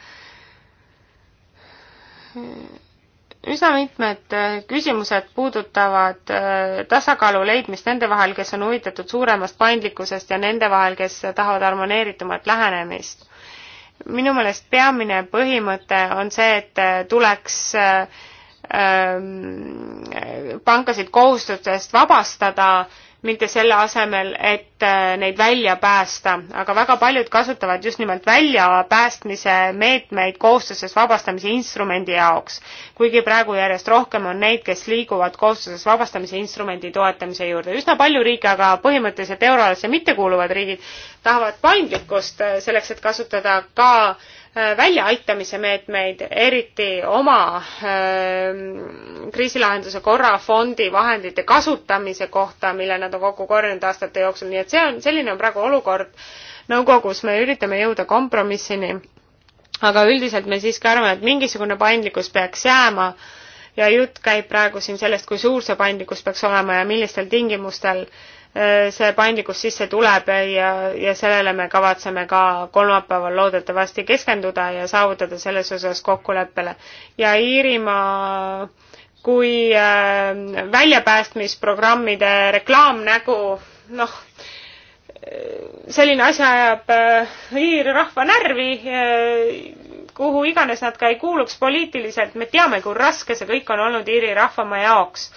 üsna mitmed äh, küsimused puudutavad äh, tasakaalu leidmist nende vahel, kes on huvitatud suuremast paindlikkusest ja nende vahel, kes tahavad harmoneeritumat lähenemist minu meelest peamine põhimõte on see, et tuleks ähm, pankasid kohustustest vabastada äh, mitte selle asemel, et äh, neid välja päästa, aga väga paljud kasutavad just nimelt väljapäästmise meetmeid kohustuses vabastamise instrumendi jaoks. kuigi praegu järjest rohkem on neid, kes liiguvad kohustuses vabastamise instrumendi toetamise juurde. üsna palju riike, aga põhimõtteliselt euroalasse mittekuuluvad riigid tahavad paindlikkust äh, selleks, et kasutada ka äh, Äh, väljaaitamise meetmeid, eriti oma ähm, kriisilahenduse korra fondi vahendite kasutamise kohta, mille nad on kokku korjanud aastate jooksul, nii et see on, selline on praegu olukord nõukogus, me üritame jõuda kompromissini, aga üldiselt me siiski arvame, et mingisugune paindlikkus peaks jääma ja jutt käib praegu siin sellest, kui suur see paindlikkus peaks olema ja millistel tingimustel äh, Äh, see paindlikkus sisse tuleb ja, ja sellele me kavatseme ka kolmapäeval loodetavasti keskenduda ja saavutada selles osas kokkuleppele. ja Iirimaa kui äh, väljapäästmisprogrammide reklaamnägu, noh, äh, selline asi ajab äh, Iiri rahva närvi äh, kuhu iganes nad ka ei kuuluks poliitiliselt, me teame, kui raske see kõik on olnud Iiri rahvamaa jaoks,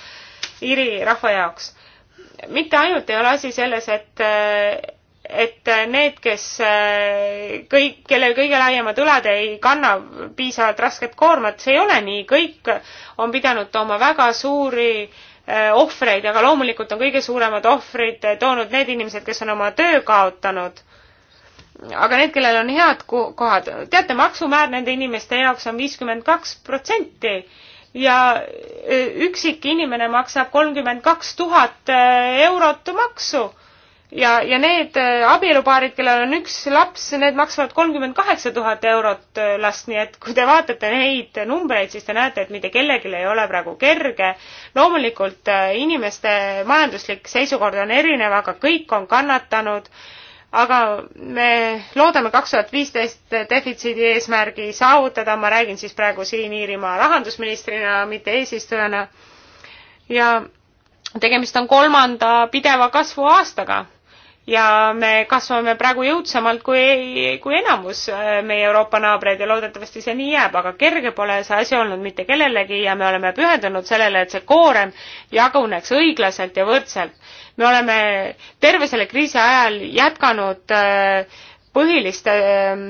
Iiri rahva jaoks mitte ainult ei ole asi selles, et et need, kes kõik, kellel kõige laiemad õlad ei kanna piisavalt rasket koormat, see ei ole nii, kõik on pidanud tooma väga suuri eh, ohvreid, aga loomulikult on kõige suuremad ohvrid toonud need inimesed, kes on oma töö kaotanud. aga need, kellel on head kohad, teate, maksumäär nende inimeste jaoks on viiskümmend kaks protsenti ja e, üksik inimene maksab kolmkümmend kaks tuhat e, eurot maksu ja, ja need e, abielupaarid, kellel on üks laps, need maksavad kolmkümmend kaheksa tuhat eurot last, nii et kui te vaatate neid numbreid, siis te näete, et mitte kellelgi ei ole praegu kerge. loomulikult inimeste majanduslik seisukord on erinev, aga kõik on kannatanud aga me loodame kaks tuhat viisteist defitsiidi eesmärgi saavutada, ma räägin siis praegu siin Iirimaa rahandusministrina, mitte eesistujana. ja tegemist on kolmanda pideva kasvu aastaga ja me kasvame praegu jõudsamalt kui, kui enamus meie Euroopa naabreid ja loodetavasti see nii jääb, aga kerge pole see asi olnud mitte kellelegi ja me oleme pühendunud sellele, et see koorem jaguneks õiglaselt ja võrdselt me oleme terve selle kriisi ajal jätkanud äh, põhiliste ähm,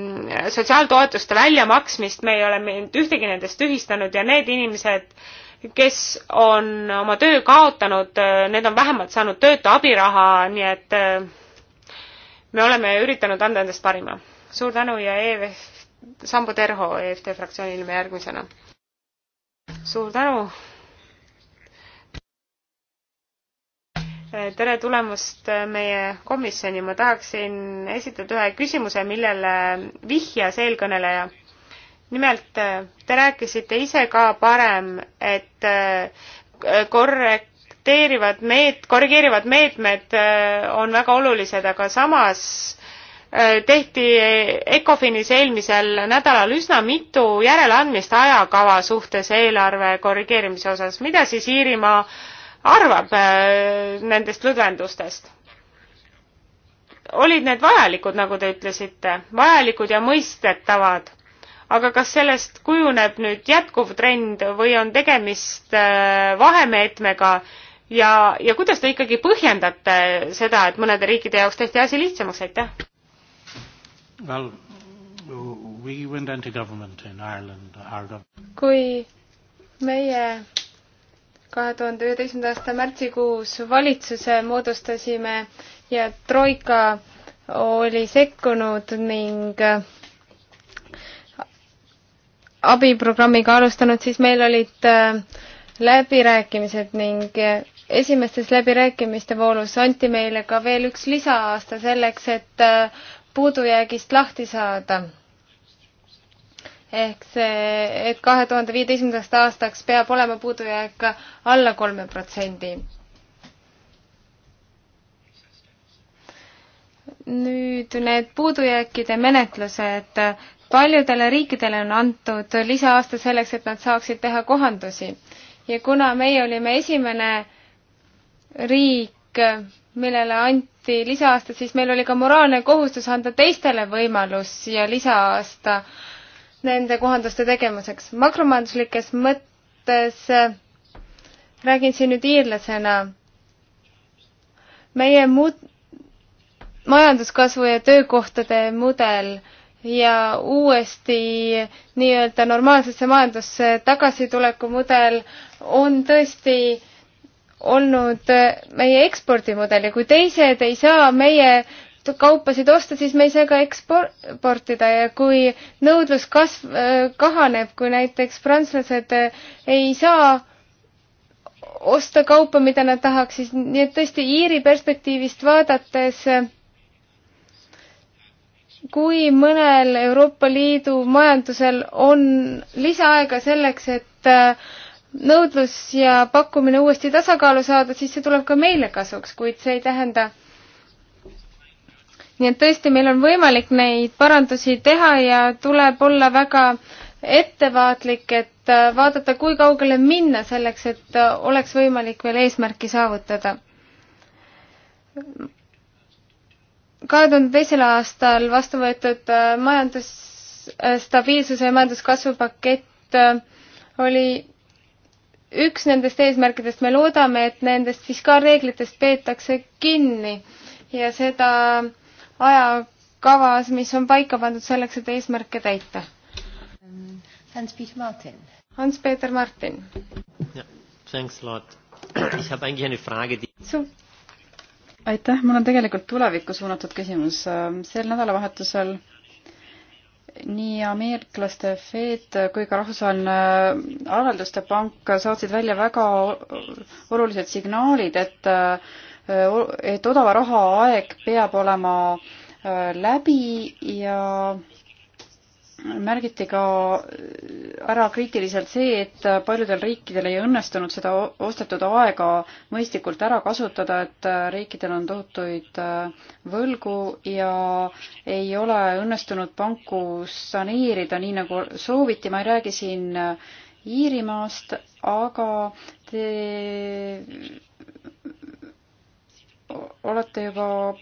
sotsiaaltoetuste väljamaksmist, me ei ole ühtegi nendest tühistanud ja need inimesed, kes on oma töö kaotanud, äh, need on vähemalt saanud töötu abiraha, nii et äh, me oleme üritanud anda endast parima. suur tänu ja EVF, Sambo Terho EFT fraktsiooni nimel järgmisena. suur tänu tere tulemast meie komisjoni, ma tahaksin esitada ühe küsimuse, millele vihjas eelkõneleja. nimelt, te rääkisite ise ka varem, et äh, korrekteerivad meet-, korrigeerivad meetmed äh, on väga olulised, aga samas äh, tehti ECOFINis eelmisel nädalal üsna mitu järeleandmist ajakava suhtes eelarve korrigeerimise osas. mida siis Iirimaa arvab äh, nendest lõdvendustest? olid need vajalikud, nagu te ütlesite, vajalikud ja mõistetavad, aga kas sellest kujuneb nüüd jätkuv trend või on tegemist äh, vahemeetmega ja, ja kuidas te ikkagi põhjendate seda, et mõnede riikide jaoks tehti asi lihtsamaks, aitäh? Well, we went into government in Ireland, our government. kui meie kahe tuhande üheteistkümnenda aasta märtsikuus valitsuse moodustasime ja Troika oli sekkunud ning abiprogrammiga alustanud, siis meil olid äh, läbirääkimised ning äh, esimestes läbirääkimiste voolus anti meile ka veel üks lisaaasta selleks, et äh, puudujäägist lahti saada ehk see, et kahe tuhande viieteistkümnendast aastaks peab olema puudujääk alla kolme protsendi. nüüd need puudujääkide menetlused. paljudele riikidele on antud lisaaasta selleks, et nad saaksid teha kohandusi ja kuna meie olime esimene riik, millele anti lisaaasta, siis meil oli ka moraalne kohustus anda teistele võimalus ja lisaaasta äh, nende kohanduste tegemiseks. makromajanduslikes mõttes äh, räägin siin nüüd iirlasena. meie muud majanduskasvu ja töökohtade mudel ja uuesti nii-öelda normaalsesse majandusse tagasituleku mudel on tõesti olnud äh, meie ekspordimudel ja kui teised ei saa meie kaupasid osta, siis me ei saa ka eksportida ja kui nõudlus kasv, äh, kahaneb, kui näiteks prantslased äh, ei saa osta kaupa, mida nad tahaks, siis nii et tõesti Iiri perspektiivist vaadates äh, kui mõnel Euroopa Liidu majandusel on lisaaega selleks, et nõudlus ja pakkumine uuesti tasakaalu saada, siis see tuleb ka meile kasuks, kuid see ei tähenda, nii et tõesti, meil on võimalik neid parandusi teha ja tuleb olla väga ettevaatlik, et äh, vaadata, kui kaugele minna selleks, et äh, oleks võimalik veel eesmärki saavutada. kahe tuhande teisel aastal vastu võetud äh, majandusstabiilsuse ja majanduskasvu pakett oli üks nendest eesmärkidest, me loodame, et nendest fiskaalreeglitest peetakse kinni ja seda äh, ajakavas, mis on paika pandud selleks, et eesmärke täita? Hans-Peter Martin. Hans-Peter Martin. Thanks a lot. Ich habe eigentlich eine Frage, die... So. aitäh, mul on tegelikult tulevikku suunatud küsimus. sel nädalavahetusel nii ameeriklaste FED kui ka Rahvusvaheline äh, Avalduste Pank saatsid välja väga olulised signaalid, et äh, et odava raha aeg peab olema läbi ja märgiti ka ära kriitiliselt see, et paljudel riikidel ei õnnestunud seda ostetud aega mõistlikult ära kasutada, et äh, riikidel on tohutuid äh, võlgu ja ei ole õnnestunud panku saneerida nii, nagu sooviti, ma ei räägi siin äh, Iirimaast, aga te olete juba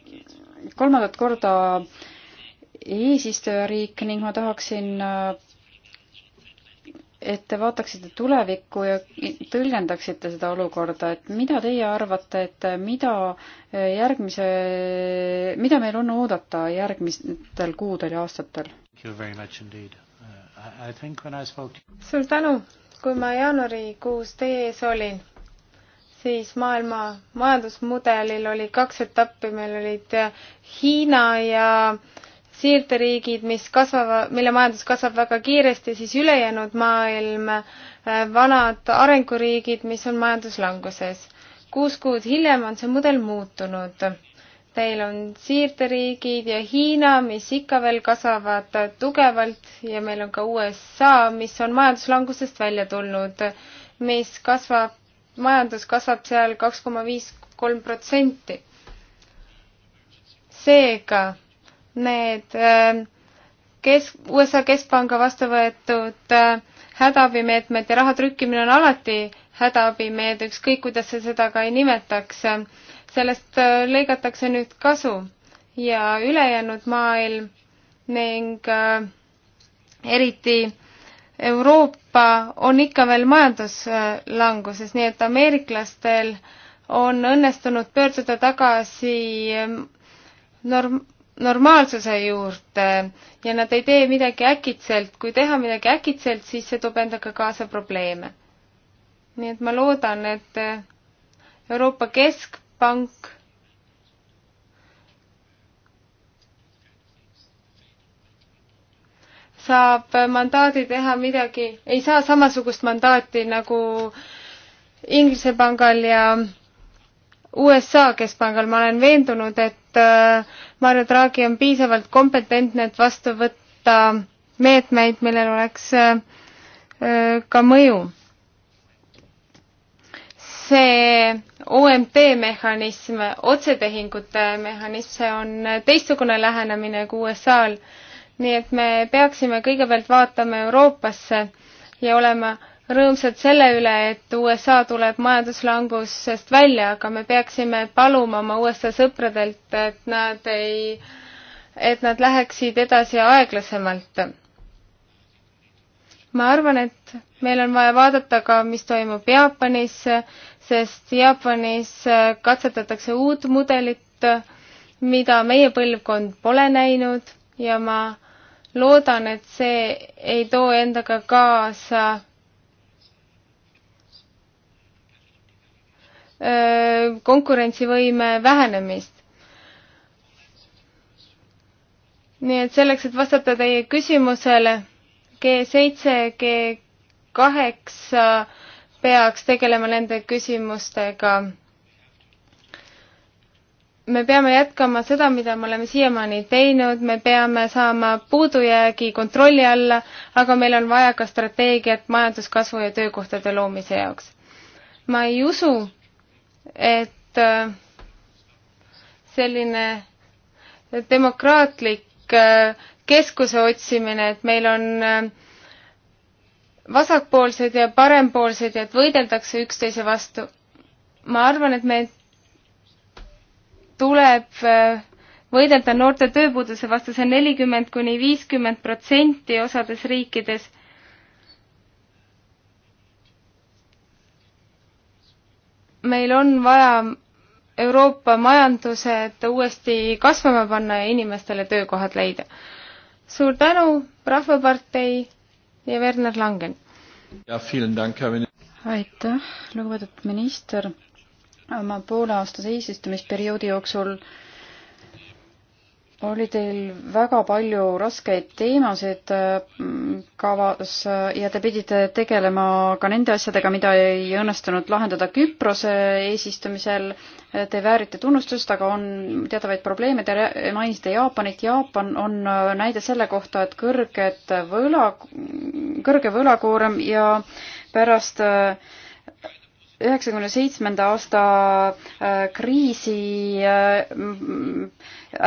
kolmandat korda eesistujariik ning ma tahaksin, et te vaataksite tulevikku ja tõlgendaksite seda olukorda, et mida teie arvate, et mida järgmise, mida meil on oodata järgmistel kuudel ja aastatel? Uh, suur tänu, kui ma jaanuarikuus teie ees olin siis maailma majandusmudelil oli kaks etappi, meil olid Hiina ja siirderiigid, mis kasvavad, mille majandus kasvab väga kiiresti, siis ülejäänud maailm, äh, vanad arenguriigid, mis on majanduslanguses. kuus kuud hiljem on see mudel muutunud. Teil on siirderiigid ja Hiina, mis ikka veel kasvavad tugevalt ja meil on ka USA, mis on majanduslangusest välja tulnud, mis kasvab majandus kasvab seal kaks koma viis, kolm protsenti. seega need äh, kesk, USA Keskpanga vastu võetud äh, hädaabimeetmed ja raha trükkimine on alati hädaabimeede, ükskõik kuidas sa seda ka ei nimetaks. sellest äh, lõigatakse nüüd kasu ja ülejäänud maailm ning eriti Euroopa on ikka veel majanduslanguses, nii et ameeriklastel on õnnestunud pöörduda tagasi ehm, norm-, normaalsuse juurde ja nad ei tee midagi äkitselt. kui teha midagi äkitselt, siis see toob endaga kaasa probleeme. nii et ma loodan, et ehm, Euroopa Keskpank saab mandaadi teha midagi, ei saa samasugust mandaati nagu Inglise pangal ja USA keskpangal, ma olen veendunud, et äh, Mario Draghi on piisavalt kompetentne, et vastu võtta meetmeid, millel oleks äh, ka mõju. see OMT mehhanism, otsetehingute mehhanism, see on teistsugune lähenemine kui USA-l nii et me peaksime kõigepealt vaatama Euroopasse ja olema rõõmsad selle üle, et USA tuleb majanduslangusest välja, aga me peaksime paluma oma USA sõpradelt, et nad ei, et nad läheksid edasi aeglasemalt. ma arvan, et meil on vaja vaadata ka, mis toimub Jaapanis, sest Jaapanis katsetatakse uut mudelit, mida meie põlvkond pole näinud ja ma loodan, et see ei too endaga kaasa konkurentsivõime vähenemist. nii et selleks, et vastata teie küsimusele, G seitse, G kaheksa peaks tegelema nende küsimustega me peame jätkama seda, mida me oleme siiamaani teinud, me peame saama puudujäägi kontrolli alla, aga meil on vaja ka strateegiat majanduskasvu ja töökohtade loomise jaoks. ma ei usu, et äh, selline demokraatlik äh, keskuse otsimine, et meil on äh, vasakpoolsed ja parempoolsed ja et võideldakse üksteise vastu. ma arvan, et me tuleb äh, võidelda noorte tööpuuduse vastu, see on nelikümmend kuni viiskümmend protsenti osades riikides. meil on vaja Euroopa majandused uuesti kasvama panna ja inimestele töökohad leida. suur tänu, Rahvapartei ja Werner Langen! aitäh, lugupeetud minister! oma pooleaastase eesistumisperioodi jooksul oli teil väga palju raskeid teemasid mm, kavas ja te pidite tegelema ka nende asjadega, mida ei õnnestunud lahendada Küprose eesistumisel. Te väärite tunnustust, aga on teatavaid probleeme, te mainisite Jaapanit. Jaapan on näide selle kohta, et kõrged võla, kõrge võlakoorem ja pärast äh, üheksakümne seitsmenda aasta äh, kriisi äh,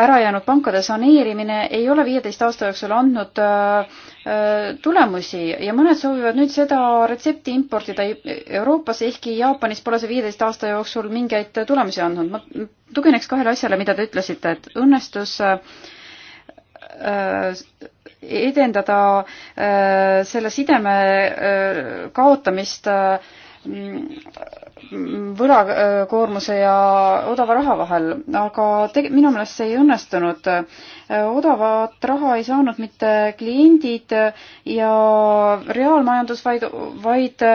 ära jäänud pankade saneerimine ei ole viieteist aasta jooksul andnud äh, tulemusi ja mõned soovivad nüüd seda retsepti importida Euroopasse, ehkki Jaapanis pole see viieteist aasta jooksul mingeid tulemusi andnud. ma tugineks kahele asjale, mida te ütlesite, et õnnestus edendada selle sideme kaotamist võlakoormuse ja odava raha vahel, aga tege-, minu meelest see ei õnnestunud. odavat raha ei saanud mitte kliendid ja reaalmajandus, vaid, vaid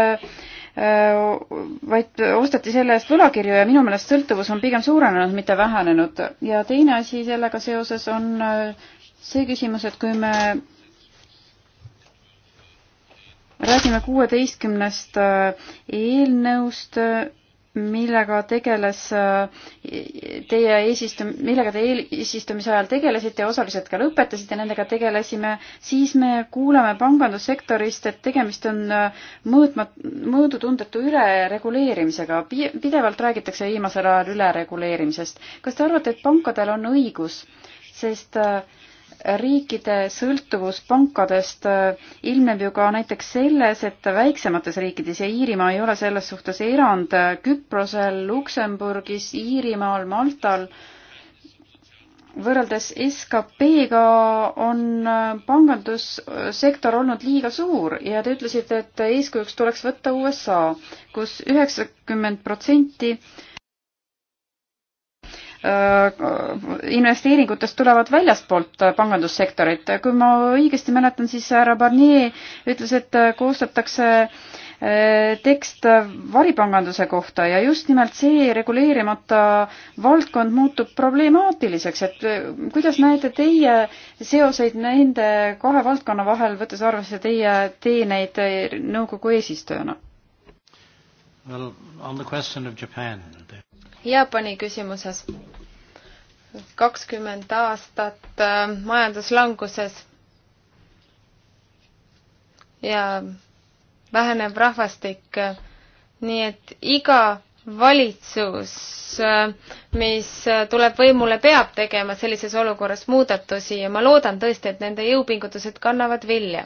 vaid osteti selle eest võlakirju ja minu meelest sõltuvus on pigem suurenenud, mitte vähenenud. ja teine asi sellega seoses on see küsimus, et kui me räägime kuueteistkümnest äh, eelnõust, äh, millega tegeles äh, teie eesistum-, millega te eesistumise ajal tegelesite ja osaliselt ka lõpetasite, nendega tegelesime, siis me kuuleme pangandussektorist, et tegemist on mõõtma, mõõdutundetu ülereguleerimisega. pidevalt räägitakse viimasel ajal ülereguleerimisest. kas te arvate, et pankadel on õigus, sest äh, riikide sõltuvus pankadest äh, ilmneb ju ka näiteks selles, et väiksemates riikides ja Iirimaa ei ole selles suhtes erand Küprosel, Luksemburgis, Iirimaal, Maltal võrreldes SKP-ga on äh, pangandussektor olnud liiga suur ja te ütlesite, et eeskujuks tuleks võtta USA kus, kus üheksakümmend protsenti Äh, investeeringutest tulevad väljastpoolt äh, pangandussektorit. kui ma õigesti mäletan, siis härra Barnier ütles, et äh, koostatakse tekst varipanganduse kohta ja just nimelt see reguleerimata valdkond muutub problemaatiliseks, et kuidas näete teie seoseid nende kahe valdkonna vahel, võttes arvesse teie teeneid nõukogu eesistujana? Well, on the question of Japan, Jaapani küsimuses. kakskümmend aastat äh, majanduslanguses ja vähenev rahvastik, nii et iga valitsus, äh, mis äh, tuleb võimule, peab tegema sellises olukorras muudatusi ja ma loodan tõesti, et nende jõupingutused kannavad vilja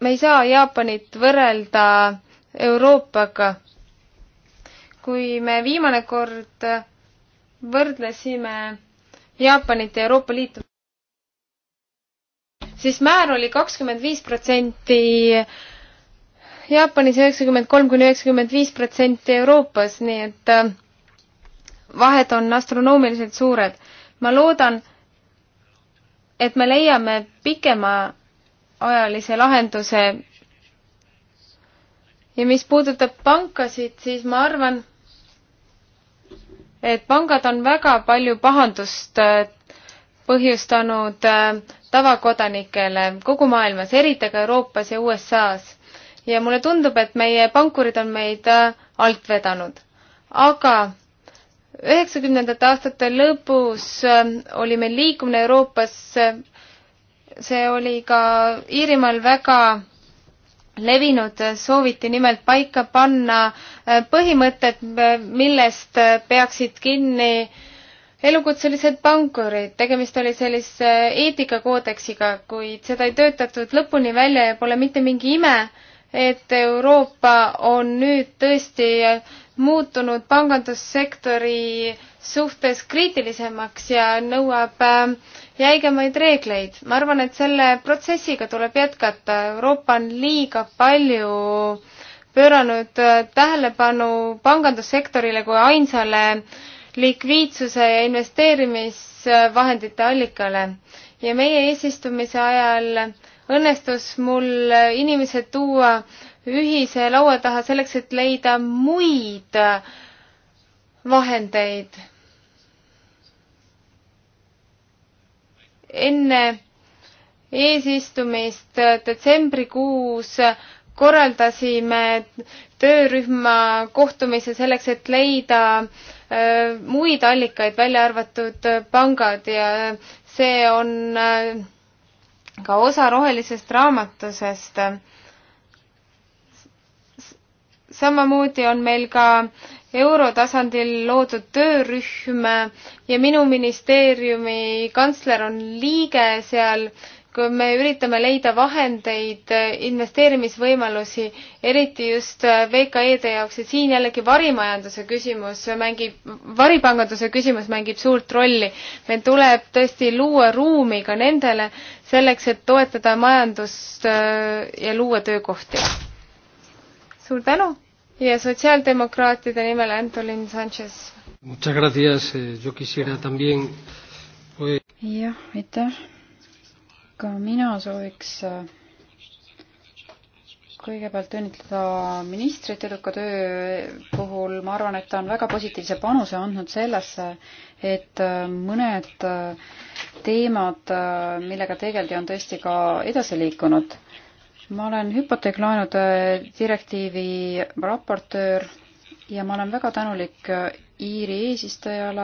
me ei saa Jaapanit võrrelda Euroopaga. kui me viimane kord võrdlesime Jaapanit ja Euroopa Liitu, siis määr oli kakskümmend viis protsenti Jaapanis üheksakümmend kolm kuni üheksakümmend viis protsenti Euroopas, nii et äh, vahed on astronoomiliselt suured. ma loodan, et me leiame pikemaajalise lahenduse ja mis puudutab pankasid, siis ma arvan, et pangad on väga palju pahandust äh, põhjustanud äh, tavakodanikele kogu maailmas, eriti aga Euroopas ja USA-s. ja mulle tundub, et meie pankurid on meid äh, alt vedanud. aga üheksakümnendate aastate lõpus oli meil liikumine Euroopas, see oli ka Iirimaal väga levinud, sooviti nimelt paika panna äh, põhimõtted, äh, millest äh, peaksid kinni elukutselised pankurid, tegemist oli sellise eetikakoodeksiga, kuid seda ei töötatud lõpuni välja ja pole mitte mingi ime, et Euroopa on nüüd tõesti muutunud pangandussektori suhtes kriitilisemaks ja nõuab äh, jäigemaid reegleid. ma arvan, et selle protsessiga tuleb jätkata. Euroopa on liiga palju pööranud äh, tähelepanu pangandussektorile kui ainsale likviidsuse ja investeerimisvahendite allikale. ja meie eesistumise ajal õnnestus mul inimesed tuua ühise laua taha selleks, et leida muid vahendeid enne eesistumist detsembrikuus korraldasime töörühma kohtumise selleks, et leida äh, muid allikaid, välja arvatud pangad ja see on äh, ka osa rohelisest raamatusest. samamoodi on meil ka äh, eurotasandil loodud töörühm ja minu ministeeriumi kantsler on liige seal, kui me üritame leida vahendeid, investeerimisvõimalusi, eriti just VKE-de jaoks ja siin jällegi varimajanduse küsimus mängib, varipanganduse küsimus mängib suurt rolli. meil tuleb tõesti luua ruumi ka nendele selleks, et toetada majandust äh, ja luua töökohti. suur tänu! ja sotsiaaldemokraatide nimel Antolin Sanchez. Eh, jah, aitäh. ka mina sooviks eh, kõigepealt õnnitleda ministrit eduka töö puhul, ma arvan, et ta on väga positiivse panuse andnud sellesse, et eh, mõned teemad, millega tegeldi, on tõesti ka edasi liikunud ma olen hüpoteeklaenude direktiivi raportöör ja ma olen väga tänulik Iiri eesistujale,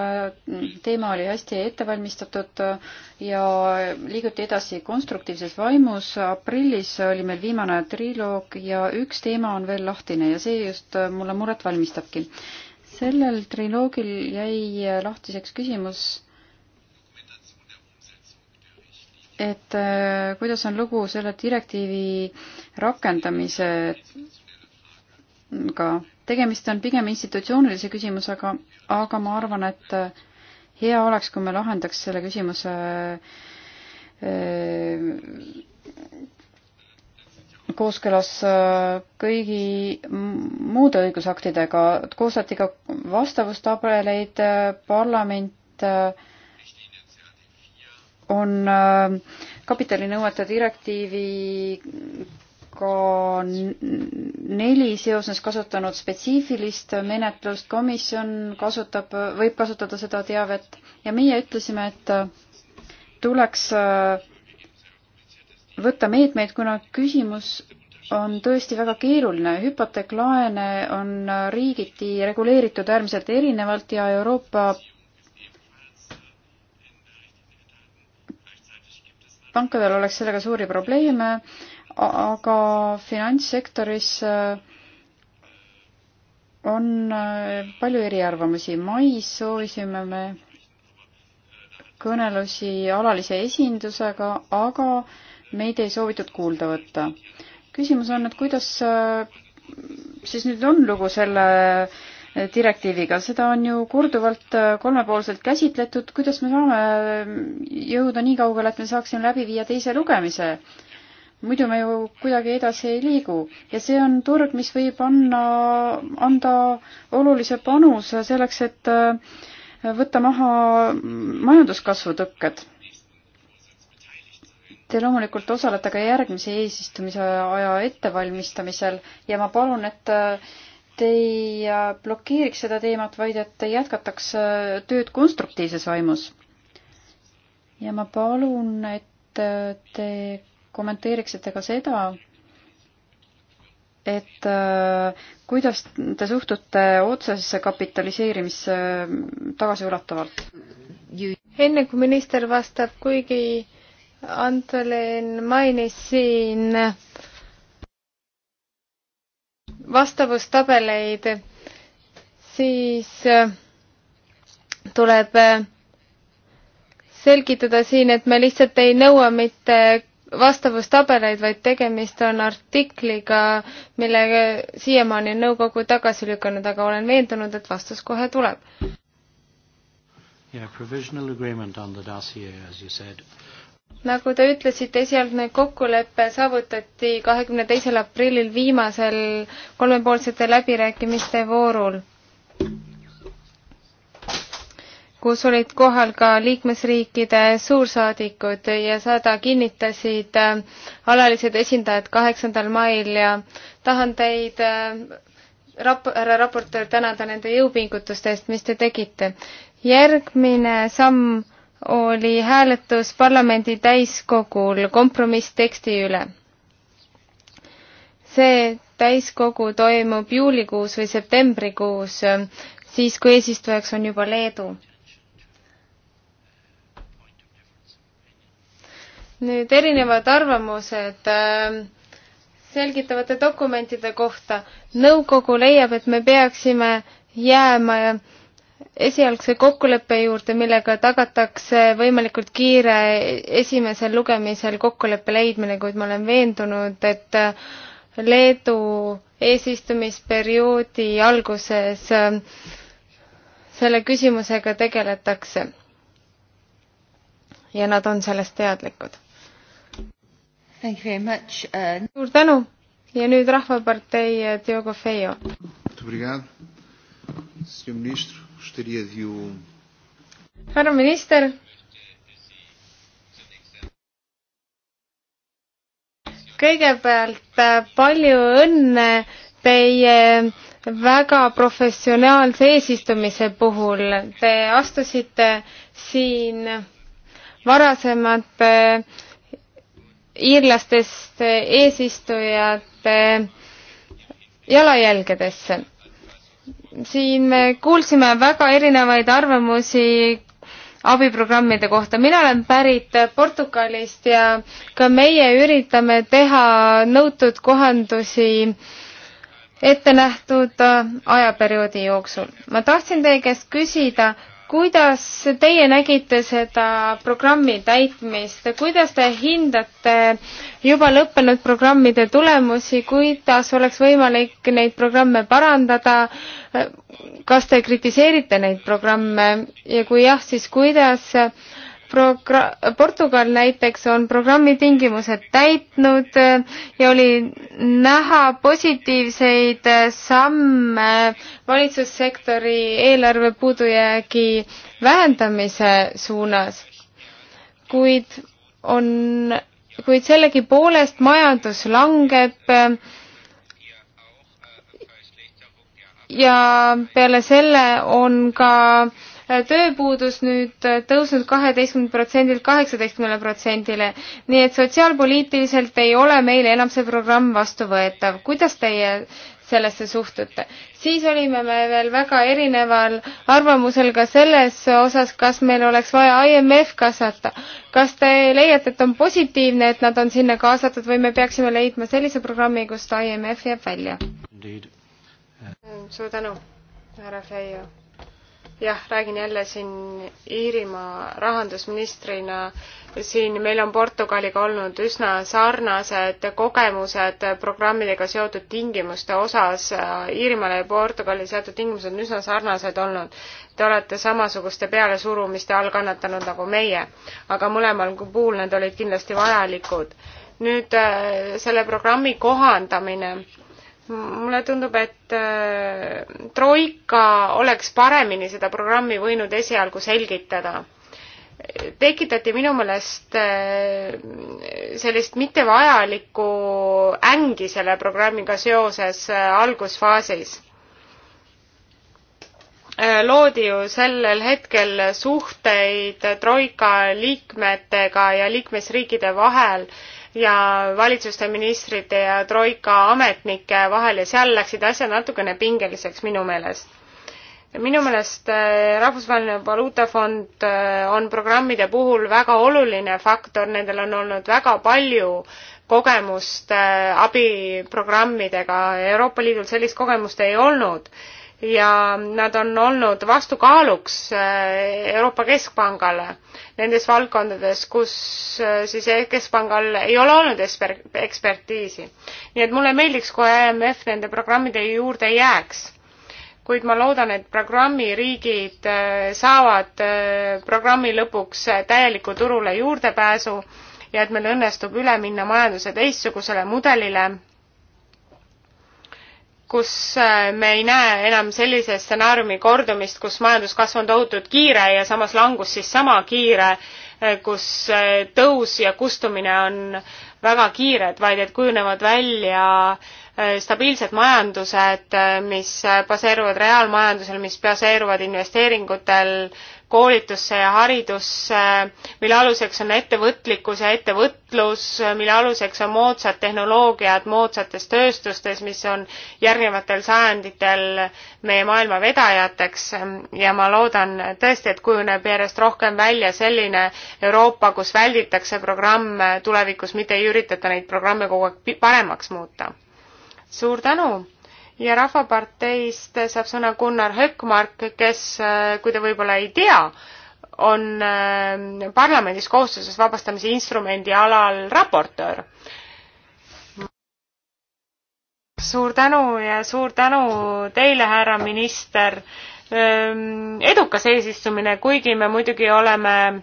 teema oli hästi ettevalmistatud ja liiguti edasi konstruktiivses vaimus. aprillis oli meil viimane triloog ja üks teema on veel lahtine ja see just mulle muret valmistabki. sellel triloogil jäi lahtiseks küsimus et äh, kuidas on lugu selle direktiivi rakendamisega. tegemist on pigem institutsioonilise küsimusega, aga ma arvan, et äh, hea oleks, kui me lahendaks selle küsimuse äh, kooskõlas kõigi muude õigusaktidega, koostati ka vastavustabeleid, parlament äh, on äh, kapitalinõuete direktiivi ka neli seoses kasutanud spetsiifilist menetlust, komisjon kasutab, võib kasutada seda teavet ja meie ütlesime, et äh, tuleks äh, võtta meetmeid, kuna küsimus on tõesti väga keeruline. hüpoteeklaene on riigiti reguleeritud äärmiselt erinevalt ja Euroopa pankadel oleks sellega suuri probleeme, aga finantssektoris äh, on äh, palju eriarvamusi. mais soovisime me kõnelusi alalise esindusega, aga meid ei soovitud kuulda võtta. küsimus on, et kuidas äh, siis nüüd on lugu selle äh, direktiiviga, seda on ju korduvalt äh, kolmepoolselt käsitletud, kuidas me saame äh, jõuda nii kaugele, et me saaksime läbi viia teise lugemise? muidu me ju kuidagi edasi ei liigu ja see on turg, mis võib anna, anda olulise panuse selleks, et äh, võtta maha majanduskasvu tõkked. Te loomulikult osalete ka järgmise eesistumise aja ettevalmistamisel ja ma palun, et et ei äh, blokeeriks seda teemat, vaid et jätkataks äh, tööd konstruktiivses vaimus. ja ma palun, et äh, te kommenteeriksite ka seda, et äh, kuidas te suhtute otsesesse kapitaliseerimisse äh, tagasiulatavalt? enne kui minister vastab, kuigi Antolin mainis siin äh, vastavustabeleid, siis äh, tuleb äh, selgitada siin, et me lihtsalt ei nõua mitte vastavustabeleid, vaid tegemist on artikliga, mille äh, siiamaani on nõukogu tagasi lükanud, aga olen veendunud, et vastus kohe tuleb. Yeah, provisional agreement on the dossier, as you said nagu te ütlesite, esialgne kokkulepe saavutati kahekümne teisel aprillil viimasel kolmepoolsete läbirääkimiste voorul, kus olid kohal ka liikmesriikide suursaadikud ja sada kinnitasid äh, alalised esindajad kaheksandal mail ja tahan teid äh, rap-, härra raportöör tänada nende jõupingutuste eest, mis te tegite. järgmine samm oli hääletus parlamendi täiskogul kompromissteksti üle. see täiskogu toimub juulikuus või septembrikuus, siis kui eesistujaks on juba Leedu. nüüd erinevad arvamused äh, selgitavate dokumentide kohta. nõukogu leiab, et me peaksime jääma esialgse kokkuleppe juurde, millega tagatakse võimalikult kiire esimesel lugemisel kokkuleppe leidmine, kuid ma olen veendunud, et Leedu eesistumisperioodi alguses selle küsimusega tegeletakse. ja nad on sellest teadlikud. Uh, suur tänu ja nüüd Rahvapartei Diogo Feio gostaria de o. Härra minister. kõigepealt äh, palju õnne teie väga professionaalse eesistumise puhul. Te astusite siin varasemate iirlastest eesistujate jalajälgedesse siin me kuulsime väga erinevaid arvamusi abiprogrammide kohta. mina olen pärit Portugalist ja ka meie üritame teha nõutud kohandusi ette nähtud ajaperioodi jooksul. ma tahtsin teie käest küsida, kuidas teie nägite seda programmi täitmist, kuidas te hindate juba lõppenud programmide tulemusi, kuidas oleks võimalik neid programme parandada, kas te kritiseerite neid programme ja kui jah, siis kuidas progra-, Portugal näiteks on programmi tingimused täitnud äh, ja oli näha positiivseid äh, samme valitsussektori eelarve puudujäägi vähendamise suunas. kuid on, kuid sellegipoolest majandus langeb äh, ja peale selle on ka äh, tööpuudus nüüd äh, tõusnud kaheteistkümnelt protsendilt kaheksateistkümnele protsendile. nii et sotsiaalpoliitiliselt ei ole meil enam see programm vastuvõetav. kuidas teie sellesse suhtute. siis olime me veel väga erineval arvamusel ka selles osas, kas meil oleks vaja IMF kaasata. kas te leiate, et on positiivne, et nad on sinna kaasatud või me peaksime leidma sellise programmi, kust IMF jääb välja? suur tänu, härra Feio jah, räägin jälle siin Iirimaa rahandusministrina, siin meil on Portugaliga olnud üsna sarnased kogemused programmidega seotud tingimuste osas. Iirimaale ja Portugali seatud tingimused on üsna sarnased olnud. Te olete samasuguste pealesurumiste all kannatanud nagu meie, aga mõlemal puhul need olid kindlasti vajalikud. nüüd äh, selle programmi kohandamine mulle tundub, et äh, Troika oleks paremini seda programmi võinud esialgu selgitada. tekitati minu meelest äh, sellist mittevajalikku ängi selle programmiga seoses äh, algusfaasis. loodi ju sellel hetkel suhteid Troika liikmetega ja liikmesriikide vahel ja valitsuste ministrite ja troika ametnike vahel ja seal läksid asjad natukene pingeliseks minu meelest. minu meelest äh, Rahvusvaheline Valuutafond äh, on programmide puhul väga oluline faktor, nendel on olnud väga palju kogemust äh, abiprogrammidega, Euroopa Liidul sellist kogemust ei olnud ja nad on olnud vastukaaluks äh, Euroopa Keskpangale nendes valdkondades, kus äh, siis Keskpangal ei ole olnud esper-, ekspertiisi. nii et mulle meeldiks, kui IMF nende programmide juurde jääks. kuid ma loodan, et programmiriigid äh, saavad programmi lõpuks täieliku turule juurdepääsu ja et meil õnnestub üle minna majanduse teistsugusele mudelile kus äh, me ei näe enam sellise stsenaariumi kordumist, kus majanduskasv on tohutult kiire ja samas langus siis sama kiire, äh, kus äh, tõus ja kustumine on väga kiired, vaid et kujunevad välja stabiilsed majandused, mis baseeruvad reaalmajandusel, mis baseeruvad investeeringutel, koolitusse ja haridusse, mille aluseks on ettevõtlikkus ja ettevõtlus, mille aluseks on moodsad tehnoloogiad moodsates tööstustes, mis on järgnevatel sajanditel meie maailma vedajateks ja ma loodan tõesti, et kujuneb järjest rohkem välja selline Euroopa, kus välditakse programme tulevikus, mitte ei üritata neid programme kogu aeg paremaks muuta. suur tänu ja Rahvaparteist saab sõna Gunnar Höckmark, kes, äh, kui te võib-olla ei tea, on äh, parlamendis kohustuses vabastamise instrumendi alal raportöör. suur tänu ja suur tänu teile, härra minister. edukas eesistumine, kuigi me muidugi oleme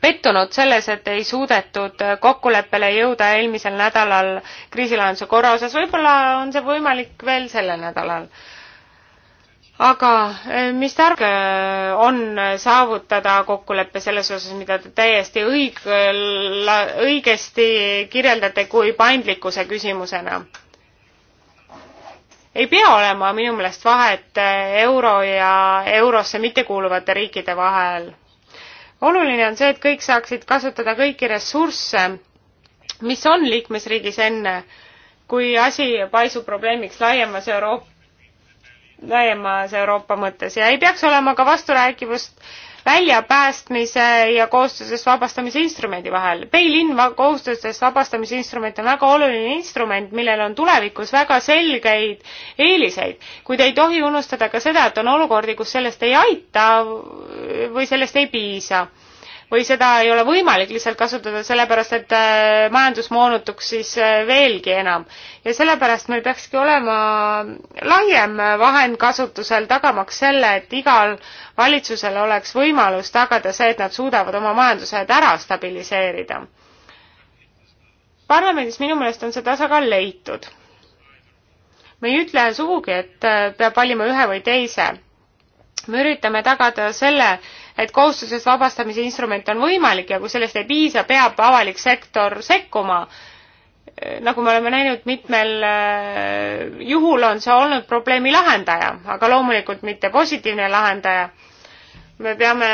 pettunud selles, et ei suudetud kokkuleppele jõuda eelmisel nädalal kriisilahenduse korra osas, võib-olla on see võimalik veel sellel nädalal. aga eh, mis tark eh, on saavutada kokkulepe selles osas, mida te täiesti õig-, õigesti kirjeldate kui paindlikkuse küsimusena? ei pea olema minu meelest vahet eh, euro ja eurosse mittekuuluvate riikide vahel oluline on see, et kõik saaksid kasutada kõiki ressursse, mis on liikmesriigis enne, kui asi paisub probleemiks laiemas Euroopa laiemas Euroopa mõttes ja ei peaks olema ka vasturääkivust väljapäästmise ja kohustusest vabastamise instrumendi vahel. bail-in kohustusest vabastamise instrument on väga oluline instrument, millel on tulevikus väga selgeid eeliseid, kuid ei tohi unustada ka seda, et on olukordi, kus sellest ei aita või sellest ei piisa või seda ei ole võimalik lihtsalt kasutada, sellepärast et äh, majandus moonutuks siis äh, veelgi enam. ja sellepärast meil peakski olema laiem vahend kasutusel, tagamaks selle, et igal valitsusel oleks võimalus tagada see, et nad suudavad oma majandused ära stabiliseerida. parlamendis minu meelest on see tasakaal leitud. me ei ütle sugugi, et äh, peab valima ühe või teise me üritame tagada selle, et kohustusest vabastamise instrument on võimalik ja kui sellest ei piisa, peab avalik sektor sekkuma. nagu me oleme näinud, mitmel äh, juhul on see olnud probleemi lahendaja, aga loomulikult mitte positiivne lahendaja. me peame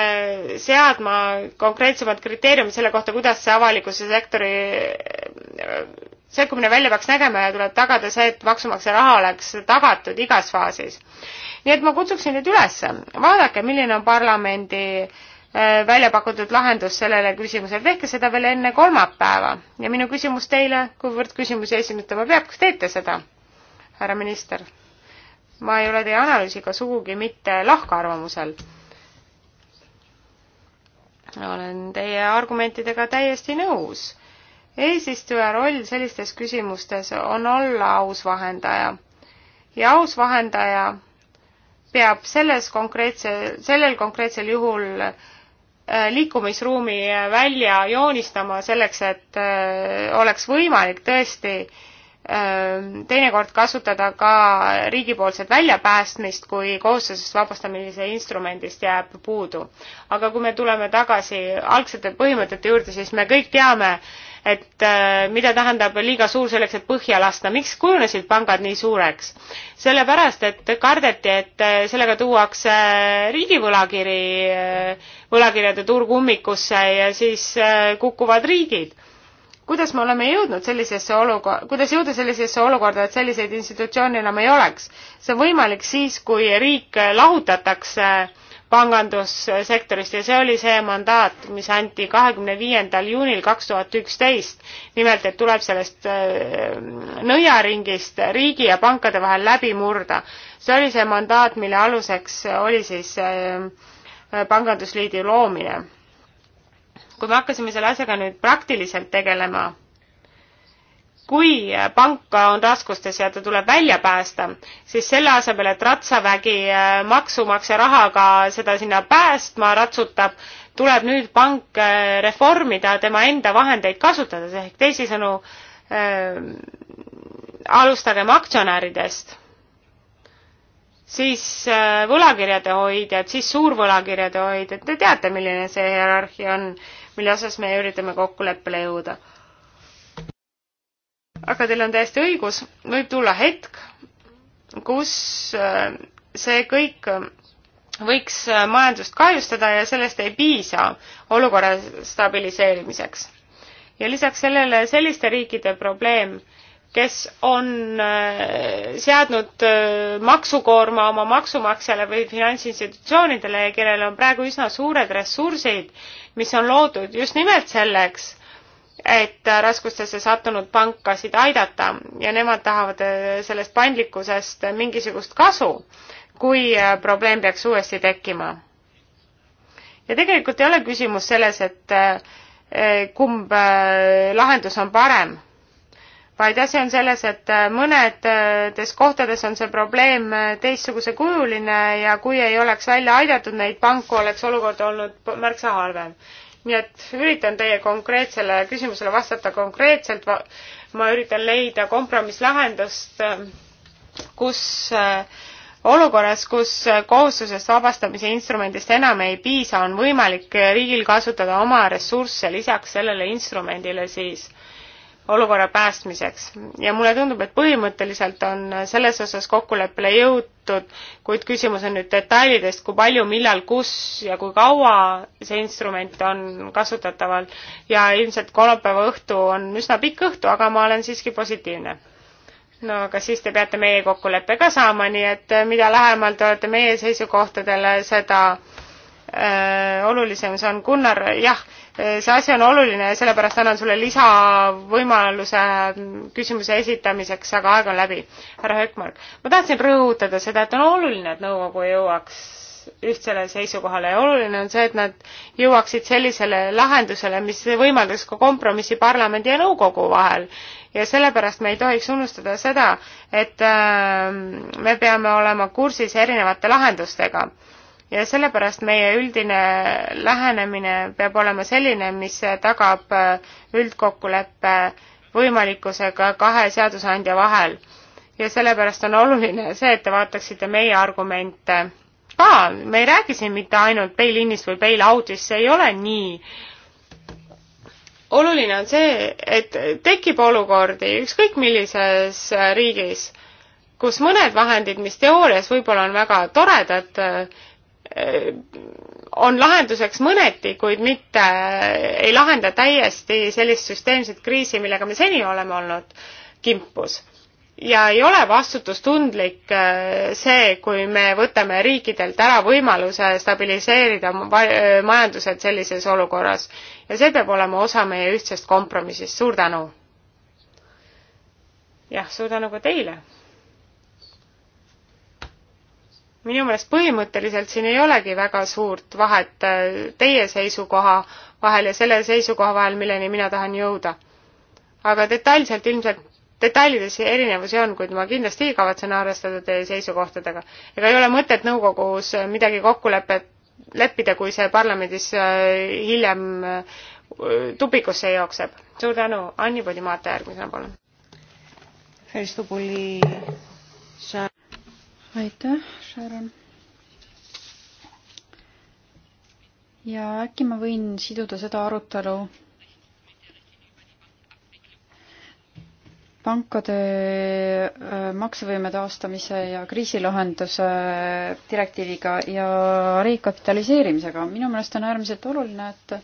seadma konkreetsemad kriteeriumid selle kohta, kuidas see avalikkuse sektori äh, sekkumine välja peaks nägema ja tuleb tagada see, et maksumaksja raha oleks tagatud igas faasis. nii et ma kutsuksin nüüd üles, vaadake, milline on parlamendi äh, välja pakutud lahendus sellele küsimusele, tehke seda veel enne kolmapäeva ja minu küsimus teile, kuivõrd küsimusi esitama peab, kas teete seda, härra minister? ma ei ole teie analüüsiga sugugi mitte lahkarvamusel olen teie argumentidega täiesti nõus eesistuja roll sellistes küsimustes on olla aus vahendaja ja aus vahendaja peab selles konkreetse, sellel konkreetsel juhul äh, liikumisruumi äh, välja joonistama selleks, et äh, oleks võimalik tõesti teinekord kasutada ka riigipoolset väljapäästmist, kui kohustusest vabastamise instrumendist jääb puudu. aga kui me tuleme tagasi algsete põhimõtete juurde, siis me kõik teame, et äh, mida tähendab liiga suur selleks, et põhja lasta. miks kujunesid pangad nii suureks? sellepärast, et kardeti, et äh, sellega tuuakse äh, riigivõlakiri, võlakirjade turg ummikusse ja siis kukuvad riigid kuidas me oleme jõudnud sellisesse olukorda, kuidas jõuda sellisesse olukorda, et selliseid institutsioone enam ei oleks? see on võimalik siis, kui riik lahutatakse äh, pangandussektorist ja see oli see mandaat, mis anti kahekümne viiendal juunil kaks tuhat üksteist. nimelt, et tuleb sellest äh, nõiaringist riigi ja pankade vahel läbi murda. see oli see mandaat, mille aluseks oli siis äh, pangandusliidu loomine. kui me hakkasime selle asjaga nüüd praktiliselt tegelema kui panka on raskustes ja ta tuleb välja päästa, siis selle asemel, et ratsavägi äh, maksumaksja rahaga seda sinna päästma ratsutab, tuleb nüüd pank äh, reformida, tema enda vahendeid kasutades ehk teisisõnu äh, alustagem aktsionäridest, siis äh, võlakirjade hoidjad, siis suurvõlakirjade hoidjad, te teate, milline see hierarhia on, mille osas me üritame kokkuleppele jõuda aga teil on täiesti õigus, võib tulla hetk, kus äh, see kõik äh, võiks äh, majandust kahjustada ja sellest ei piisa olukorra stabiliseerimiseks. ja lisaks sellele selliste riikide probleem, kes on seadnud maksukoorma oma maksumaksjale või finantsinstitutsioonidele ja kellel on praegu üsna suured ressursid, mis on loodud just nimelt selleks, et raskustesse sattunud pankasid aidata ja nemad tahavad äh, sellest paindlikkusest mingisugust kasu, kui äh, probleem peaks uuesti tekkima. ja tegelikult ei ole küsimus selles, et äh, kumb lahendus on parem, vaid asi on selles, et mõnedes kohtades on see probleem teistsuguse kujuline ja kui ei oleks välja aidatud neid panku, oleks olukord olnud märksa halvem nii et üritan teie konkreetsele küsimusele vastata konkreetselt. ma üritan leida kompromisslahendust, äh, kus äh, olukorras, kus äh, kohustusest vabastamise instrumendist enam ei piisa, on võimalik riigil kasutada oma ressursse lisaks sellele instrumendile siis äh, olukorra päästmiseks. ja mulle tundub, et põhimõtteliselt on selles osas kokkuleppele jõutud, kuid küsimus on nüüd detailidest, kui palju, millal, kus ja kui kaua see instrument on kasutataval ja ilmselt kolmapäeva õhtu on üsna pikk õhtu, aga ma olen siiski positiivne. no aga siis te peate meie kokkuleppe ka saama, nii et mida lähemalt te olete meie seisukohtadele, seda öö, äh, olulisem see on. Gunnar, jah Eh, see asi on oluline ja sellepärast annan sulle lisavõimaluse mm, küsimuse esitamiseks, aga aeg on läbi. härra Hökmark, ma tahtsin rõhutada seda, et on oluline, et nõukogu jõuaks ühtsele seisukohale ja oluline on see, et nad jõuaksid sellisele lahendusele, mis võimaldaks ka kompromissi parlamendi ja nõukogu vahel. ja sellepärast me ei tohiks unustada seda, et äh, me peame olema kursis erinevate lahendustega ja sellepärast meie üldine lähenemine peab olema selline, mis tagab äh, üldkokkuleppe võimalikkusega kahe seadusandja vahel. ja sellepärast on oluline see, et te vaataksite meie argumente ka, me ei räägi siin mitte ainult bail-in'ist või bail-out'ist, see ei ole nii. oluline on see, et tekib olukordi ükskõik millises äh, riigis, kus mõned vahendid, mis teoorias võib-olla on väga toredad, äh, Äh, on lahenduseks mõneti, kuid mitte äh, ei lahenda täiesti sellist süsteemset kriisi, millega me seni oleme olnud kimpus. ja ei ole vastutustundlik äh, see, kui me võtame riikidelt ära võimaluse stabiliseerida majandused sellises olukorras ja see peab olema osa meie ühtsest kompromissist. suur tänu! jah, suur tänu ka teile! minu meelest põhimõtteliselt siin ei olegi väga suurt vahet äh, teie seisukoha vahel ja selle seisukoha vahel, milleni mina tahan jõuda. aga detailselt ilmselt, detailides erinevusi on, kuid ma kindlasti kavatsen arvestada teie seisukohtadega. ega ei ole mõtet nõukogus midagi kokku lepet-, leppida, kui see parlamendis äh, hiljem äh, tupikusse jookseb. suur tänu, Anni Podimata järgmisena, palun aitäh, Sharon. ja äkki ma võin siduda seda arutelu pankade äh, maksevõime taastamise ja kriisilahenduse direktiiviga ja rekapitaliseerimisega. minu meelest on äärmiselt oluline, et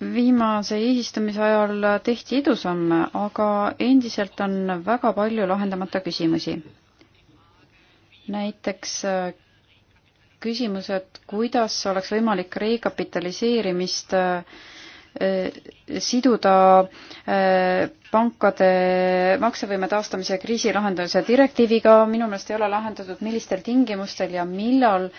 viimase eesistumise ajal tehti edusamme, aga endiselt on väga palju lahendamata küsimusi. näiteks äh, küsimus, et kuidas oleks võimalik rekapitaliseerimist äh, äh, siduda pankade maksevõime taastamise ja kriisi lahendamise direktiiviga, minu meelest ei ole lahendatud, millistel tingimustel ja millal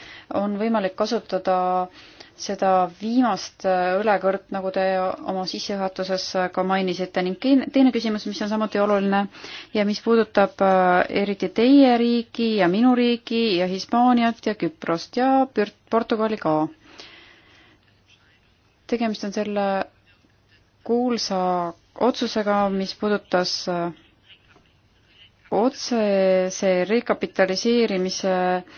on võimalik kasutada äh, seda viimast äh, õlekõrt, nagu te oma sissejuhatuses äh, ka mainisite ning teine küsimus, mis on samuti oluline ja mis puudutab äh, eriti teie riiki ja minu riiki ja Hispaaniat ja Küprost ja Portugali ka. tegemist on selle kuulsa otsusega, mis puudutas otsese rekapitaliseerimise äh,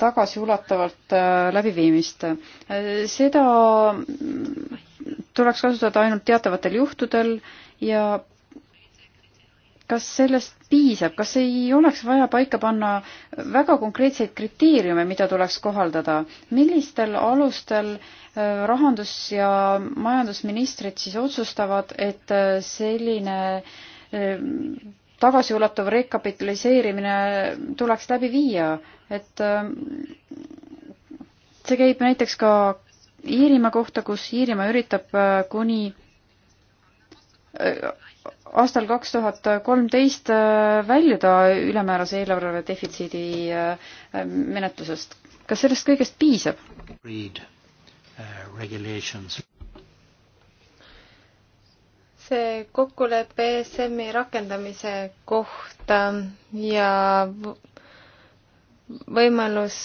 tagasiulatavalt äh, läbiviimist. Äh, seda tuleks kasutada ainult teatavatel juhtudel ja kas sellest piisab, kas ei oleks vaja paika panna väga konkreetseid kriteeriume, mida tuleks kohaldada, millistel alustel äh, rahandus- ja majandusministrid siis otsustavad, et selline tagasiulatuv rekapitaliseerimine tuleks läbi viia, et ähm, see käib näiteks ka Iirimaa kohta, kus Iirimaa üritab äh, kuni äh, aastal kaks tuhat kolmteist äh, väljuda ülemäärase eelarve defitsiidi menetlusest. kas sellest kõigest piisab? see kokkulepe ESM-i rakendamise kohta ja võimalus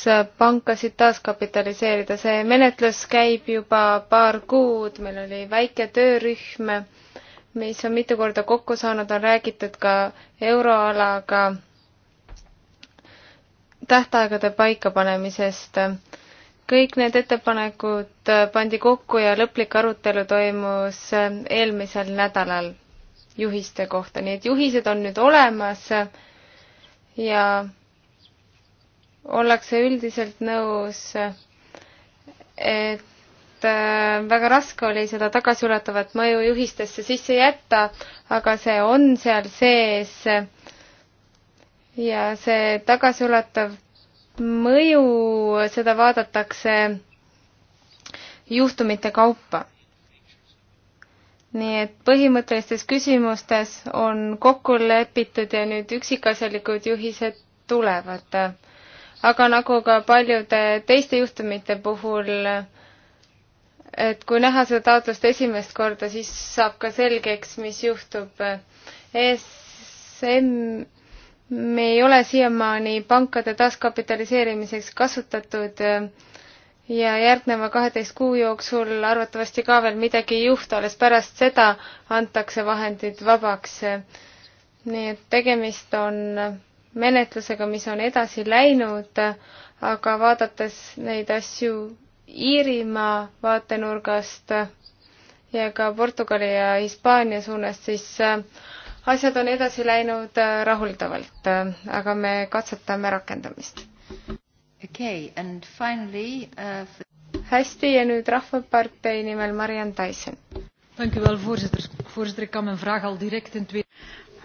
pankasid taaskapitaliseerida, see menetlus käib juba paar kuud, meil oli väike töörühm, mis on mitu korda kokku saanud, on räägitud ka euroalaga tähtaegade paikapanemisest kõik need ettepanekud äh, pandi kokku ja lõplik arutelu toimus äh, eelmisel nädalal juhiste kohta, nii et juhised on nüüd olemas äh, ja ollakse üldiselt nõus, et väga raske oli seda tagasiulatuvat mõju juhistesse sisse jätta, aga see on seal sees ja see tagasiulatav mõju, seda vaadatakse juhtumite kaupa. nii et põhimõttelistes küsimustes on kokku lepitud ja nüüd üksikasjalikud juhised tulevad. aga nagu ka paljude teiste juhtumite puhul, et kui näha seda taotlust esimest korda, siis saab ka selgeks, mis juhtub. ESM me ei ole siiamaani pankade taaskapitaliseerimiseks kasutatud äh, ja järgneva kaheteist kuu jooksul arvatavasti ka veel midagi ei juhtu, alles pärast seda antakse vahendid vabaks. nii et tegemist on menetlusega, mis on edasi läinud, aga vaadates neid asju Iirimaa vaatenurgast ja ka Portugali ja Hispaania suunast, siis äh, asjad on edasi läinud äh, rahuldavalt, äh, aga me katsetame rakendamist. Okay, and finally, uh, äh, for... hästi ja nüüd Rahvapartei nimel Mariann Tyson.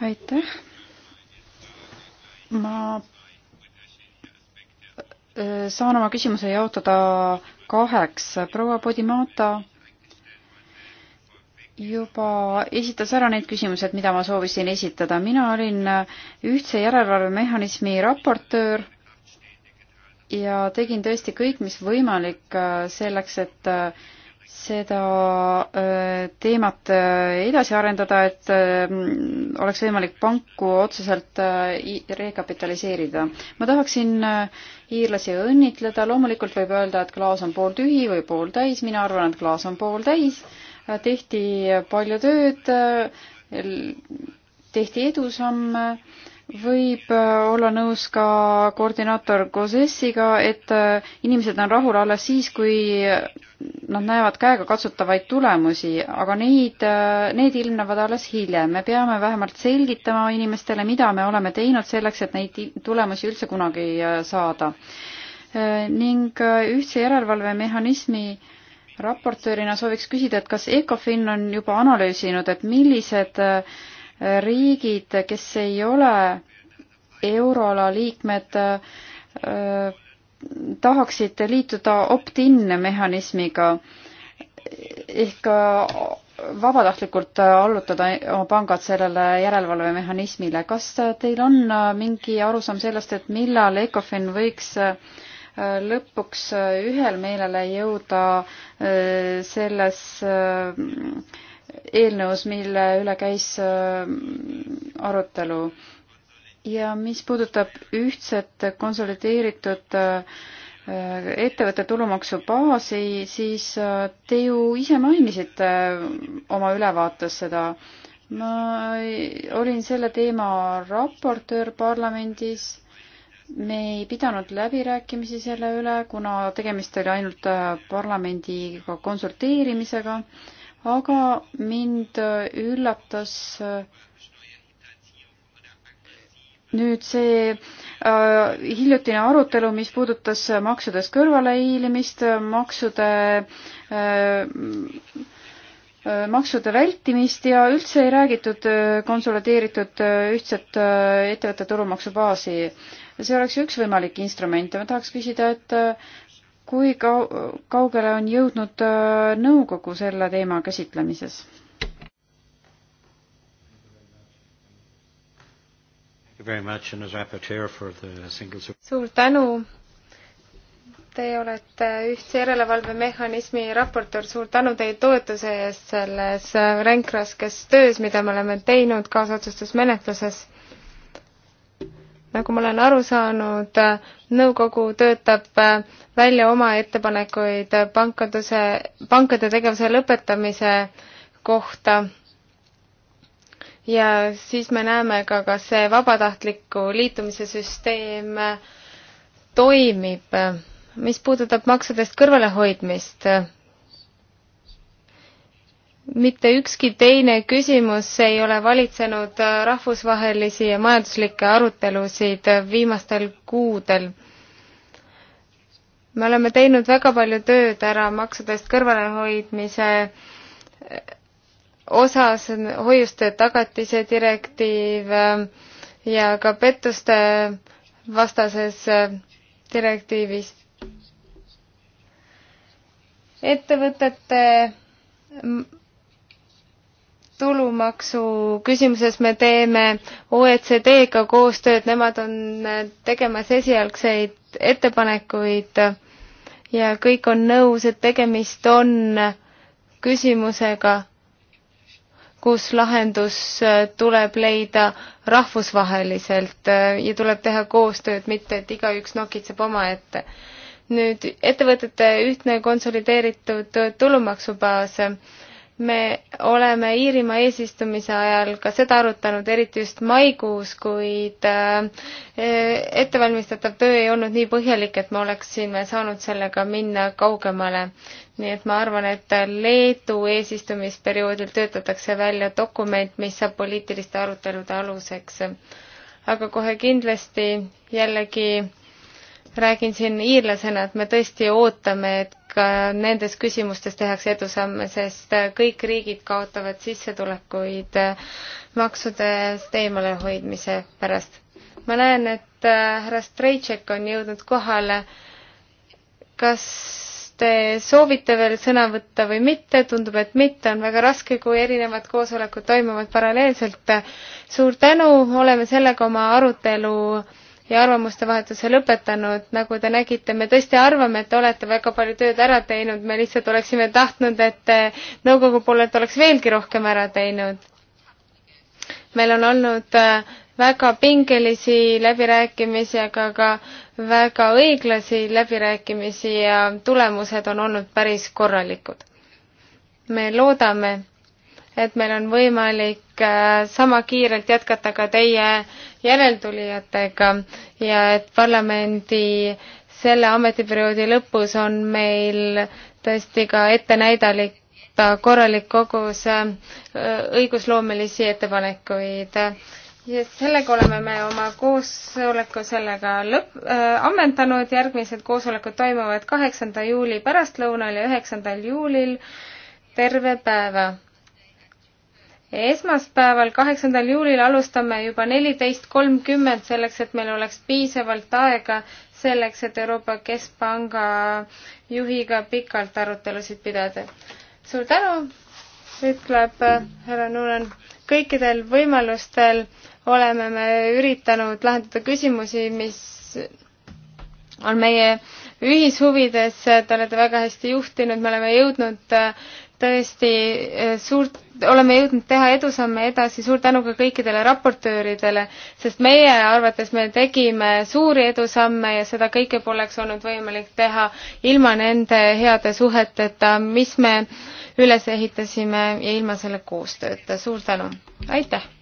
aitäh. ma saan oma küsimuse jaotada kaheks. proua Podimata juba esitas ära need küsimused, mida ma soovisin esitada. mina olin ühtse järelevalvemehhanismi raportöör ja tegin tõesti kõik, mis võimalik äh, selleks, et äh, seda äh, teemat edasi arendada, et oleks võimalik panku otseselt rekapitaliseerida. ma tahaksin iirlasi õnnitleda, loomulikult võib öelda, et klaas on pooltühi või pooltäis, mina arvan, et klaas on pooltäis tehti palju tööd, tehti edusamme, võib olla nõus ka koordinaator Gozessiga, et inimesed on rahul alles siis, kui nad näevad käegakatsutavaid tulemusi, aga neid, need ilmnevad alles hiljem. me peame vähemalt selgitama inimestele, mida me oleme teinud selleks, et neid tulemusi üldse kunagi saada. ning ühtse järelevalvemehhanismi raportöörina sooviks küsida, et kas ECOFIN on juba analüüsinud, et millised äh, riigid, kes ei ole euroala liikmed, äh, tahaksid liituda opt-in mehhanismiga ehk vabatahtlikult allutada oma pangad sellele järelevalvemehhanismile. kas teil on äh, mingi arusaam sellest, et millal ECOFIN võiks äh, lõpuks äh, ühel meelele jõuda äh, selles äh, eelnõus, mille üle käis arutelu. ja mis puudutab ühtset konsolideeritud ettevõtte tulumaksu baasi, siis te ju ise mainisite oma ülevaates seda. ma olin selle teema raportöör parlamendis me ei pidanud läbirääkimisi selle üle, kuna tegemist oli ainult äh, parlamendiga konsulteerimisega, aga mind äh, üllatas äh, nüüd see äh, hiljutine arutelu, mis puudutas maksudest kõrvalehiilimist, maksude äh, Äh, maksude vältimist ja üldse ei räägitud äh, konsolideeritud äh, ühtset ettevõtte tulumaksubaasi. see oleks üks võimalik instrument ja ma tahaks küsida, et kui kau-, kaugele on jõudnud nõukogu selle teema käsitlemises? suur tänu Teie olete ühtse järelevalvemehhanismi raportöör, suur tänu teie toetuse eest selles ränkraskes töös, mida me oleme teinud kaasotsustusmenetluses. nagu ma olen aru saanud, nõukogu töötab välja oma ettepanekuid pankaduse, pankade tegevuse lõpetamise kohta ja siis me näeme ka, kas see vabatahtliku liitumise süsteem toimib mis puudutab maksudest kõrvalehoidmist, mitte ükski teine küsimus ei ole valitsenud rahvusvahelisi ja majanduslikke arutelusid viimastel kuudel. me oleme teinud väga palju tööd ära maksudest kõrvalehoidmise osas, hoiuste tagatise direktiiv ja ka pettuste vastases direktiivis ettevõtete tulumaksu küsimuses me teeme OECD-ga koostööd, nemad on tegemas esialgseid ettepanekuid ja kõik on nõus, et tegemist on küsimusega, kus lahendus tuleb leida rahvusvaheliselt ja tuleb teha koostööd, mitte et igaüks nokitseb omaette nüüd ettevõtete ühtne konsolideeritud tulumaksubaas. me oleme Iirimaa eesistumise ajal ka seda arutanud, eriti just maikuus, kuid äh, ettevalmistatav töö ei olnud nii põhjalik, et me oleksime saanud sellega minna kaugemale. nii et ma arvan, et Leedu eesistumisperioodil töötatakse välja dokument, mis saab poliitiliste arutelude aluseks. aga kohe kindlasti jällegi räägin siin iirlasena, et me tõesti ootame, et ka nendes küsimustes tehakse edusamme, sest kõik riigid kaotavad sissetulekuid äh, maksudest eemalehoidmise pärast. ma näen, et äh, härra Strejček on jõudnud kohale. kas te soovite veel sõna võtta või mitte, tundub, et mitte, on väga raske, kui erinevad koosolekud toimuvad paralleelselt. suur tänu, oleme sellega oma arutelu ja arvamuste vahetuse lõpetanud. nagu te nägite, me tõesti arvame, et te olete väga palju tööd ära teinud, me lihtsalt oleksime tahtnud, et nõukogu poolelt oleks veelgi rohkem ära teinud. meil on olnud äh, väga pingelisi läbirääkimisi, aga ka väga õiglasi läbirääkimisi ja tulemused on olnud päris korralikud. me loodame, et meil on võimalik äh, sama kiirelt jätkata ka teie järeltulijatega ja et parlamendi selle ametiperioodi lõpus on meil tõesti ka ette näidalik äh, korralik kogus äh, õigusloomelisi ettepanekuid ja sellega oleme me oma koosoleku sellega lõpp äh,, ammendanud, järgmised koosolekud toimuvad kaheksanda juuli pärastlõunal ja üheksandal juulil terve päeva esmaspäeval, kaheksandal juulil alustame juba neliteist kolmkümmend, selleks et meil oleks piisavalt aega selleks, et Euroopa Keskpanga juhiga pikalt arutelusid pidada. suur tänu, ütleb äh, härra Nuren. kõikidel võimalustel oleme me üritanud lahendada küsimusi, mis on meie ühishuvides, te olete väga hästi juhtinud, me oleme jõudnud äh, tõesti eh, suurt, oleme jõudnud teha edusamme edasi, suur tänu ka kõikidele raportööridele, sest meie arvates me tegime suuri edusamme ja seda kõike poleks olnud võimalik teha ilma nende heade suheteta, mis me üles ehitasime ja ilma selle koostööta, suur tänu, aitäh!